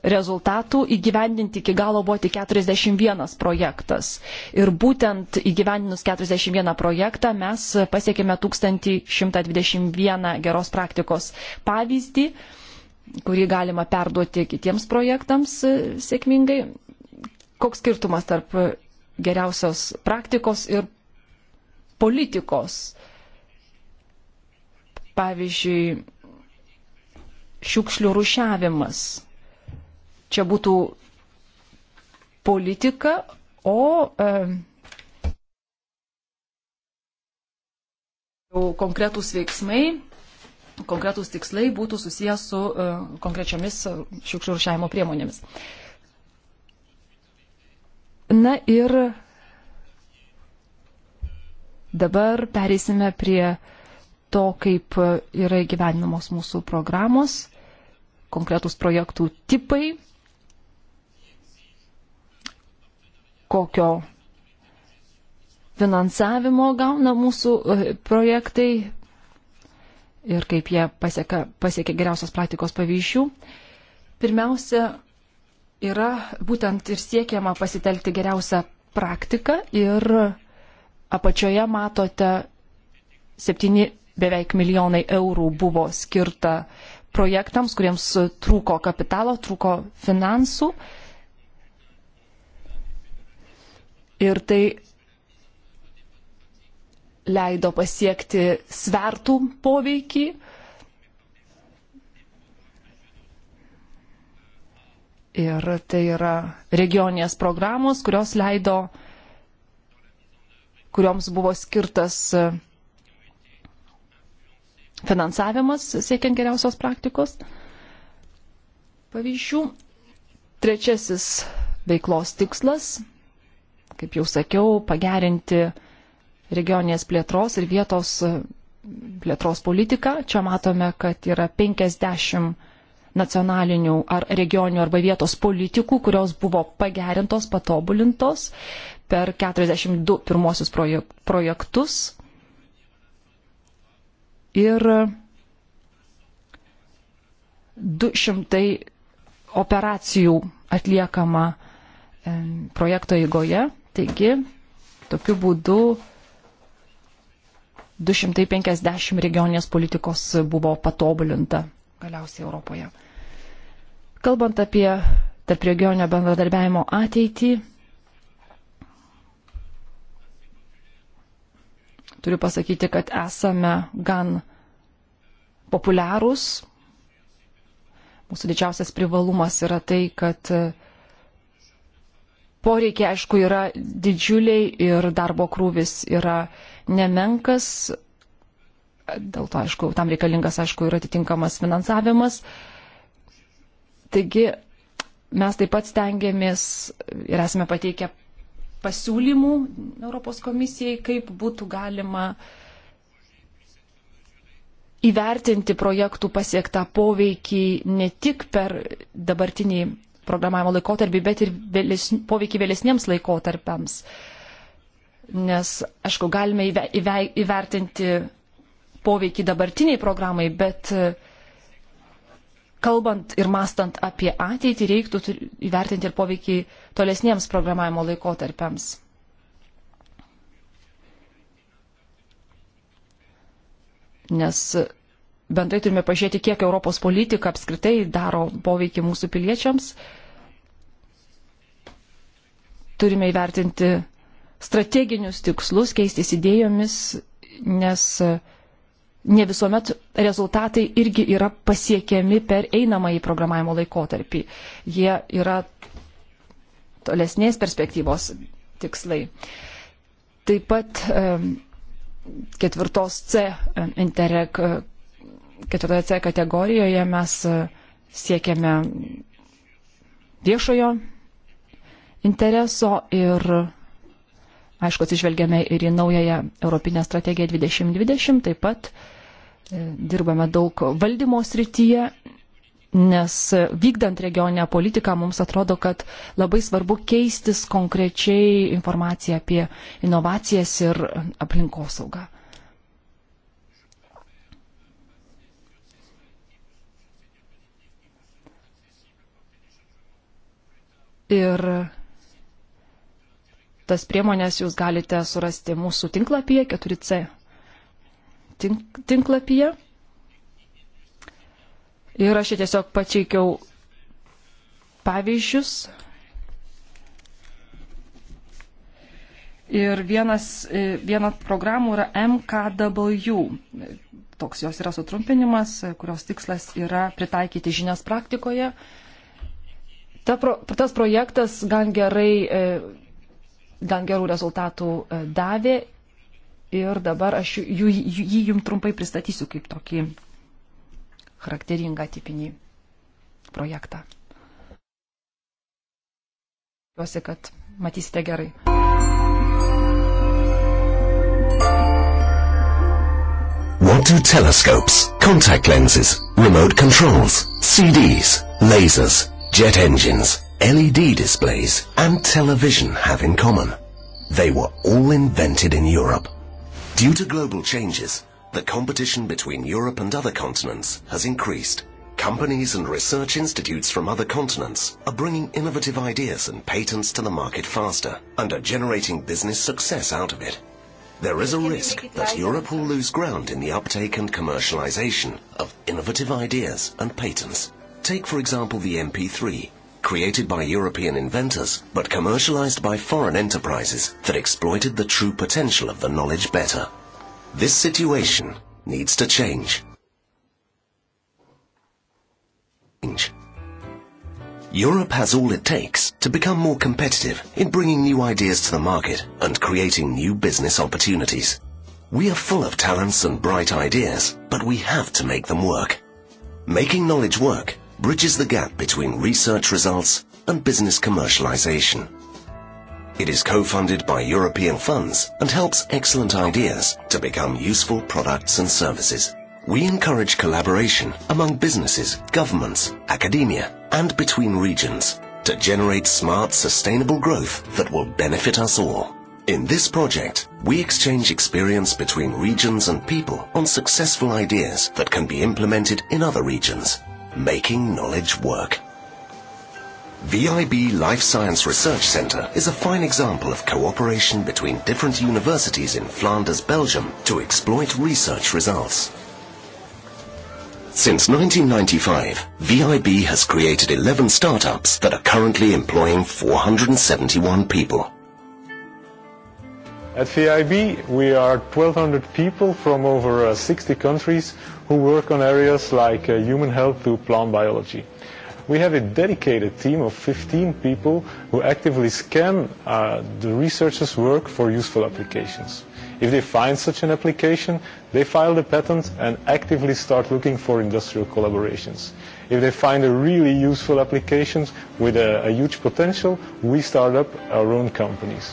rezultatų įgyvendinti iki galo buvo tik 41 projektas. Ir būtent įgyvendinus 41 projektą mes pasiekėme 1121 geros praktikos pavyzdį, kurį galima perduoti kitiems projektams e, sėkmingai. Koks skirtumas tarp geriausios praktikos ir politikos? Pavyzdžiui, šiukšlių rušiavimas čia būtų politika, o e, konkretūs veiksmai, konkretūs tikslai būtų susijęs su e, konkrečiomis šiukšlių rušiavimo priemonėmis. Na ir dabar pereisime prie to, kaip yra įgyvendinamos mūsų programos, konkretūs projektų tipai kokio finansavimo gauna mūsų e, projektai ir kaip jie pasieka, pasiekia geriausios praktikos pavyzdžių. Pirmiausia, yra būtent ir siekiama pasitelkti geriausią praktiką ir apačioje matote 7 beveik milijonai eurų buvo skirta projektams, kuriems trūko kapitalo, trūko finansų. Uh, ir tai leido pasiekti svertų poveikį. Ir tai yra regioninės programos, kurios leido, kurioms buvo skirtas finansavimas siekiant geriausios praktikos. Pavyzdžių. Trečiasis veiklos tikslas kaip jau sakiau, pagerinti regioninės plėtros ir vietos e, plėtros politiką. Čia matome, kad yra 50 nacionalinių ar regioninių arba vietos politikų, kurios buvo pagerintos, patobulintos per 42 pirmosius projektus. Ir 200 operacijų atliekama projekto eigoje Taigi, tokiu būdu 250 regioninės politikos buvo patobulinta galiausiai Europoje. Kalbant apie tarp regioninio bendradarbiavimo ateitį, turiu pasakyti, kad esame gan populiarūs. Mūsų didžiausias privalumas yra tai, kad Poreikiai, aišku, yra didžiuliai ir darbo krūvis yra nemenkas. Dėl to, aišku, tam reikalingas, aišku, ir atitinkamas finansavimas. Taigi, mes taip pat stengiamės ir esame pateikę pasiūlymų Europos komisijai, kaip būtų galima įvertinti projektų pasiektą poveikį ne tik per dabartinį programavimo laikotarpį, bet ir vėlesn, poveikį vėlesniems laikotarpiams. Nes, aišku, galime įve, įve, įvertinti poveikį dabartiniai programai, bet kalbant ir mastant apie ateitį, reiktų įvertinti ir poveikį tolesniems programavimo laikotarpiams. Nes bendrai turime pažiūrėti, kiek Europos politika apskritai daro poveikį mūsų piliečiams. Turime įvertinti strateginius tikslus, keistis idėjomis, nes e, ne visuomet rezultatai irgi yra pasiekiami per einamąjį programavimo laikotarpį. Jie yra tolesnės perspektyvos tikslai. Taip pat e, ketvirtos C e, Interreg ketvirtoje C kategorijoje mes e, siekiame viešojo intereso ir, aišku, atsižvelgiame ir į naująją Europinę strategiją 2020, taip pat e, dirbame daug valdymo srityje, nes vykdant regioninę politiką mums atrodo, kad labai svarbu keistis konkrečiai informaciją apie inovacijas ir aplinkosaugą. Ir tas priemonės jūs galite surasti mūsų tinklapyje 4C tink, tinklapyje. Ir aš čia tiesiog pačiaikiau pavyzdžius. Ir vienas, e, viena programų yra MKW. Toks jos yra sutrumpinimas, kurios tikslas yra pritaikyti žinias praktikoje. Uh, Ta pro, tas projektas gan gerai, e, gan gerų rezultatų e, davė ir dabar aš jų, jų, jį jums trumpai pristatysiu kaip tokį charakteringą tipinį projektą. Tikiuosi, kad matysite gerai. What do telescopes, contact lenses, remote controls, CDs, lasers, jet engines, LED displays, and television have in common. They were all invented in Europe. Due to global changes, the competition between Europe and other continents has increased. Companies and research institutes from other continents are bringing innovative ideas and patents to the market faster and are generating business success out of it. There is a risk that Europe will lose ground in the uptake and commercialization of innovative ideas and patents. Take, for example, the MP3, created by European inventors, but commercialized by foreign enterprises that exploited the true potential of the knowledge better. This situation needs to change. Europe has all it takes to become more competitive in bringing new ideas to the market and creating new business opportunities. We are full of talents and bright ideas, but we have to make them work. Making knowledge work bridges the gap between research results and business commercialization. It is co-funded by European funds and helps excellent ideas to become useful products and services. We encourage collaboration among businesses, governments, academia, and between regions to generate smart, sustainable growth that will benefit us all. In this project, we exchange experience between regions and people on successful ideas that can be implemented in other regions making knowledge work. VIB Life Science Research Centre is a fine example of cooperation between different universities in Flanders, Belgium to exploit research results. Since 1995, VIB has created 11 startups that are currently employing 471 people. At VIB, we are 1,200 people from over uh, 60 countries who work on areas like uh, human health to plant biology. We have a dedicated team of 15 people who actively scan uh, the researchers' work for useful applications. If they find such an application, they file the patent and actively start looking for industrial collaborations. If they find a really useful application with a, a huge potential, we start up our own companies.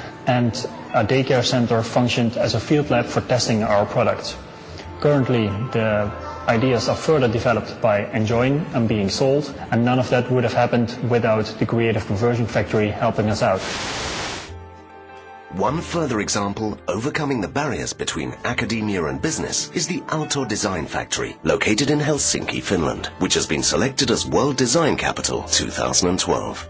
and a daycare center functioned as a field lab for testing our products. Currently, the ideas are further developed by Enjoin and being sold, and none of that would have happened without the Creative Conversion Factory helping us out. One further example overcoming the barriers between academia and business is the Altor Design Factory, located in Helsinki, Finland, which has been selected as World Design Capital 2012.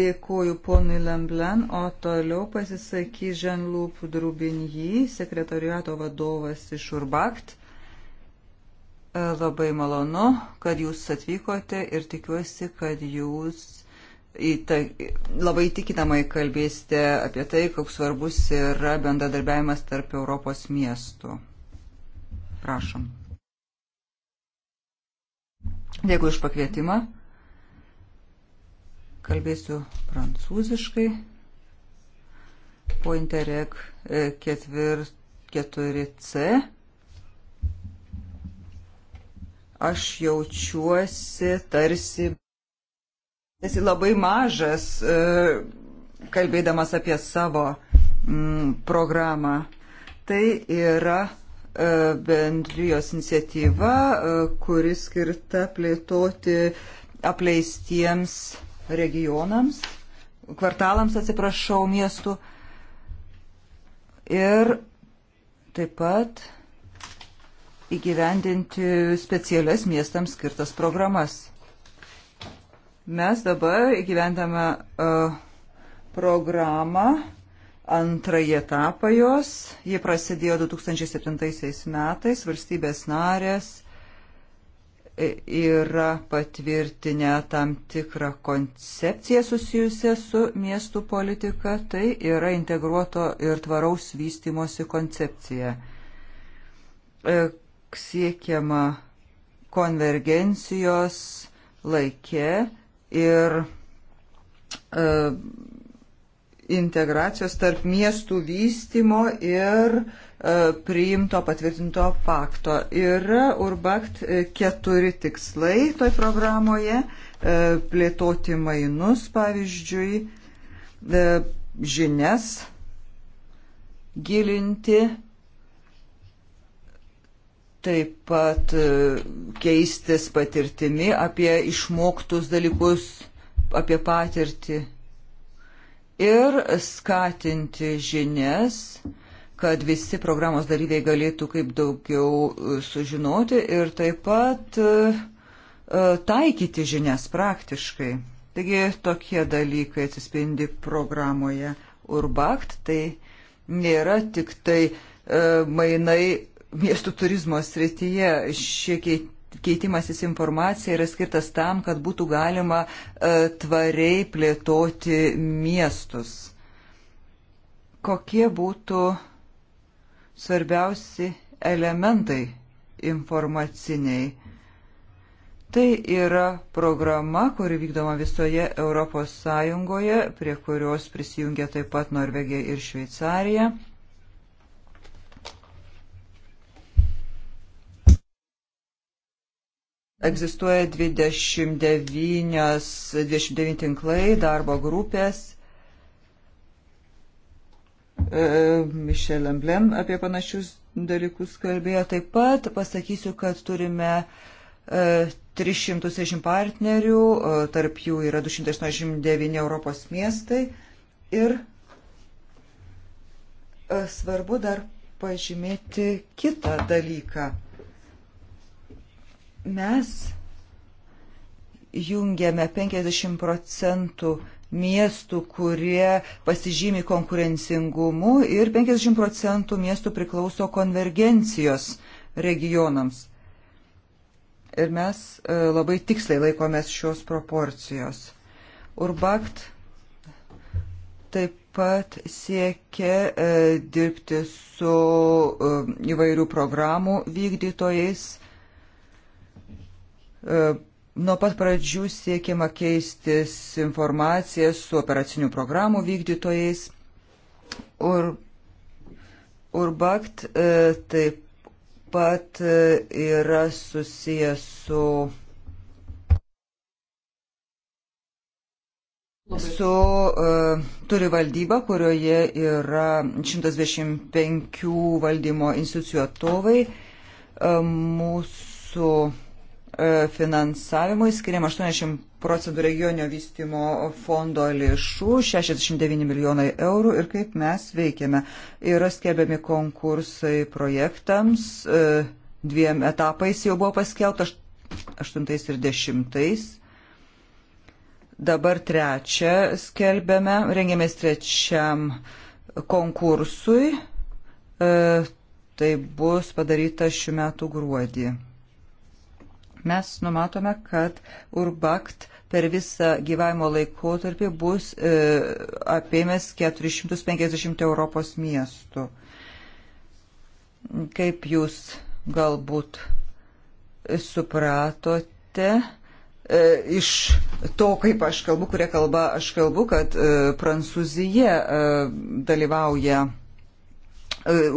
Dėkuoju ponui Lamblen, o toliau pasisakys Žanlūp Drubinjį, sekretoriato vadovas iš Urbakt. E, labai malonu, kad jūs atvykote ir tikiuosi, kad jūs ta, labai tikinamai kalbėsite apie tai, koks svarbus yra bendradarbiavimas tarp Europos miestų. Prašom. Dėkui už pakvietimą. Kalbėsiu prancūziškai. Po Interreg 4C e, aš jaučiuosi tarsi, tarsi labai mažas, e, kalbėdamas apie savo mm, programą. Tai yra e, bendrijos iniciatyva, kuri skirta plėtoti apleistiems regionams, kvartalams, atsiprašau, miestų. Ir taip pat įgyvendinti specialias miestams skirtas programas. Mes dabar įgyvendame uh, programą, antrąjį etapą jos. Ji prasidėjo 2007 metais, valstybės narės yra patvirtinę tam tikrą koncepciją susijusią su miestų politika, tai yra integruoto ir tvaraus vystimosi koncepcija. E, siekiama konvergencijos laikė ir e, integracijos tarp miestų vystimo ir e, E, priimto patvirtinto pakto. Yra Urbakt e, keturi tikslai toj programoje e, - plėtoti mainus, pavyzdžiui, žinias gilinti, taip pat keistis patirtimi apie išmoktus dalykus, apie patirtį ir skatinti žinias, kad visi programos dalyviai galėtų kaip daugiau e, sužinoti ir taip pat e, e, taikyti žinias praktiškai. Taigi tokie dalykai atsispindi programoje Urbakt, tai nėra tik tai mainai miestų turizmo srityje. Šie keitimasis informacija yra skirtas tam, kad būtų galima tvariai plėtoti miestus. Kokie būtų svarbiausi elementai informaciniai. Tai yra programa, kuri vykdoma visoje Europos Sąjungoje, prie kurios prisijungia taip pat Norvegija ir Šveicarija. Egzistuoja 29, 29 tinklai, darbo grupės E, Mišel Emblem apie panašius dalykus kalbėjo. Taip pat pasakysiu, kad turime 360 e, partnerių, e, tarp jų yra 289 Europos miestai. Ir svarbu dar pažymėti kitą dalyką. Mes jungiame 50 procentų miestų, kurie pasižymi konkurencingumu ir 50 procentų miestų priklauso konvergencijos regionams. Ir mes e, labai tiksliai laikomės šios proporcijos. Urbakt taip pat siekia e, dirbti su e, įvairių programų vykdytojais, e, Nuo pat pradžių siekiama keistis informaciją su operacinių programų vykdytojais. Ur, Urbakt e, taip pat e, yra susijęs su, su e, turi valdyba, kurioje yra 125 valdymo institucijų atstovai. E, mūsų E, finansavimui skiriam 80 procentų regioninio vystimo fondo lėšų, 69 milijonai eurų ir kaip mes veikiame. Yra skelbiami konkursai projektams, e, dviem etapais jau buvo paskelbta, 8 ir 10. Dabar trečią skelbiame, rengiamės trečiam konkursui. E, tai bus padaryta šių metų gruodį. Mes numatome, kad Urbakt per visą gyvavimo laikotarpį bus e, apėmęs 450 Europos miestų. Kaip jūs galbūt supratote, e, iš to, kaip aš kalbu, kurie kalba aš kalbu, kad e, Prancūzija e, dalyvauja,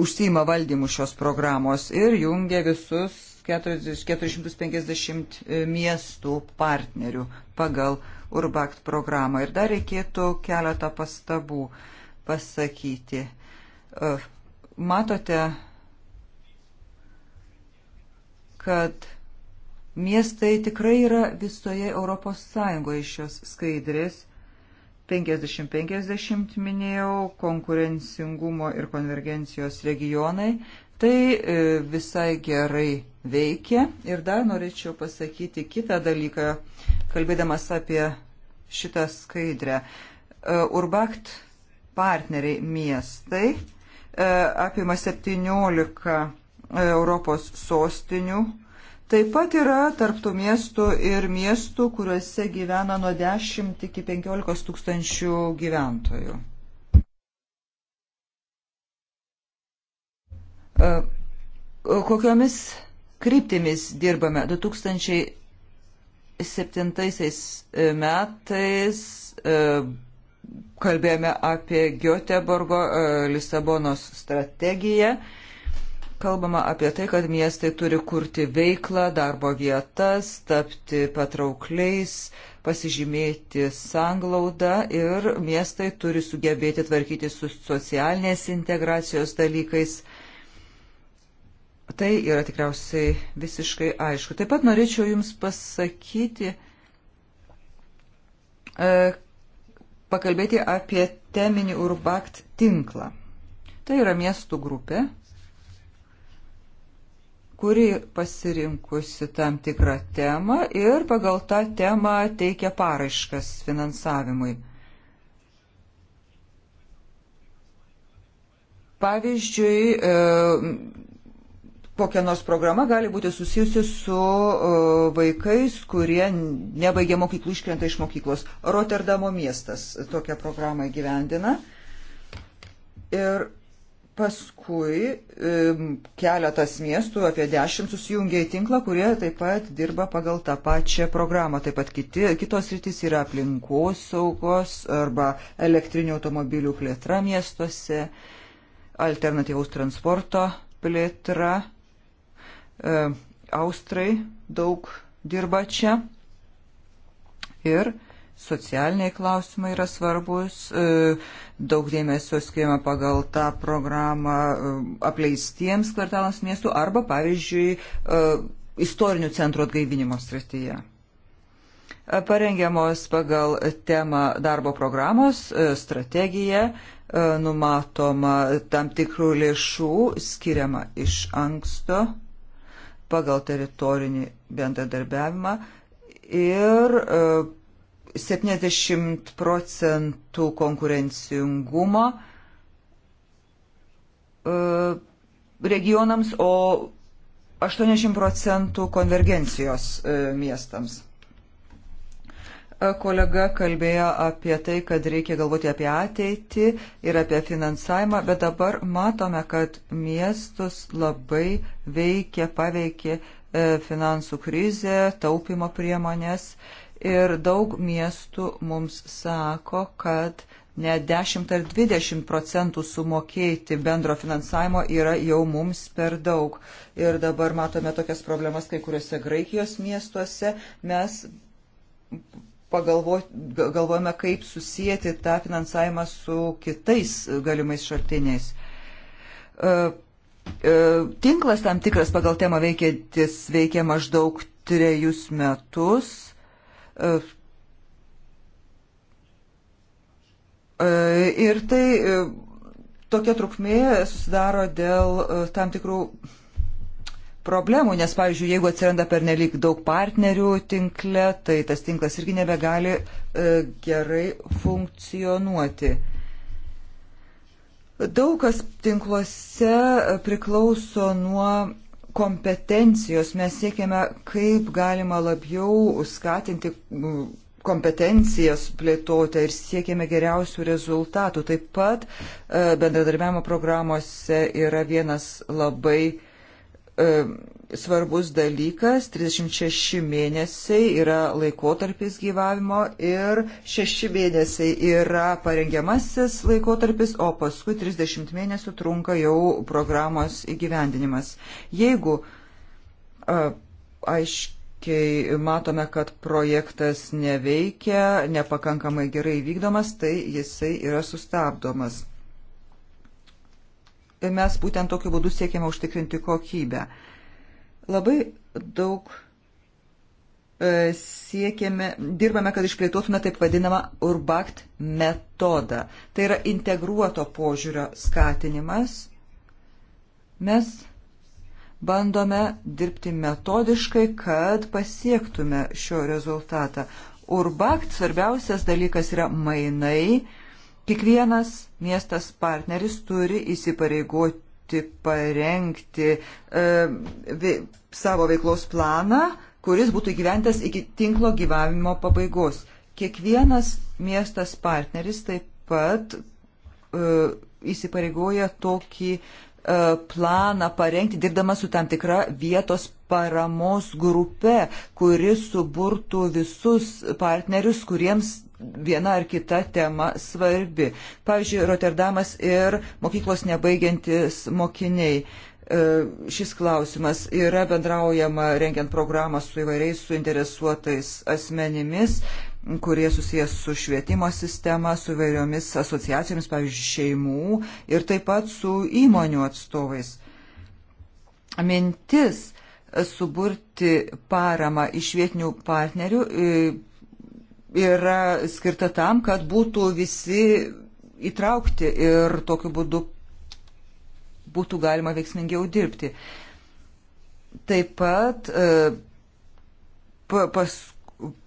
užsima valdymų šios programos ir jungia visus 450 e, miestų partnerių pagal Urbakt programą. Ir dar reikėtų keletą pastabų pasakyti. E, matote, kad miestai tikrai yra visoje Europos Sąjungoje šios skaidrės. 50-50 minėjau, konkurencingumo ir konvergencijos regionai, Tai e, visai gerai veikia. Ir dar norėčiau pasakyti kitą dalyką, kalbėdamas apie šitą skaidrę. E, Urbakt partneriai miestai e, apima 17 Europos sostinių. Taip pat yra tarptų miestų ir miestų, kuriuose gyvena nuo 10 iki 15 tūkstančių gyventojų. Kokiomis kryptimis dirbame? 2007 e, metais e, kalbėjome apie Göteborgo e, Lisabonos strategiją kalbama apie tai, kad miestai turi kurti veiklą, darbo vietas, tapti patraukliais, pasižymėti sanglaudą ir miestai turi sugebėti tvarkyti su socialinės integracijos dalykais. Tai yra tikriausiai visiškai aišku. Taip pat norėčiau Jums pasakyti, e, pakalbėti apie teminį Urbakt tinklą. Tai yra miestų grupė, kuri pasirinkusi tam tikrą temą ir pagal tą temą teikia paraiškas finansavimui. Pavyzdžiui, e, kokia nors programa gali būti susijusi su e, vaikais, kurie nebaigia mokyklų, iškrenta iš mokyklos. Rotterdamo miestas tokią programą gyvendina. Ir paskui e, keletas miestų, apie dešimt, susijungia į tinklą, kurie taip pat dirba pagal tą pačią programą. Taip pat kiti, kitos rytis yra aplinkos saugos arba elektrinių automobilių plėtra miestuose, alternatyvaus transporto plėtra E, Austrai daug dirba čia ir socialiniai klausimai yra svarbus, e, daug dėmesio skiriama pagal tą programą e, apleistiems kvartalams miestų arba, pavyzdžiui, istorinių centrų atgaivinimo srityje. Parengiamos pagal temą darbo programos strategija numatoma tam tikrų lėšų skiriama iš anksto pagal teritorinį bendradarbiavimą ir 70 e, procentų konkurencingumo e, regionams, o 80 procentų konvergencijos e, miestams kolega kalbėjo apie tai, kad reikia galvoti apie ateitį ir apie finansavimą, bet dabar matome, kad miestus labai veikia, paveikė e, finansų krizė, taupimo priemonės ir daug miestų mums sako, kad ne 10 ar 20 procentų sumokėti bendro finansavimo yra jau mums per daug. Ir dabar matome tokias problemas kai kuriuose Graikijos miestuose. Mes galvojame, kaip susijęti tą finansavimą su kitais galimais šaltiniais. E, e, tinklas tam tikras pagal temą veikiantis veikia maždaug trejus metus. E, ir tai tokia trukmė susidaro dėl tam tikrų problemų, nes, pavyzdžiui, jeigu atsiranda pernelyg daug partnerių tinkle, tai tas tinklas irgi nebegali e, gerai funkcionuoti. Daug kas tinkluose e, priklauso nuo kompetencijos. Mes siekiame, kaip galima labiau skatinti kompetencijas plėtoti ir siekiame geriausių rezultatų. Taip pat e, bendradarbiavimo programuose yra vienas labai E, svarbus dalykas. 36 mėnesiai yra laikotarpis gyvavimo ir 6 mėnesiai yra parengiamasis laikotarpis, o paskui 30 mėnesių trunka jau programos įgyvendinimas. Jeigu e, aiškiai matome, kad projektas neveikia, nepakankamai gerai vykdomas, tai jisai yra sustabdomas mes būtent tokiu būdu siekiame užtikrinti kokybę. Labai daug e, siekiame, dirbame, kad išplėtotume taip vadinamą urbakt metodą. Tai yra integruoto požiūrio skatinimas. Mes bandome dirbti metodiškai, kad pasiektume šio rezultatą. Urbakt svarbiausias dalykas yra mainai, Kiekvienas miestas partneris turi įsipareigoti parengti e, ve, savo veiklos planą, kuris būtų įgyventas iki tinklo gyvavimo pabaigos. Kiekvienas miestas partneris taip pat e, įsipareigoja tokį e, planą parengti, dirbdama su tam tikra vietos paramos grupe, kuris suburtų visus partnerius, kuriems viena ar kita tema svarbi. Pavyzdžiui, Rotterdamas ir mokyklos nebaigiantis mokiniai. E, šis klausimas yra bendraujama rengiant programą su įvairiais suinteresuotais asmenimis, kurie susijęs su švietimo sistema, su įvairiomis asociacijomis, pavyzdžiui, šeimų ir taip pat su įmonių atstovais. Mintis suburti paramą iš vietinių partnerių e, yra skirta tam, kad būtų visi įtraukti ir tokiu būdu būtų galima veiksmingiau dirbti. Taip pat e, pas,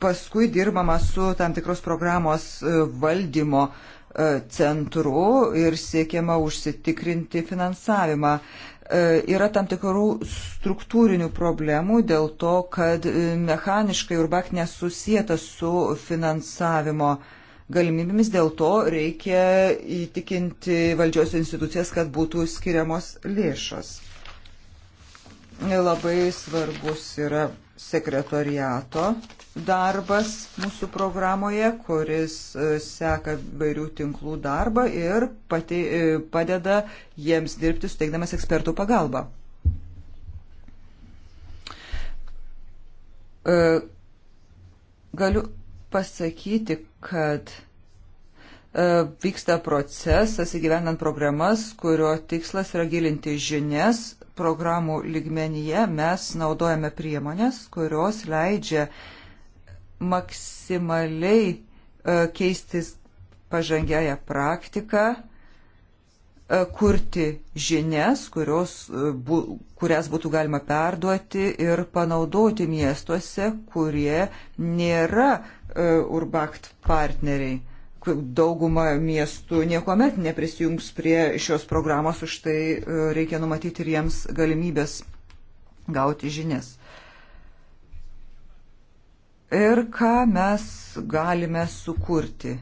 paskui dirbama su tam tikros programos e, valdymo e, centru ir siekiama užsitikrinti finansavimą. E, yra tam tikrų struktūrinių problemų dėl to, kad e, mechaniškai Urbak nesusijęta su finansavimo galimybėmis, dėl to reikia įtikinti valdžios institucijas, kad būtų skiriamos lėšos. Labai svarbus yra sekretoriato darbas mūsų programoje, kuris e, seka vairių tinklų darbą ir pati, e, padeda jiems dirbti, suteikdamas ekspertų pagalbą. E, galiu pasakyti, kad vyksta procesas įgyvenant programas, kurio tikslas yra gilinti žinias programų lygmenyje. Mes naudojame priemonės, kurios leidžia uh, maksimaliai e, keistis pažangiają praktiką, e, kurti žinias, kurios, e, bu, kurias būtų galima perduoti ir panaudoti miestuose, kurie nėra Urbakt partneriai. Dauguma miestų niekuomet neprisijungs prie šios programos, už tai reikia numatyti ir jiems galimybės gauti žinias ir ką mes galime sukurti.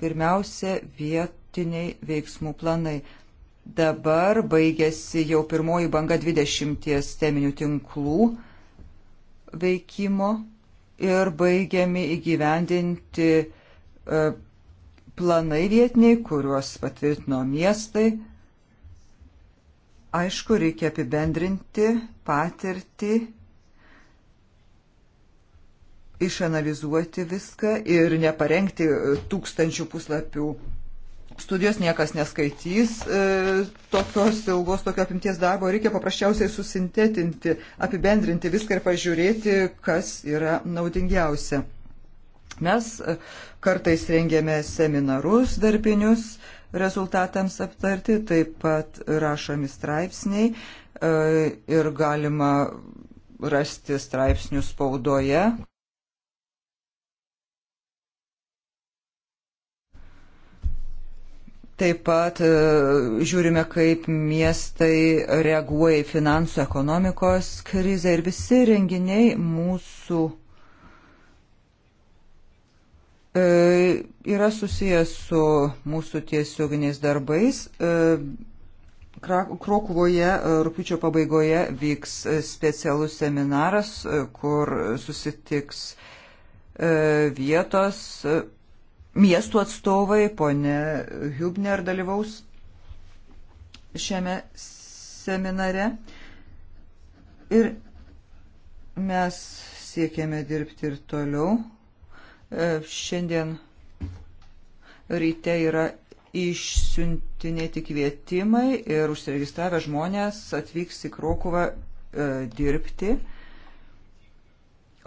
Pirmiausia, vietiniai veiksmų planai. Dabar baigėsi jau pirmoji banga 20 teminių tinklų veikimo ir baigiami įgyvendinti e, planai vietiniai, kuriuos patvirtino miestai. Aišku, reikia apibendrinti patirtį, išanalizuoti viską ir neparengti e, tūkstančių puslapių. Studijos niekas neskaitys e, tokios ilgos, tokio apimties darbo. Reikia paprasčiausiai susintetinti, apibendrinti viską ir pažiūrėti, kas yra naudingiausia. Mes e, kartais rengėme seminarus darbinius, rezultatams aptarti, taip pat rašomi straipsniai e, ir galima rasti straipsnių spaudoje. Taip pat e, žiūrime, kaip miestai reaguoja į finansų ekonomikos krizę ir visi renginiai mūsų E, yra susijęs su mūsų tiesioginiais darbais. E, Krokuvoje e, rūpiučio pabaigoje vyks specialus seminaras, kur susitiks vietos miestų atstovai, ponė Hubner dalyvaus šiame seminare. Ir mes siekiame dirbti ir toliau E, šiandien ryte yra išsiuntinėti kvietimai ir užsiregistravę žmonės atvyks į Krokuvą e, dirbti.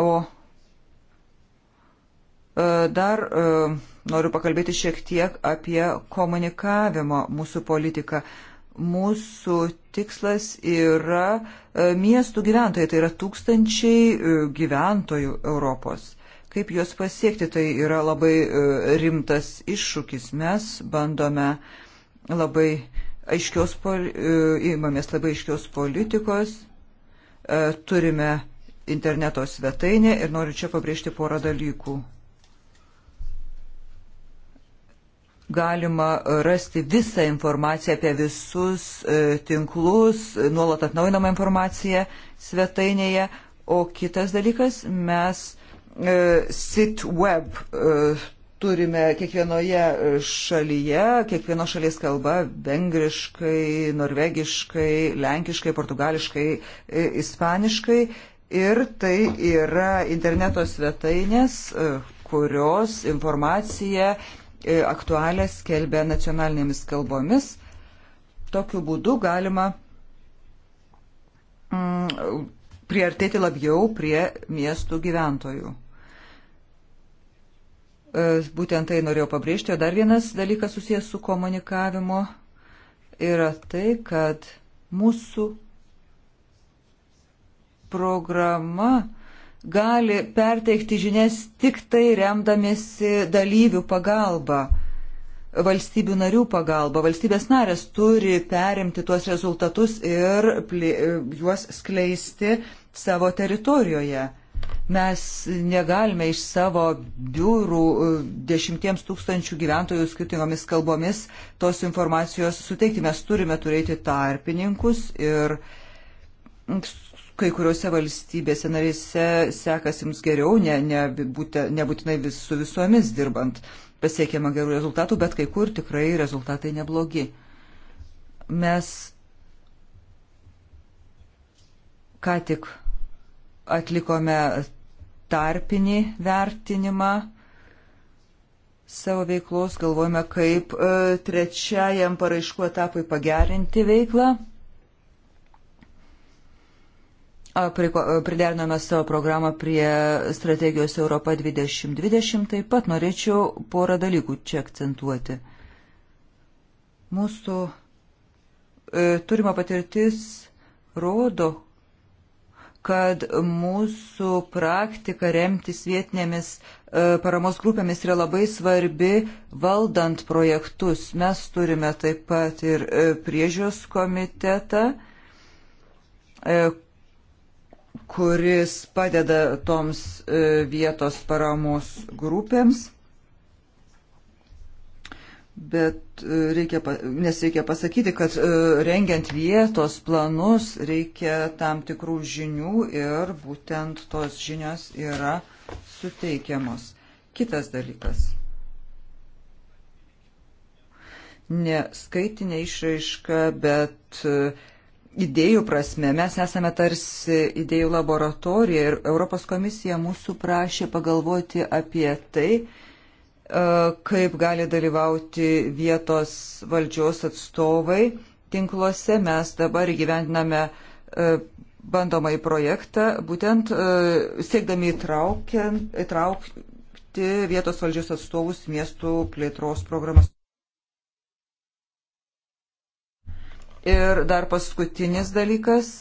O e, dar e, noriu pakalbėti šiek tiek apie komunikavimo mūsų politiką. Mūsų tikslas yra e, miestų gyventojai, tai yra tūkstančiai e, gyventojų Europos. Kaip juos pasiekti, tai yra labai e, rimtas iššūkis. Mes bandome labai aiškios, įmamės e, labai aiškios politikos, e, turime interneto svetainę ir noriu čia pabrėžti porą dalykų. Galima rasti visą informaciją apie visus tinklus, nuolat atnaujinamą informaciją svetainėje. O kitas dalykas, mes E, sitweb e, turime kiekvienoje e, šalyje, kiekvieno šalies kalba - vengriškai, norvegiškai, lenkiškai, portugališkai, ispaniškai. Ir tai yra interneto svetainės, kurios informacija aktualią skelbia nacionalinėmis kalbomis. Tokiu būdu galima mm, priartėti labiau prie miestų gyventojų. E, būtent tai norėjau pabrėžti. O dar vienas dalykas susijęs su komunikavimo yra tai, kad mūsų programa gali perteikti žinias tik tai remdamėsi dalyvių pagalba, valstybių narių pagalba. Valstybės narės turi perimti tuos rezultatus ir juos skleisti savo teritorijoje. Mes negalime iš savo biurų e, dešimtiems tūkstančių gyventojų skirtingomis kalbomis tos informacijos suteikti. Mes turime turėti tarpininkus ir kai kuriuose valstybėse narėse sekasi jums geriau, ne, ne, būtė, nebūtinai vis, su visomis dirbant pasiekiama gerų rezultatų, bet kai kur tikrai rezultatai neblogi. Mes ką tik atlikome tarpinį vertinimą savo veiklos, galvojame, kaip e, trečiajam paraiškų etapui pagerinti veiklą. E, Pridernome savo programą prie strategijos Europa 2020. Taip pat norėčiau porą dalykų čia akcentuoti. Mūsų e, turima patirtis rodo, kad mūsų praktika remtis vietinėmis e, paramos grupėmis yra labai svarbi valdant projektus. Mes turime taip pat ir e, priežiūros komitetą, e, kuris padeda toms vietos paramos grupėms. Bet e, reikia, nes reikia pasakyti, kad e, rengiant vietos planus reikia tam tikrų žinių ir būtent tos žinios yra suteikiamos. Kitas dalykas. Ne skaitinė išraiška, bet e, idėjų prasme. Mes esame tarsi idėjų laboratorija ir Europos komisija mūsų prašė pagalvoti apie tai, E, kaip gali dalyvauti vietos valdžios atstovai tinkluose. Mes dabar gyventiname e, bandomąjį projektą, būtent e, siekdami įtraukti vietos valdžios atstovus miestų plėtros programas. Ir dar paskutinis dalykas.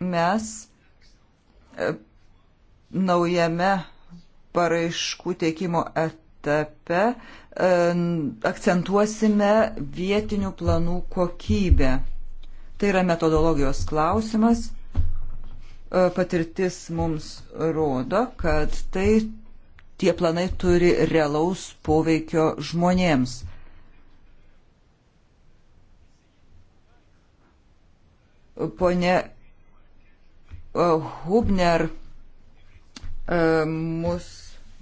Mes naujame paraiškų teikimo etape e, akcentuosime vietinių planų kokybę. Tai yra metodologijos klausimas. E, patirtis mums rodo, kad tai tie planai turi realaus poveikio žmonėms. Pone e, Hubner mus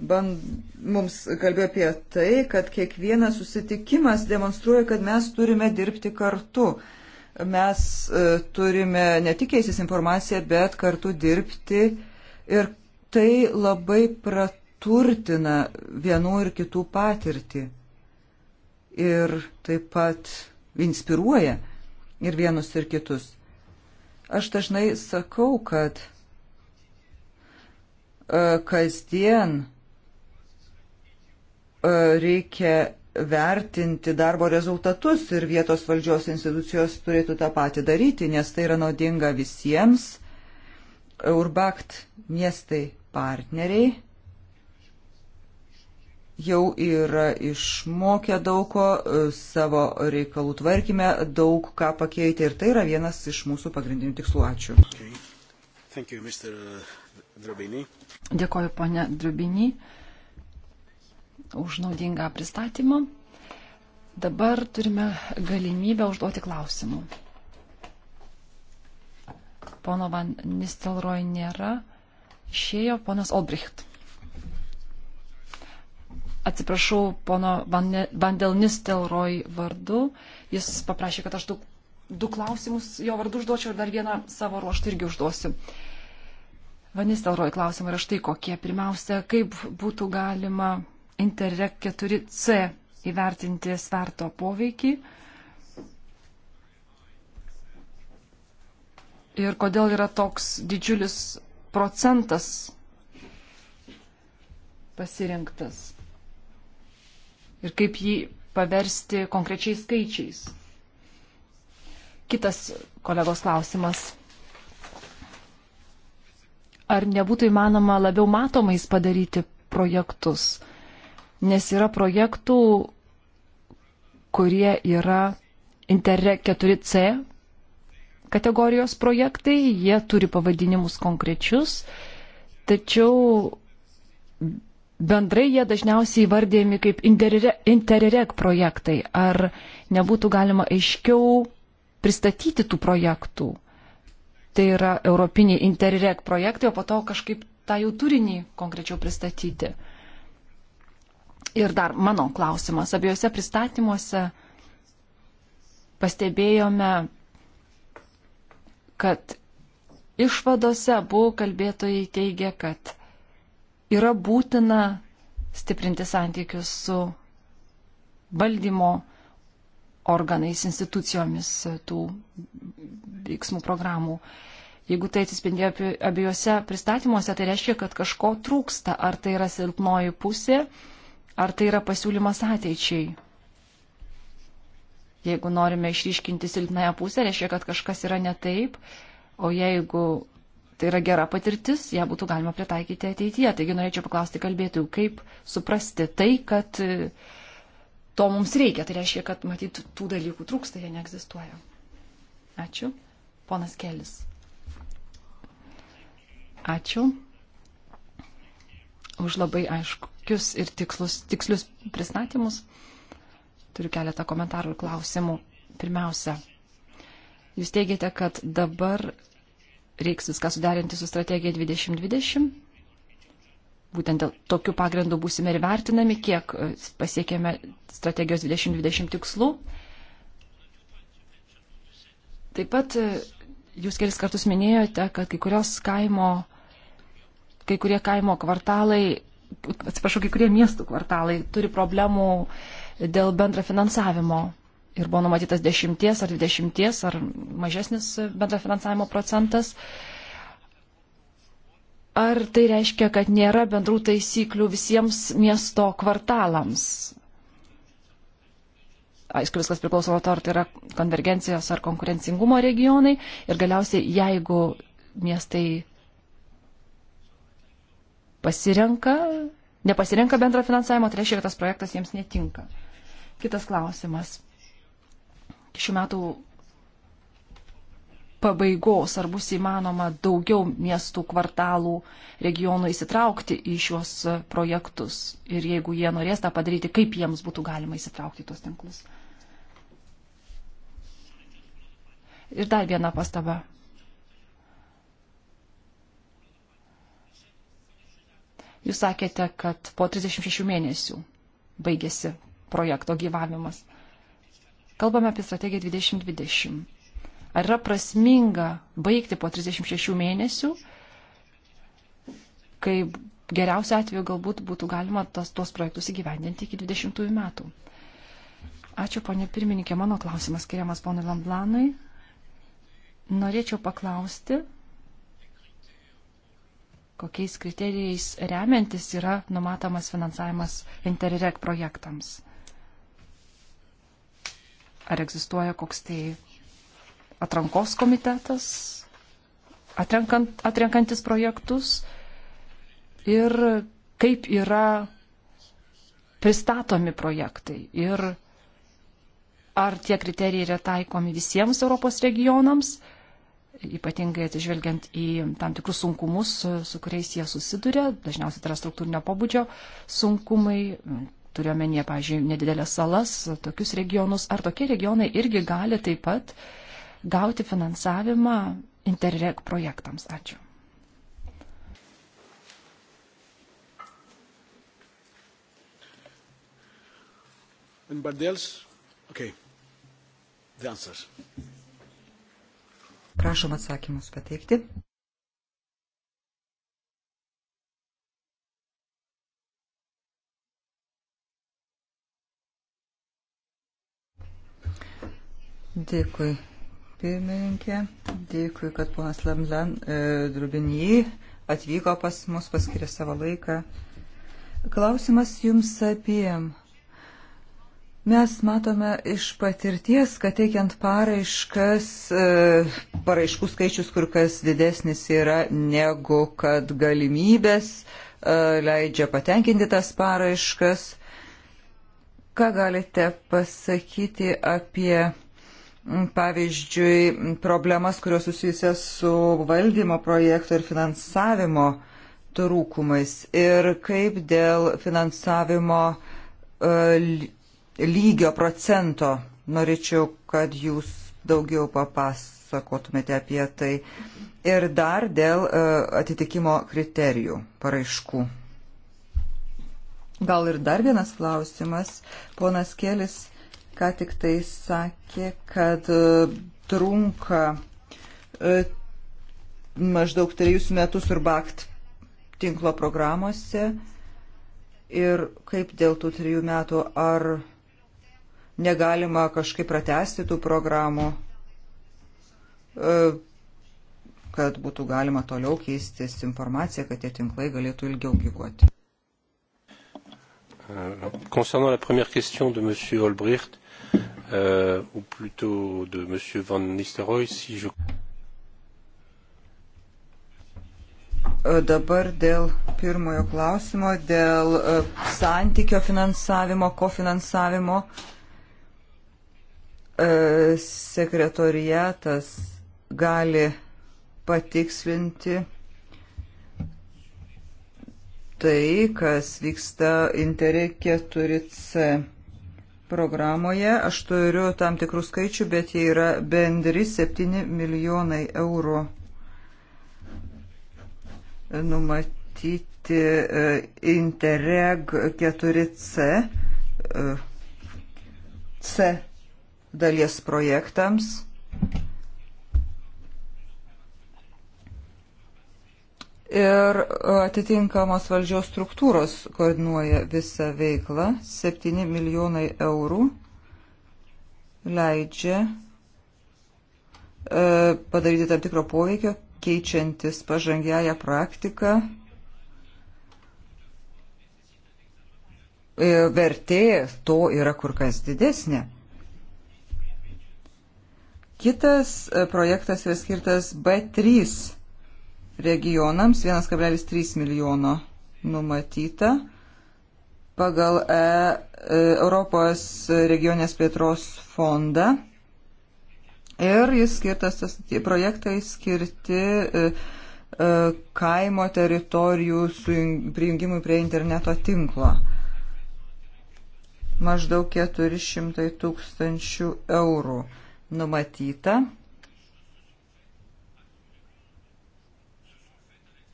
band, mums kalbėjo apie tai, kad kiekvienas susitikimas demonstruoja, kad mes turime dirbti kartu. Mes e, turime ne tik keistis informaciją, bet kartu dirbti ir tai labai praturtina vienų ir kitų patirtį. Ir taip pat inspiruoja ir vienus ir kitus. Aš dažnai sakau, kad e, kasdien E, reikia vertinti darbo rezultatus ir vietos valdžios institucijos turėtų tą patį daryti, nes tai yra naudinga visiems. Urbakt miestai partneriai jau yra išmokę daug ko e, savo reikalų tvarkime, daug ką pakeitė ir tai yra vienas iš mūsų pagrindinių tikslų. Ačiū. Okay. You, Dėkoju, ponė Drubinį už naudingą pristatymą. Dabar turime galimybę užduoti klausimų. Pono Van Nistelroj nėra. Išėjo ponas Olbricht. Atsiprašau, pono Van Delnistelroj vardu. Jis paprašė, kad aš du, du klausimus jo vardu užduočiau ir dar vieną savo ruoštą irgi užduosiu. Van Nistelroj klausimai yra štai kokie. Pirmiausia, kaip būtų galima Interreg 4C įvertinti sverto poveikį ir kodėl yra toks didžiulis procentas pasirinktas ir kaip jį paversti konkrečiais skaičiais. Kitas kolegos klausimas. Ar nebūtų įmanoma labiau matomais padaryti projektus? nes yra projektų, kurie yra Interreg 4C kategorijos projektai, jie turi pavadinimus konkrečius, tačiau bendrai jie dažniausiai įvardėjami kaip Interreg projektai. Ar nebūtų galima aiškiau pristatyti tų projektų? Tai yra europiniai Interreg projektai, o po to kažkaip tą jų turinį konkrečiau pristatyti. Ir dar mano klausimas. Abiejose pristatymuose pastebėjome, kad išvadose buvo kalbėtojai teigia, kad yra būtina stiprinti santykius su valdymo organais, institucijomis tų veiksmų programų. Jeigu tai atsispindėjo abiejose pristatymuose, tai reiškia, kad kažko trūksta. Ar tai yra silpnoji pusė? Ar tai yra pasiūlymas ateičiai? Jeigu norime išryškinti silpnąją pusę, reiškia, kad kažkas yra ne taip, o jeigu tai yra gera patirtis, ją būtų galima pritaikyti ateityje. Taigi norėčiau paklausti kalbėtojų, kaip suprasti tai, kad e, to mums reikia. Tai reiškia, kad matyt, tų dalykų trūksta, jie neegzistuoja. Ačiū. Ponas Kelis. Ačiū už labai aiškius ir tikslus, tikslius pristatymus. Turiu keletą komentarų ir klausimų. Pirmiausia, jūs teigiate, kad dabar reiks viską suderinti su strategija 2020. Būtent dėl tokių pagrindų būsime ir vertinami, kiek e, pasiekėme strategijos 2020 tikslų. Taip pat e, jūs kelis kartus minėjote, kad kai kurios kaimo kai kurie kaimo kvartalai, atsiprašau, kai kurie miestų kvartalai turi problemų dėl bendra finansavimo. Ir buvo numatytas 10 ar 20 ar mažesnis bendra finansavimo procentas. Ar tai reiškia, kad nėra bendrų taisyklių visiems miesto kvartalams? Aišku, viskas priklauso nuo to, ar tai yra konvergencijos ar konkurencingumo regionai. Ir galiausiai, jeigu miestai pasirenka, nepasirenka bendrą finansavimą, tai reiškia, kad tas projektas jiems netinka. Kitas klausimas. Šių metų pabaigos, ar bus įmanoma daugiau miestų, kvartalų, regionų įsitraukti į šiuos projektus ir jeigu jie norės tą padaryti, kaip jiems būtų galima įsitraukti į tuos tinklus. Ir dar viena pastaba. Jūs sakėte, kad po 36 mėnesių baigėsi projekto gyvavimas. Kalbame apie strategiją 2020. Ar yra prasminga baigti po 36 mėnesių, kai geriausiu atveju galbūt būtų galima tas, tuos projektus įgyvendinti iki 20 metų? Ačiū, ponė pirmininkė. Mano klausimas skiriamas ponui Lamblanui. Norėčiau paklausti, kokiais kriterijais remiantis yra numatomas finansavimas Interreg projektams. Ar egzistuoja koks tai atrankos komitetas, atrenkant, atrenkantis projektus ir kaip yra pristatomi projektai ir ar tie kriterijai yra taikomi visiems Europos regionams, ypatingai atsižvelgiant į tam tikrus sunkumus, su kuriais jie susiduria, dažniausiai tai yra struktūrinio pobūdžio sunkumai, turiuomenė, pažiūrėjau, nedidelės salas, tokius regionus, ar tokie regionai irgi gali taip pat gauti finansavimą Interreg projektams. Ačiū. Anybody else? Okay. The answers. Prašom atsakymus pateikti. Dėkui, pirmininkė. Dėkui, kad ponas Lemlen e, Drubinijai atvyko pas mus, paskiria savo laiką. Klausimas jums abiem. Mes matome iš patirties, kad teikiant paraiškas, e, paraiškų skaičius kur kas didesnis yra negu kad galimybės e, leidžia patenkinti tas paraiškas. Ką galite pasakyti apie, pavyzdžiui, problemas, kurios susijusios su valdymo projekto ir finansavimo trūkumais ir kaip dėl finansavimo e, lygio procento. Norėčiau, kad jūs daugiau papasakotumėte apie tai. Ir dar dėl e, atitikimo kriterijų paraiškų. Gal ir dar vienas klausimas. Ponas Kelis ką tik tai sakė, kad e, trunka e, maždaug trejus metus urbakt tinklo programuose. Ir kaip dėl tų trijų metų, ar negalima kažkaip pratesti tų programų, e, kad būtų galima toliau keistis informaciją, kad tie tinklai galėtų ilgiau gyvuoti. Euh, concernant la première question de M. Olbricht, euh, ou plutôt de M. Van Nistelrooy, si je. E, dabar dėl pirmojo klausimo, dėl e, santykio finansavimo, kofinansavimo. Euh, E, sekretoriatas gali patikslinti tai, kas vyksta Interė 4C programoje. Aš turiu tam tikrų skaičių, bet jie yra bendri 7 milijonai eurų numatyti e, Interreg 4C. C e, dalies projektams. ir atitinkamos valdžios struktūros koordinuoja visą veiklą. 7 milijonai eurų leidžia e, padaryti tam tikro poveikio, keičiantis pažangiają praktiką. E, vertė to yra kur kas didesnė. Kitas e, projektas yra skirtas B3 regionams, 1,3 milijono numatyta pagal e, e, Europos regionės plėtros fondą. Ir jis skirtas, tas projektai skirti e, e, kaimo teritorijų prijungimui prie interneto tinklo. Maždaug 400 tūkstančių eurų numatyta.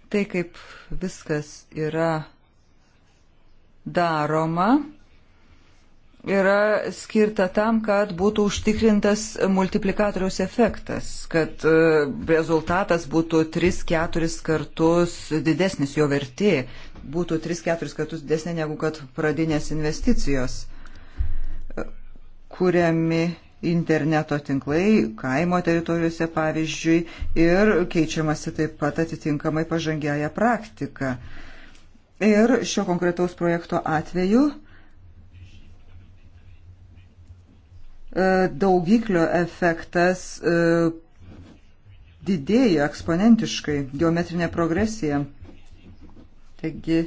Tai kaip viskas yra daroma, yra skirta tam, kad būtų užtikrintas multiplikatoriaus efektas, kad e, rezultatas būtų 3-4 kartus didesnis jo vertė, būtų 3-4 kartus didesnė negu kad pradinės investicijos, e, kuriami interneto tinklai kaimo teritorijose, pavyzdžiui, ir keičiamasi taip pat atitinkamai pažangiaja praktika. Ir šio konkretaus projekto atveju e, daugiklio efektas e, didėja eksponentiškai, geometrinė progresija. Taigi, e,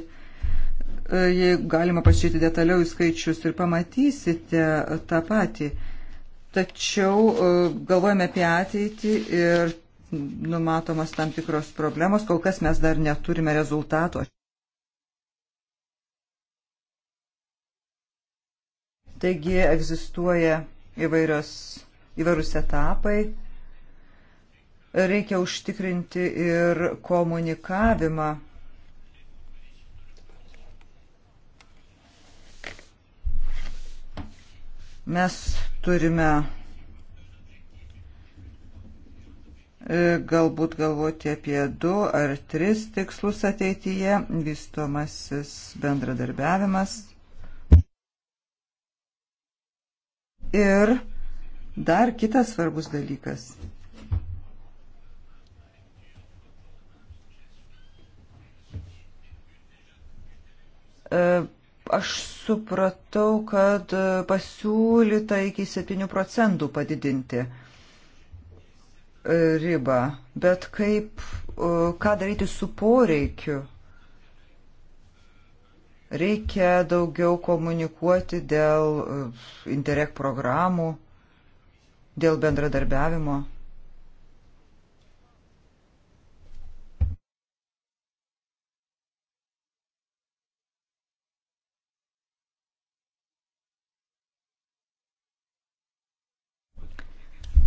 jeigu galima pasižiūrėti detaliau į skaičius ir pamatysite tą patį. Tačiau e, galvojame apie ateitį ir numatomas tam tikros problemos. Kol kas mes dar neturime rezultato. Taigi egzistuoja įvairios, įvairūs etapai. Reikia užtikrinti ir komunikavimą. Mes Turime e, galbūt galvoti apie du ar tris tikslus ateityje, vystomasis bendradarbiavimas. Ir dar kitas svarbus dalykas. E, Aš supratau, kad pasiūlyta iki 7 procentų padidinti e, ribą, bet kaip, e, ką daryti su poreikiu? Reikia daugiau komunikuoti dėl e, Interreg programų, dėl bendradarbiavimo.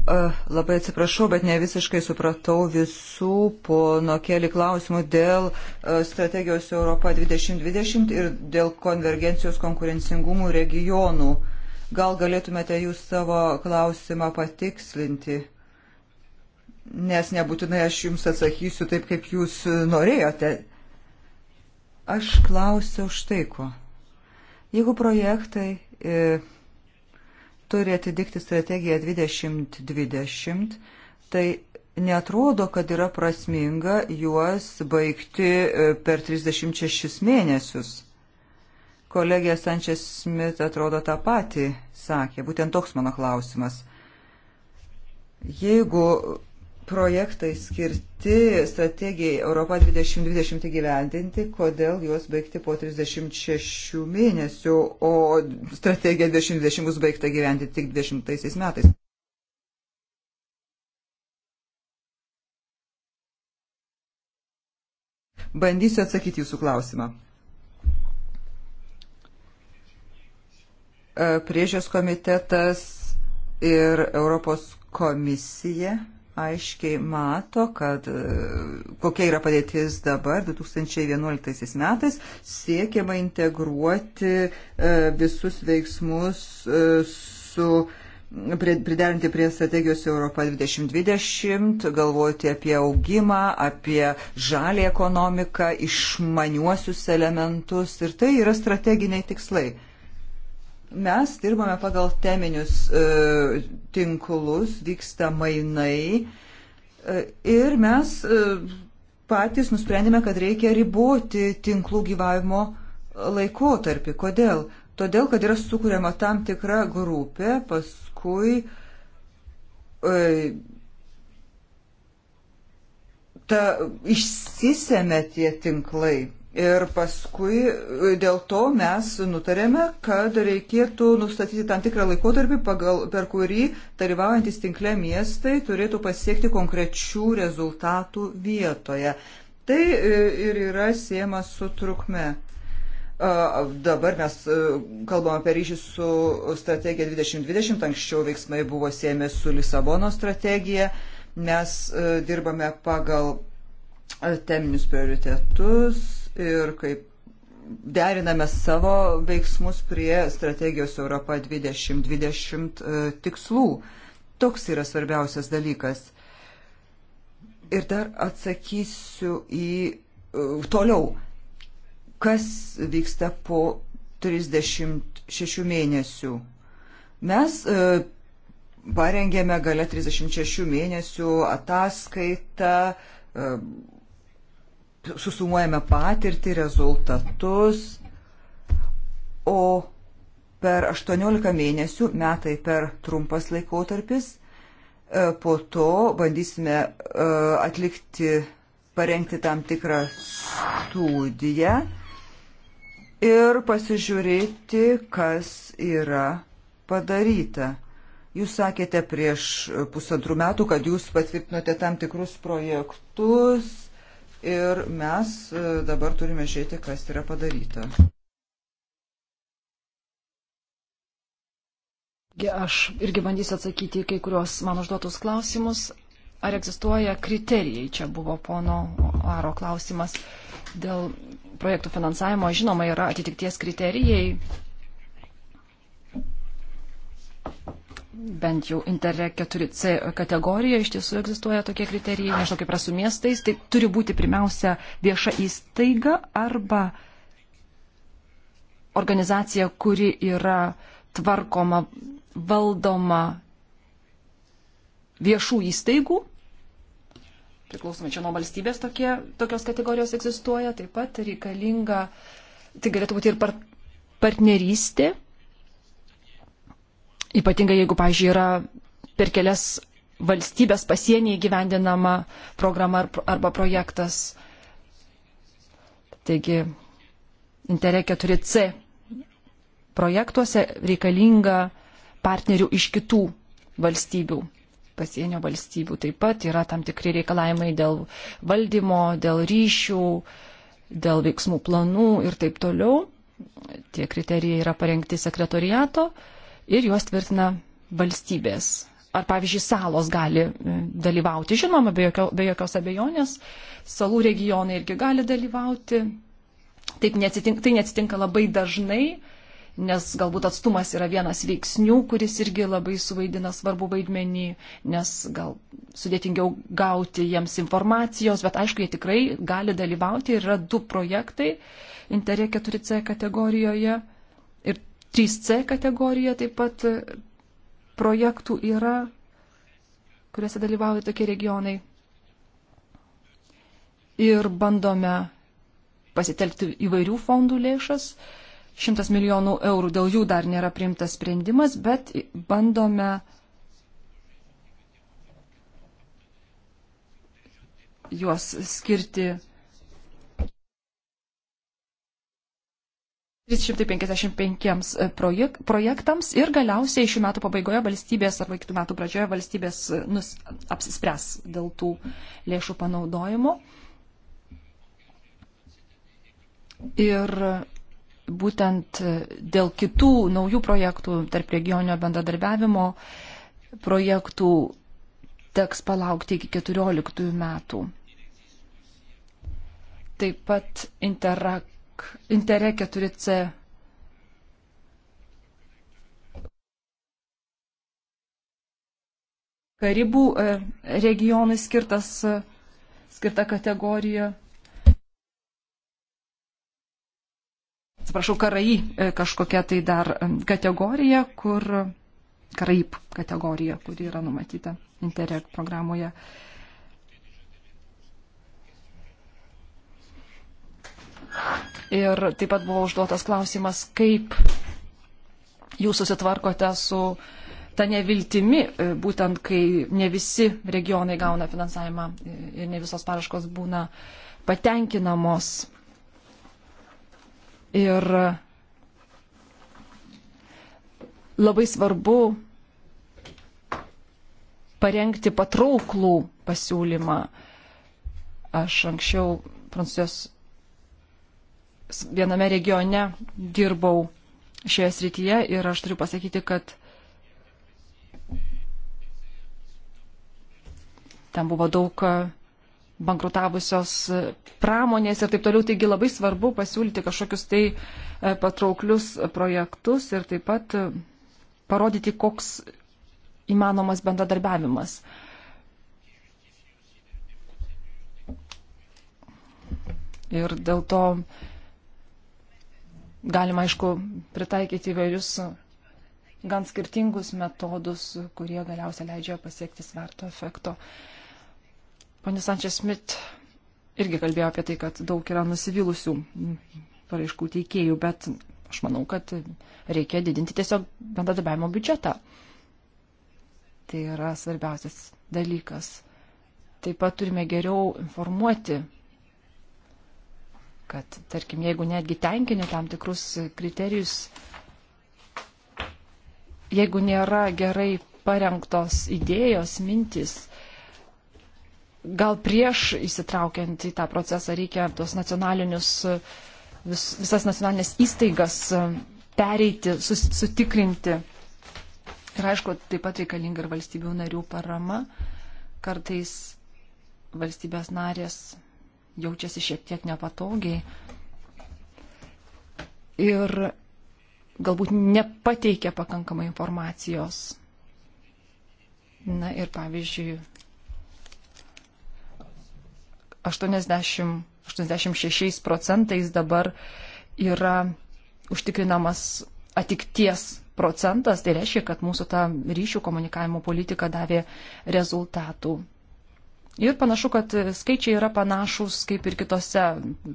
Eh, labai atsiprašau, bet ne visiškai supratau visų pono keli klausimų dėl eh, strategijos Europa 2020 ir dėl konvergencijos konkurencingumų regionų. Gal galėtumėte jūs savo klausimą patikslinti, nes nebūtinai aš jums atsakysiu taip, kaip jūs norėjote. Aš klausiau štai ko. Jeigu projektai. E, turi atitikti strategiją 2020, tai netrodo, kad yra prasminga juos baigti e, per 36 mėnesius. Kolegė Sančias Smith atrodo tą patį sakė. Būtent toks mano klausimas. Jeigu projektai skirti strategijai Europa 2020 gyvendinti, kodėl juos baigti po 36 mėnesių, o strategija 2020 bus baigta gyventi tik 20 metais. Bandysiu atsakyti jūsų klausimą. Priežios komitetas ir Europos komisija aiškiai mato, kad e, kokia yra padėtis dabar 2011 metais, siekiama integruoti e, visus veiksmus e, su priderinti prie strategijos Europa 2020, galvoti apie augimą, apie žalį ekonomiką, išmaniuosius elementus ir tai yra strateginiai tikslai. Mes dirbame pagal teminius e, tinklus, vyksta mainai e, ir mes e, patys nusprendėme, kad reikia riboti tinklų gyvavimo laikotarpį. Kodėl? Todėl, kad yra sukūriama tam tikra grupė, paskui e, ta, išsisėmė tie tinklai Ir paskui e, dėl to mes nutarėme, kad reikėtų nustatyti tam tikrą laikotarpį, pagal, per kurį dalyvaujantis tinkle miestai turėtų pasiekti konkrečių rezultatų vietoje. Tai e, ir yra siema su trukme. Dabar mes e, kalbame apie ryšį su strategija 2020, anksčiau veiksmai buvo siejami su Lisabono strategija, mes dirbame pagal teminius prioritetus, ir kaip deriname savo veiksmus prie strategijos Europa 2020 e, tikslų. Toks yra svarbiausias dalykas. Ir dar atsakysiu į e, toliau, kas vyksta po 36 mėnesių. Mes e, parengėme gale 36 mėnesių ataskaitą susumuojame patirtį, rezultatus, o per 18 mėnesių, metai per trumpas laikotarpis, e, po to bandysime e, atlikti, parengti tam tikrą studiją ir pasižiūrėti, kas yra padaryta. Jūs sakėte prieš pusantrų metų, kad jūs patvirtinote tam tikrus projektus, ir mes e, dabar turime žiūrėti, kas yra padaryta. Aš irgi bandysiu atsakyti kai kuriuos man užduotus klausimus. Ar egzistuoja kriterijai? Čia buvo pono Aro klausimas dėl projektų finansavimo. Žinoma, yra atitikties kriterijai bent jau Interreg 4C kategorija, iš tiesų egzistuoja tokie kriterijai, nežinau kaip rasų miestais, tai turi būti pirmiausia vieša įstaiga arba organizacija, kuri yra tvarkoma, valdoma viešų įstaigų. Priklausomai čia nuo valstybės tokie, tokios kategorijos egzistuoja, taip pat reikalinga, tai galėtų būti ir par, partnerystė Ypatingai jeigu, pažiūrėjau, yra per kelias valstybės pasienį įgyvendinama programa arba projektas. Taigi, Interė 4C projektuose reikalinga partnerių iš kitų valstybių, pasienio valstybių. Taip pat yra tam tikri reikalavimai dėl valdymo, dėl ryšių, dėl veiksmų planų ir taip toliau. Tie kriterijai yra parengti sekretoriato. Uh, ir juos tvirtina valstybės. Ar, pavyzdžiui, salos gali e, dalyvauti? Žinoma, be, jokio, be jokios abejonės, salų regionai irgi gali dalyvauti. Taip neatsitinka, tai neatsitinka labai dažnai, nes galbūt atstumas yra vienas veiksnių, kuris irgi labai suvaidina svarbu vaidmenį, nes gal sudėtingiau gauti jiems informacijos, bet aišku, jie tikrai gali dalyvauti. Yra du projektai Interė 4C kategorijoje 3C kategorija taip pat e, projektų yra, kuriuose dalyvauja tokie regionai. Ir bandome pasitelkti įvairių fondų lėšas. 100 milijonų eurų dėl jų dar nėra priimtas sprendimas, bet bandome juos skirti 355 e, projek projektams ir galiausiai šių metų pabaigoje valstybės arba kitų metų pradžioje valstybės e, nus, apsispręs dėl tų lėšų panaudojimo. Ir būtent e, dėl kitų naujų projektų tarp regioninio bendradarbiavimo projektų teks palaukti iki 14 metų. Taip pat Interreg Interė 4C. Karibų e, regionui skirtas, e, skirta kategorija. Atsiprašau, karai e, kažkokia tai dar kategorija, kur karaip kategorija, kuri yra numatyta Interreg programoje. Ir taip pat buvo užduotas klausimas, kaip jūs susitvarkote su ta neviltimi, e, būtent kai ne visi regionai gauna finansavimą e, ir ne visos paraškos būna patenkinamos. Ir labai svarbu parengti patrauklų pasiūlymą. Aš anksčiau Prancūzijos viename regione dirbau šioje srityje ir aš turiu pasakyti, kad ten buvo daug e, bankrutavusios e, pramonės ir taip toliau. Taigi labai svarbu pasiūlyti kažkokius tai e, patrauklius projektus ir taip pat parodyti, koks įmanomas bendradarbiavimas. Ir dėl to Galima, aišku, pritaikyti įvairius gan skirtingus metodus, kurie galiausiai leidžia pasiekti sverto efekto. Pane Sančias Smith irgi kalbėjo apie tai, kad daug yra nusivylusių paraiškų teikėjų, bet aš manau, kad reikia didinti tiesiog bendradarbiavimo biudžetą. Tai yra svarbiausias dalykas. Taip pat turime geriau informuoti kad, tarkim, jeigu netgi tenkini tam tikrus kriterijus, jeigu nėra gerai parengtos idėjos, mintis, gal prieš įsitraukiant į tą procesą reikia tos nacionalinius, vis, visas nacionalinės įstaigas e, pereiti, sus, sutikrinti. Ir aišku, taip pat reikalinga ir valstybių narių parama. Kartais valstybės narės jaučiasi šiek tiek nepatogiai ir galbūt nepateikia pakankamai informacijos. Na ir pavyzdžiui, 80, 86 procentais dabar yra užtikrinamas atikties procentas, tai reiškia, kad mūsų ta ryšių komunikavimo politika davė rezultatų. Ir panašu, kad skaičiai yra panašus kaip ir kitose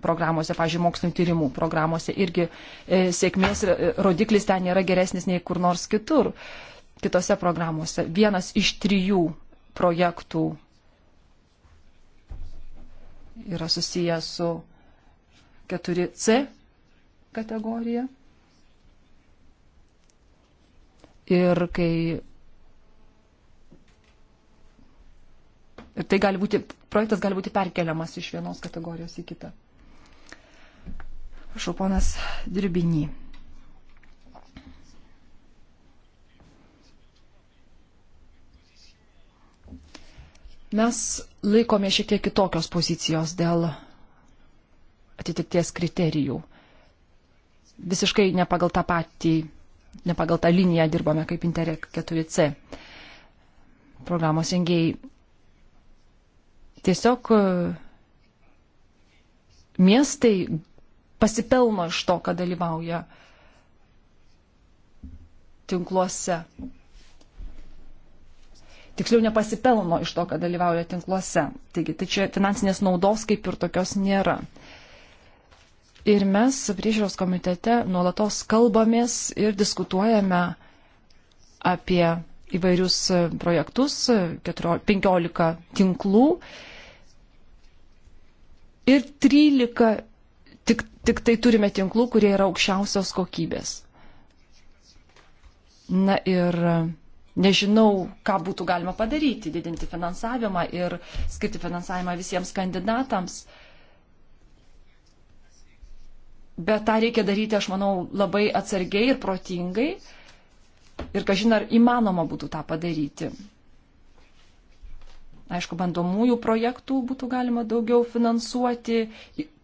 programuose, pažiūrėjau, mokslinio tyrimų programuose irgi e, sėkmės rodiklis ten yra geresnis nei kur nors kitur, kitose programuose. Vienas iš trijų projektų yra susijęs su 4C kategorija. Ir kai Ir tai gali būti, projektas gali būti perkeliamas iš vienos kategorijos į kitą. Prašau, ponas Dirbiny. Mes laikome šiek tiek kitokios pozicijos dėl atitikties kriterijų. Visiškai ne pagal tą patį, ne pagal tą liniją dirbame kaip Interreg 4C. Programos rengėjai tiesiog e, miestai pasipelno iš to, kad dalyvauja tinkluose. Tiksliau nepasipelno iš to, kad dalyvauja tinkluose. Taigi, tai čia finansinės naudos kaip ir tokios nėra. Ir mes priežiūros komitete nuolatos kalbamės ir diskutuojame apie įvairius e, projektus, 15 tinklų ir 13 tik, tik tai turime tinklų, kurie yra aukščiausios kokybės. Na ir e, nežinau, ką būtų galima padaryti, didinti finansavimą ir skirti finansavimą visiems kandidatams. Bet tą reikia daryti, aš manau, labai atsargiai ir protingai. Uh, ir kažin ar įmanoma būtų tą padaryti. Aišku, bandomųjų projektų būtų galima daugiau finansuoti,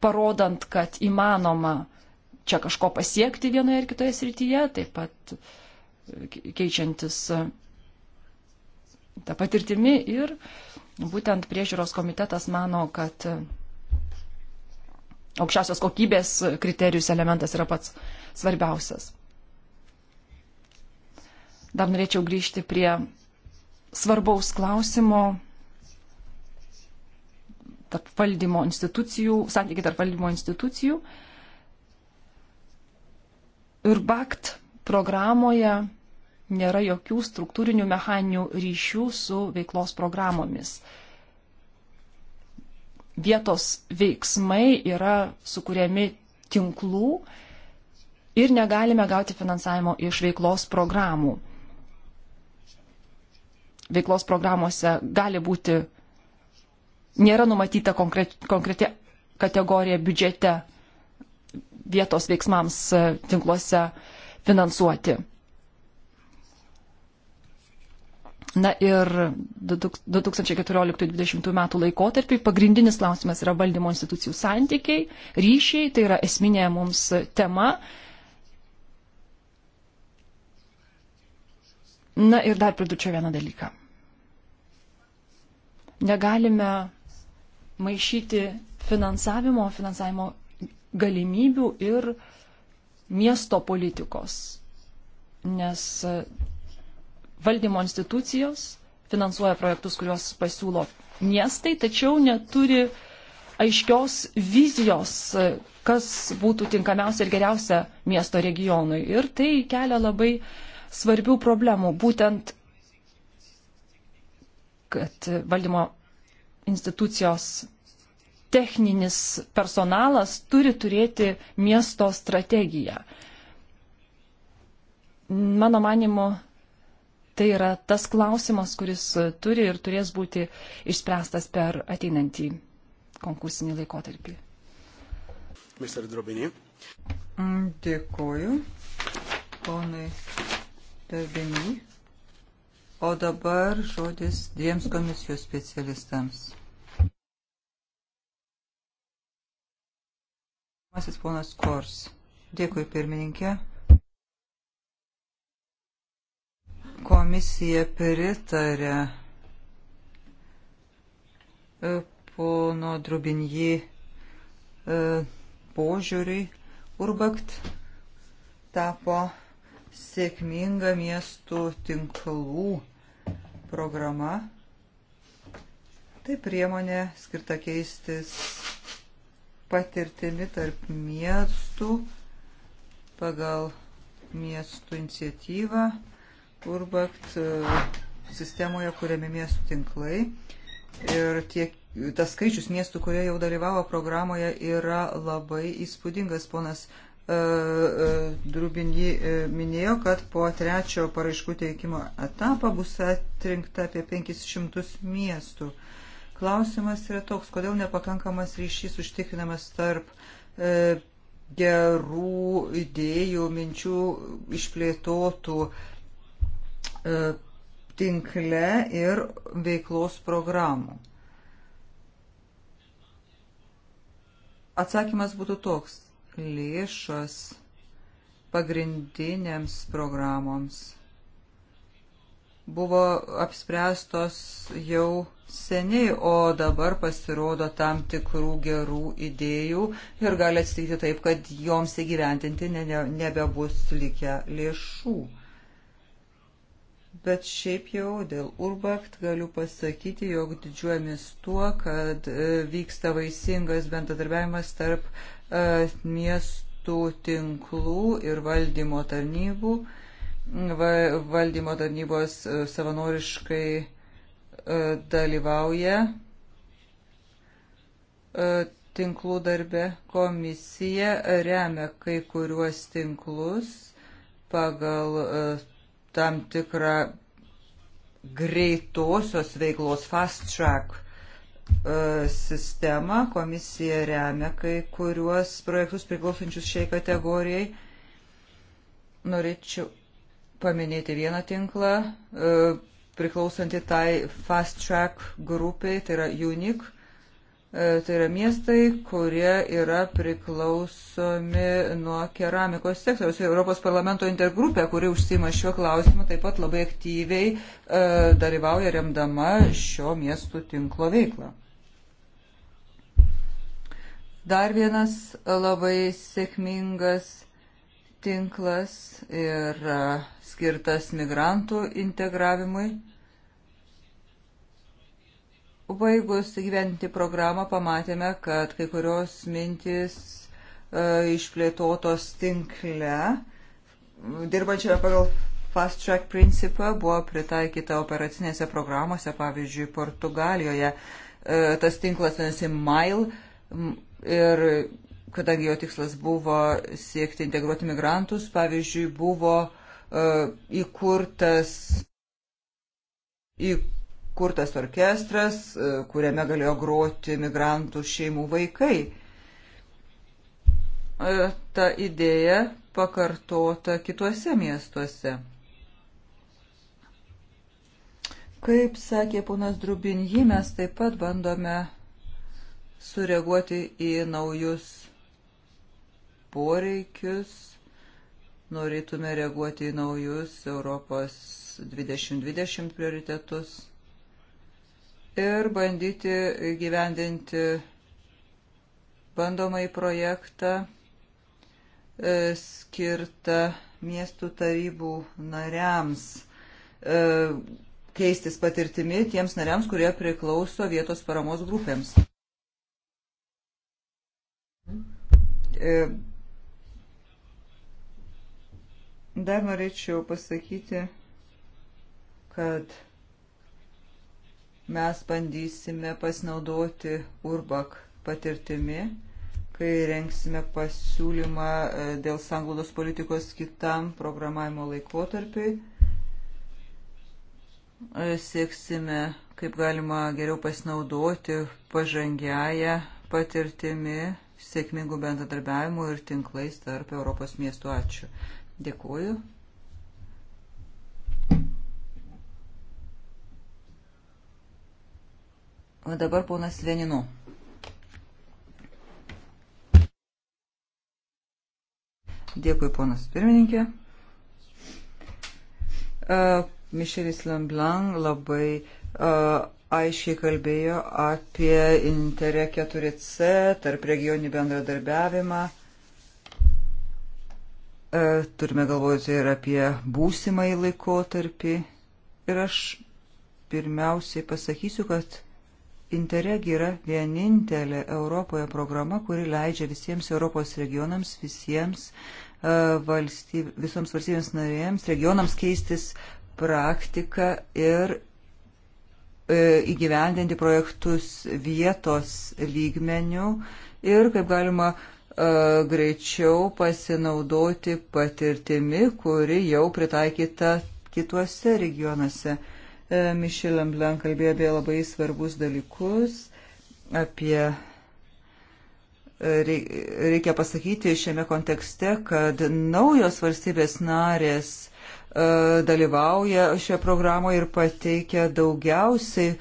parodant, kad įmanoma čia kažko pasiekti vienoje ir kitoje srityje, taip pat e, keičiantis e, tą patirtimį ir būtent priežiūros komitetas mano, kad e, aukščiausios kokybės kriterijus elementas yra pats svarbiausias. Dar norėčiau grįžti prie svarbaus klausimo tarp valdymo institucijų, santykiai tarp valdymo institucijų. Ir BACT programoje nėra jokių struktūrinių mechaninių ryšių su veiklos programomis. Vietos veiksmai yra sukūrėmi tinklų ir negalime gauti finansavimo iš veiklos programų veiklos programuose gali būti, nėra numatyta konkreti, konkreti kategorija biudžete vietos veiksmams e, tinkluose finansuoti. Na ir 2014-2020 metų laikotarpiai pagrindinis klausimas yra valdymo institucijų santykiai, ryšiai, tai yra esminė mums tema Na ir dar pridurčiau vieną dalyką. Negalime maišyti finansavimo, finansavimo galimybių ir miesto politikos, nes valdymo institucijos finansuoja projektus, kuriuos pasiūlo miestai, tačiau neturi aiškios vizijos, kas būtų tinkamiausia ir geriausia miesto regionui. Ir tai kelia labai uh, svarbių problemų, būtent, kad valdymo institucijos techninis personalas turi turėti miesto strategiją. Mano manimu, tai yra tas klausimas, kuris turi ir turės būti išspręstas per ateinantį konkursinį laikotarpį. Mr. Drobinė. Dėkoju, ponai Darbiniai. O dabar žodis dviems komisijos specialistams. Pirmasis ponas Kors. Dėkui pirmininkė. Komisija pritarė e, pono Drubinji e, požiūriui. Urbakt tapo sėkminga miestų tinklų programa. Tai priemonė skirta keistis patirtimi tarp miestų pagal miestų iniciatyvą Urbakt e, sistemoje kuriami miestų tinklai. Ir tiek, tas skaičius miestų, kurie jau dalyvavo programoje, yra labai įspūdingas. Ponas E, e, Drubinji e, minėjo, kad po trečio paraiškų teikimo etapą bus atrinkta apie 500 miestų. Klausimas yra toks, kodėl nepakankamas ryšys užtikrinamas tarp gerų idėjų, minčių išplėtotų tinkle ir veiklos programų. Atsakymas būtų toks lėšos pagrindinėms programoms buvo apspręstos jau seniai, o dabar pasirodo tam tikrų gerų idėjų ir gali atsitikti taip, kad joms įgyventinti ne, ne, nebebus likę lėšų. Bet šiaip jau dėl Urbakt galiu pasakyti, jog didžiuojamės tuo, kad e, vyksta vaisingas bendradarbiavimas tarp uh, E, miestų tinklų ir valdymo tarnybų. Valdymo tarnybos e, savanoriškai e, dalyvauja tinklų darbe. Komisija remia kai kuriuos tinklus pagal tam tikrą greitosios veiklos fast track E, sistemą, komisija remia kai kuriuos projektus priklausančius šiai kategorijai. Norėčiau paminėti vieną tinklą, e, priklausantį tai Fast Track grupiai, tai yra UNIC. E, tai yra miestai, kurie yra priklausomi nuo keramikos sektoriaus. Europos parlamento intergrupė, kuri užsima šiuo klausimu, taip pat labai aktyviai e, dalyvauja remdama šio miestų tinklo veiklą. Dar vienas labai sėkmingas tinklas yra skirtas migrantų integravimui Baigus gyventi programą pamatėme, kad kai kurios mintis e, išplėtotos tinkle, dirbančiame pagal fast track principą, buvo pritaikyta operacinėse programuose, pavyzdžiui, Portugalijoje. E, tas tinklas vadinasi Mile ir kadangi jo tikslas buvo siekti integruoti migrantus, pavyzdžiui, buvo e, įkurtas į kurtas orkestras, e, kuriame galėjo groti migrantų šeimų vaikai. E, ta idėja pakartota kituose miestuose. Kaip sakė ponas Drubinji, mes taip pat bandome sureaguoti į naujus poreikius, norėtume reaguoti į naujus Europos 2020 prioritetus ir bandyti gyvendinti bandomai projektą e, skirtą miestų tarybų nariams e, keistis patirtimi tiems nariams, kurie priklauso vietos paramos grupėms. E, dar norėčiau pasakyti, kad Mes bandysime pasinaudoti Urbak patirtimi, kai renksime pasiūlymą e, dėl sanglaudos politikos kitam programavimo laikotarpiui. E, sieksime, kaip galima geriau pasinaudoti pažangiają patirtimi, sėkmingų bendradarbiavimų ir tinklais tarp Europos miestų. Ačiū. Dėkuoju. O dabar ponas Veninu. Dėkui, ponas pirmininkė. Mišelis Lamblanc labai aiškiai kalbėjo apie Interė 4C, tarp regioninį bendradarbiavimą. Turime galvoti ir apie būsimąjį laikotarpį. Ir aš pirmiausiai pasakysiu, kad Interreg yra vienintelė Europoje programa, kuri leidžia visiems Europos regionams, visiems e, valstyb, visoms valstybėms narėms, regionams keistis praktiką ir e, įgyvendinti projektus vietos lygmenių ir kaip galima e, greičiau pasinaudoti patirtimi, kuri jau pritaikyta kituose regionuose. E, Mišel Amblan kalbėjo apie labai svarbus dalykus, apie e, reikia pasakyti šiame kontekste, kad naujos valstybės narės e, dalyvauja šioje programoje ir pateikia daugiausiai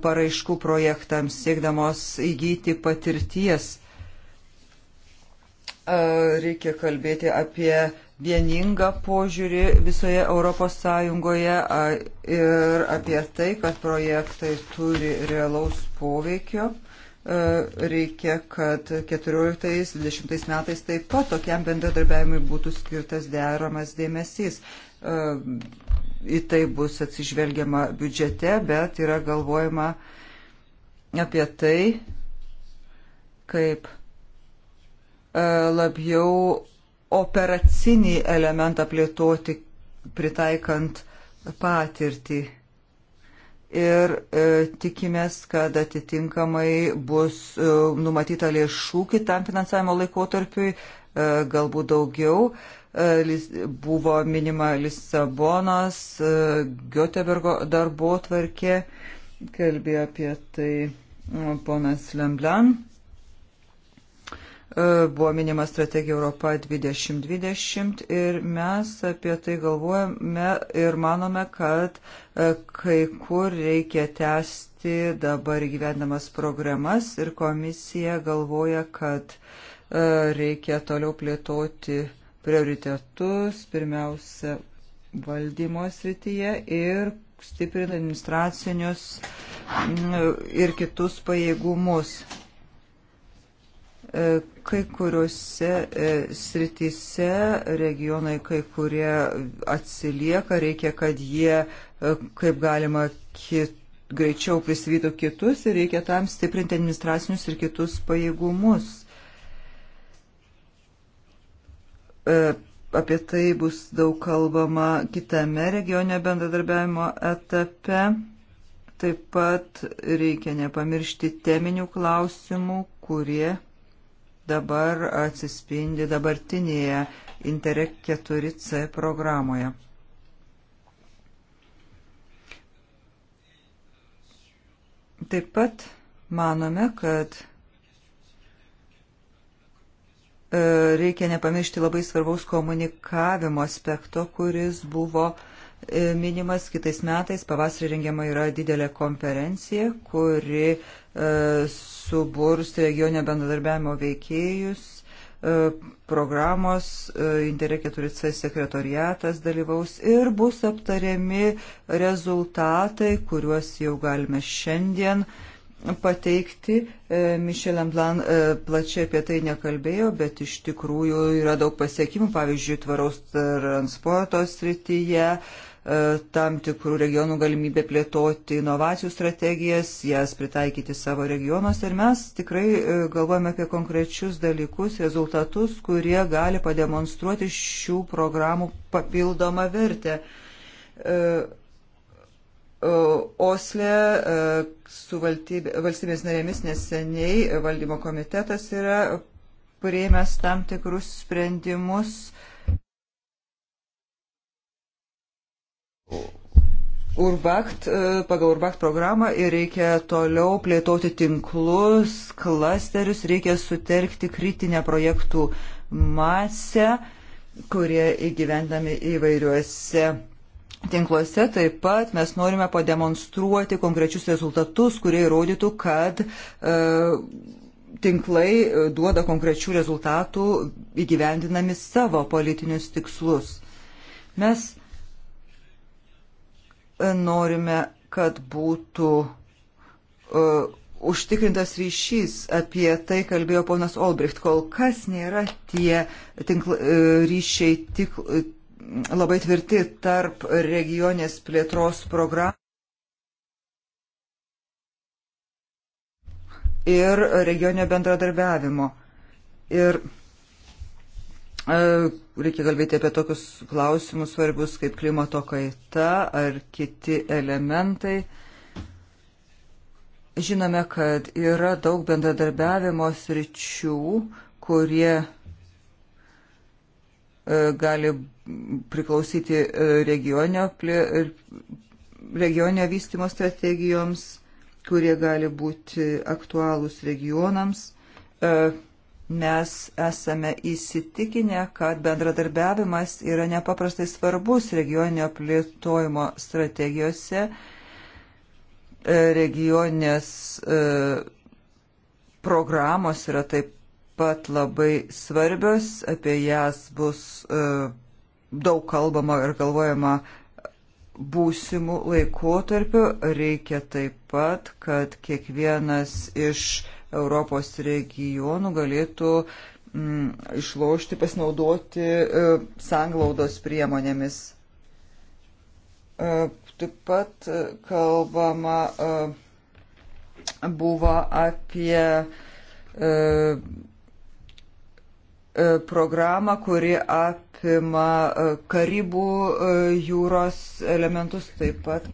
paraiškų projektams, siekdamos įgyti patirties. Reikia kalbėti apie vieningą požiūrį visoje Europos Sąjungoje ir apie tai, kad projektai turi realaus poveikio. E, reikia, kad 14-20 metais taip pat tokiam bendradarbiavimui būtų skirtas deramas dėmesys. E, į tai bus atsižvelgiama biudžete, bet yra galvojama apie tai, kaip e, labiau operacinį elementą plėtoti, pritaikant patirtį. Ir e, tikimės, kad atitinkamai bus e, numatyta lėšų kitam finansavimo laikotarpiui, e, galbūt daugiau. E, buvo minima Lisabonos, e, Göteborgo darbo tvarkė, kalbėjo apie tai e, ponas Lemblan. E, buvo minima strategija Europa 2020 ir mes apie tai galvojame ir manome, kad e, kai kur reikia tęsti dabar gyvendamas programas ir komisija galvoja, kad e, reikia toliau plėtoti prioritetus, pirmiausia, valdymo srityje ir stiprinti administracinius mm, ir kitus pajėgumus. E, kai kuriuose e, srityse regionai, kai kurie atsilieka, reikia, kad jie e, kaip galima kit, greičiau prisivytų kitus ir reikia tam stiprinti administracinius ir kitus pajėgumus. Apie tai bus daug kalbama kitame regionio bendradarbiavimo etape. Taip pat reikia nepamiršti teminių klausimų, kurie dabar atsispindi dabartinėje Interreg 4C programoje. Taip pat manome, kad e, reikia nepamiršti labai svarbaus komunikavimo aspekto, kuris buvo e, minimas kitais metais. Pavasarį rengiama yra didelė konferencija, kuri E, suburs regionio bendradarbiavimo veikėjus, e, programos e, Interreg 4C sekretoriatas dalyvaus ir bus aptariami rezultatai, kuriuos jau galime šiandien pateikti. Mišel Amblan plačiai apie tai nekalbėjo, bet iš tikrųjų yra daug pasiekimų, pavyzdžiui, tvaraus transporto srityje, E, tam tikrų regionų galimybė plėtoti inovacijų strategijas, jas pritaikyti savo regionuose ir mes tikrai e, galvojame apie konkrečius dalykus, rezultatus, kurie gali pademonstruoti šių programų papildomą vertę. E, Osle su valstybės narėmis neseniai valdymo komitetas yra prieimęs tam tikrus sprendimus Urbakt, e, pagal Urbakt programą ir reikia toliau plėtoti tinklus, klasterius, reikia sutelkti kritinę projektų masę, kurie įgyvendami įvairiuose tinkluose taip pat mes norime pademonstruoti konkrečius rezultatus, kurie įrodytų, kad e, tinklai duoda konkrečių rezultatų įgyvendinami savo politinius tikslus. Mes norime, kad būtų uh, užtikrintas ryšys, apie tai kalbėjo ponas Olbricht, kol kas nėra tie tinkl, e, ryšiai tik, e, labai tvirti tarp regionės plėtros programų. Ir regionio bendradarbiavimo. Ir e, reikia kalbėti apie tokius klausimus svarbius kaip klimato kaita ar kiti elementai. Žinome, kad yra daug bendradarbiavimo sričių, kurie e, gali priklausyti e, regionio, regionio vystimo strategijoms, kurie gali būti aktualūs regionams. E, Mes esame įsitikinę, kad bendradarbiavimas yra nepaprastai svarbus regioninio plėtojimo strategijose, e, regioninės e, programos yra taip pat labai svarbios, apie jas bus e, daug kalbama ir galvojama būsimų laikotarpių reikia taip pat, kad kiekvienas iš Europos regionų galėtų mm, išlošti, pasinaudoti e, sanglaudos priemonėmis. E, taip pat e, kalbama e, buvo apie e, e programą, kuri apima e, Karibų jūros elementus taip pat.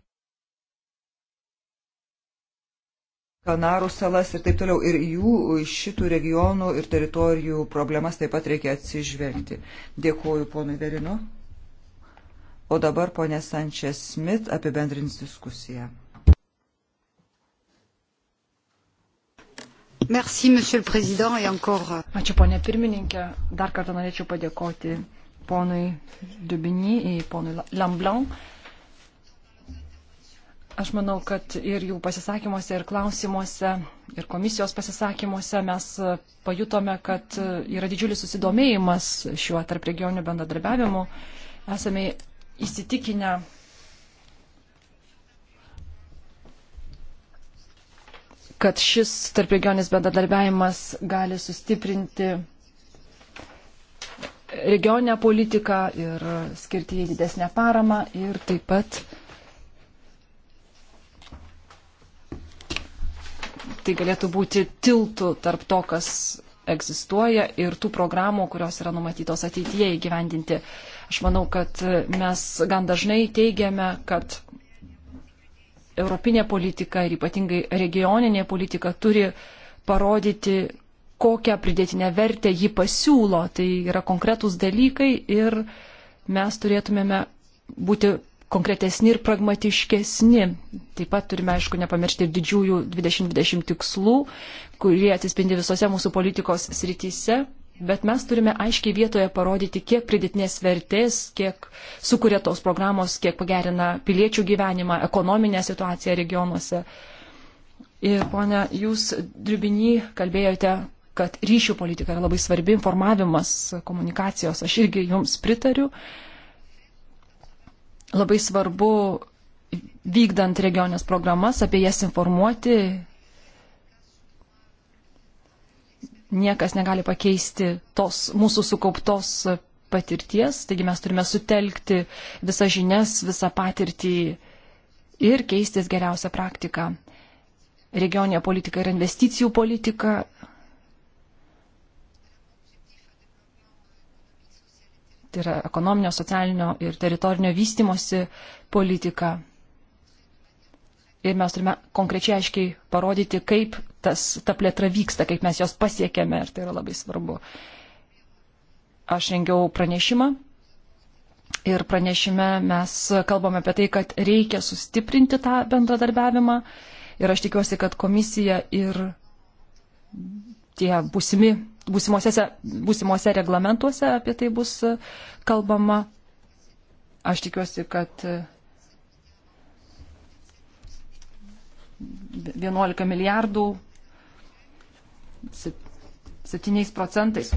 Kanarų salas ir taip toliau. Ir jų šitų regionų ir teritorijų problemas taip pat reikia atsižvelgti. Dėkuoju ponui Verinu. O dabar ponė Sančias Smith apibendrins diskusiją. Merci, monsieur le président, et encore. Euh, Ačiū, ponė pirmininkė. Dar kartą norėčiau padėkoti ponui Dubinį, ponui Lamblanc Aš manau, kad ir jų pasisakymuose, ir klausimuose, ir komisijos pasisakymuose mes pajutome, kad yra didžiulis susidomėjimas šiuo tarp regionių bendradarbiavimu. Esame įsitikinę, kad šis tarp regionis bendradarbiavimas gali sustiprinti regioninę politiką ir skirti jai didesnę paramą ir taip pat tai galėtų būti tiltų tarp to, kas egzistuoja ir tų programų, kurios yra numatytos ateityje įgyvendinti. Aš manau, kad mes gan dažnai teigiame, kad europinė politika ir ypatingai regioninė politika turi parodyti, kokią pridėtinę vertę ji pasiūlo. Tai yra konkretūs dalykai ir mes turėtumėme būti konkretesni ir pragmatiškesni. Taip pat turime, aišku, nepamiršti ir didžiųjų 2020 tikslų, kurie atsispindi visose mūsų politikos srityse. Bet mes turime aiškiai vietoje parodyti, kiek pridėtinės vertės, kiek sukuria tos programos, kiek pagerina piliečių gyvenimą, ekonominę situaciją regionuose. Ir, ponia, jūs, Dribiny, kalbėjote, kad ryšių politika yra labai svarbi, informavimas, komunikacijos. Aš irgi jums pritariu. Uh, labai svarbu vykdant regionės programas apie jas informuoti. Niekas negali pakeisti tos mūsų sukauptos patirties, taigi mes turime sutelkti visą žinias, visą patirtį ir keistis geriausią praktiką. Regioninė politika yra investicijų politika, tai yra ekonominio, socialinio ir teritorinio vystimosi politika. Ir mes turime konkrečiai aiškiai parodyti, kaip tas, ta plėtra vyksta, kaip mes jos pasiekėme ir tai yra labai svarbu. Aš rengiau pranešimą ir pranešime mes kalbame apie tai, kad reikia sustiprinti tą bendradarbiavimą ir aš tikiuosi, kad komisija ir tie būsimi būsimuose reglamentuose apie tai bus e, kalbama. Aš tikiuosi, kad 11 e, milijardų 7 procentais.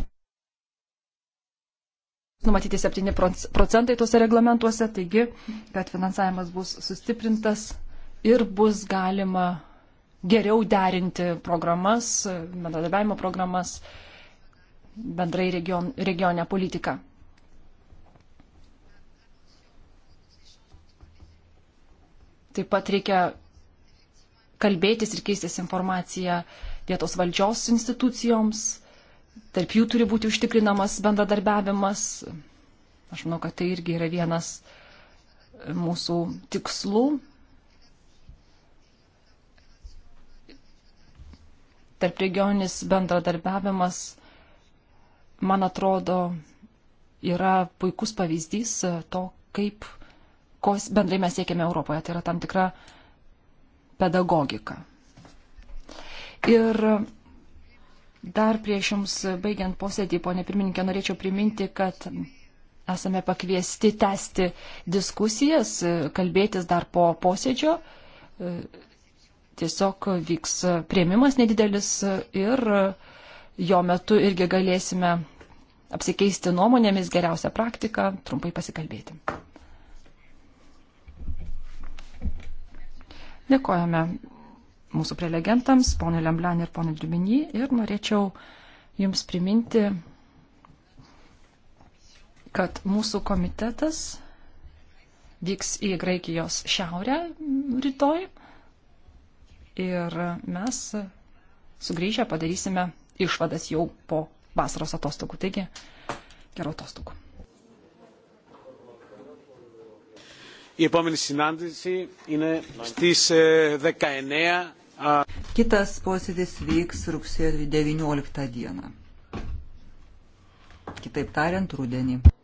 Numatyti 7 procentai tuose reglamentuose, taigi, kad finansavimas bus sustiprintas ir bus galima geriau derinti programas, bendradarbiavimo programas, uh, bendrai region, regionę politiką. Taip pat reikia kalbėtis ir keistis informaciją vietos valdžios institucijoms, tarp jų turi būti užtikrinamas bendradarbiavimas. Aš manau, kad tai irgi yra vienas mūsų tikslų. Tarp regioninis bendradarbiavimas man atrodo, yra puikus pavyzdys e, to, kaip ko bendrai mes siekiame Europoje. Tai yra tam tikra pedagogika. Ir dar prieš Jums e, baigiant posėdį, ponė pirmininkė, norėčiau priminti, kad esame pakviesti tęsti diskusijas, e, kalbėtis dar po posėdžio. Tiesiog vyks prieimimas nedidelis ir uh, jo metu irgi galėsime apsikeisti nuomonėmis, geriausią praktiką, trumpai pasikalbėti. Dėkojame mūsų prelegentams, ponui Lemblan ir ponui Dubinį, ir norėčiau Jums priminti, kad mūsų komitetas vyks į Graikijos šiaurę rytoj ir mes sugrįžę padarysime išvadas jau po vasaros atostogų. Taigi, gerų atostogų. Η επόμενη συνάντηση είναι στις 19. Kitas posėdis vyks rugsėjo 19 dieną. Kitaip tariant, rudenį.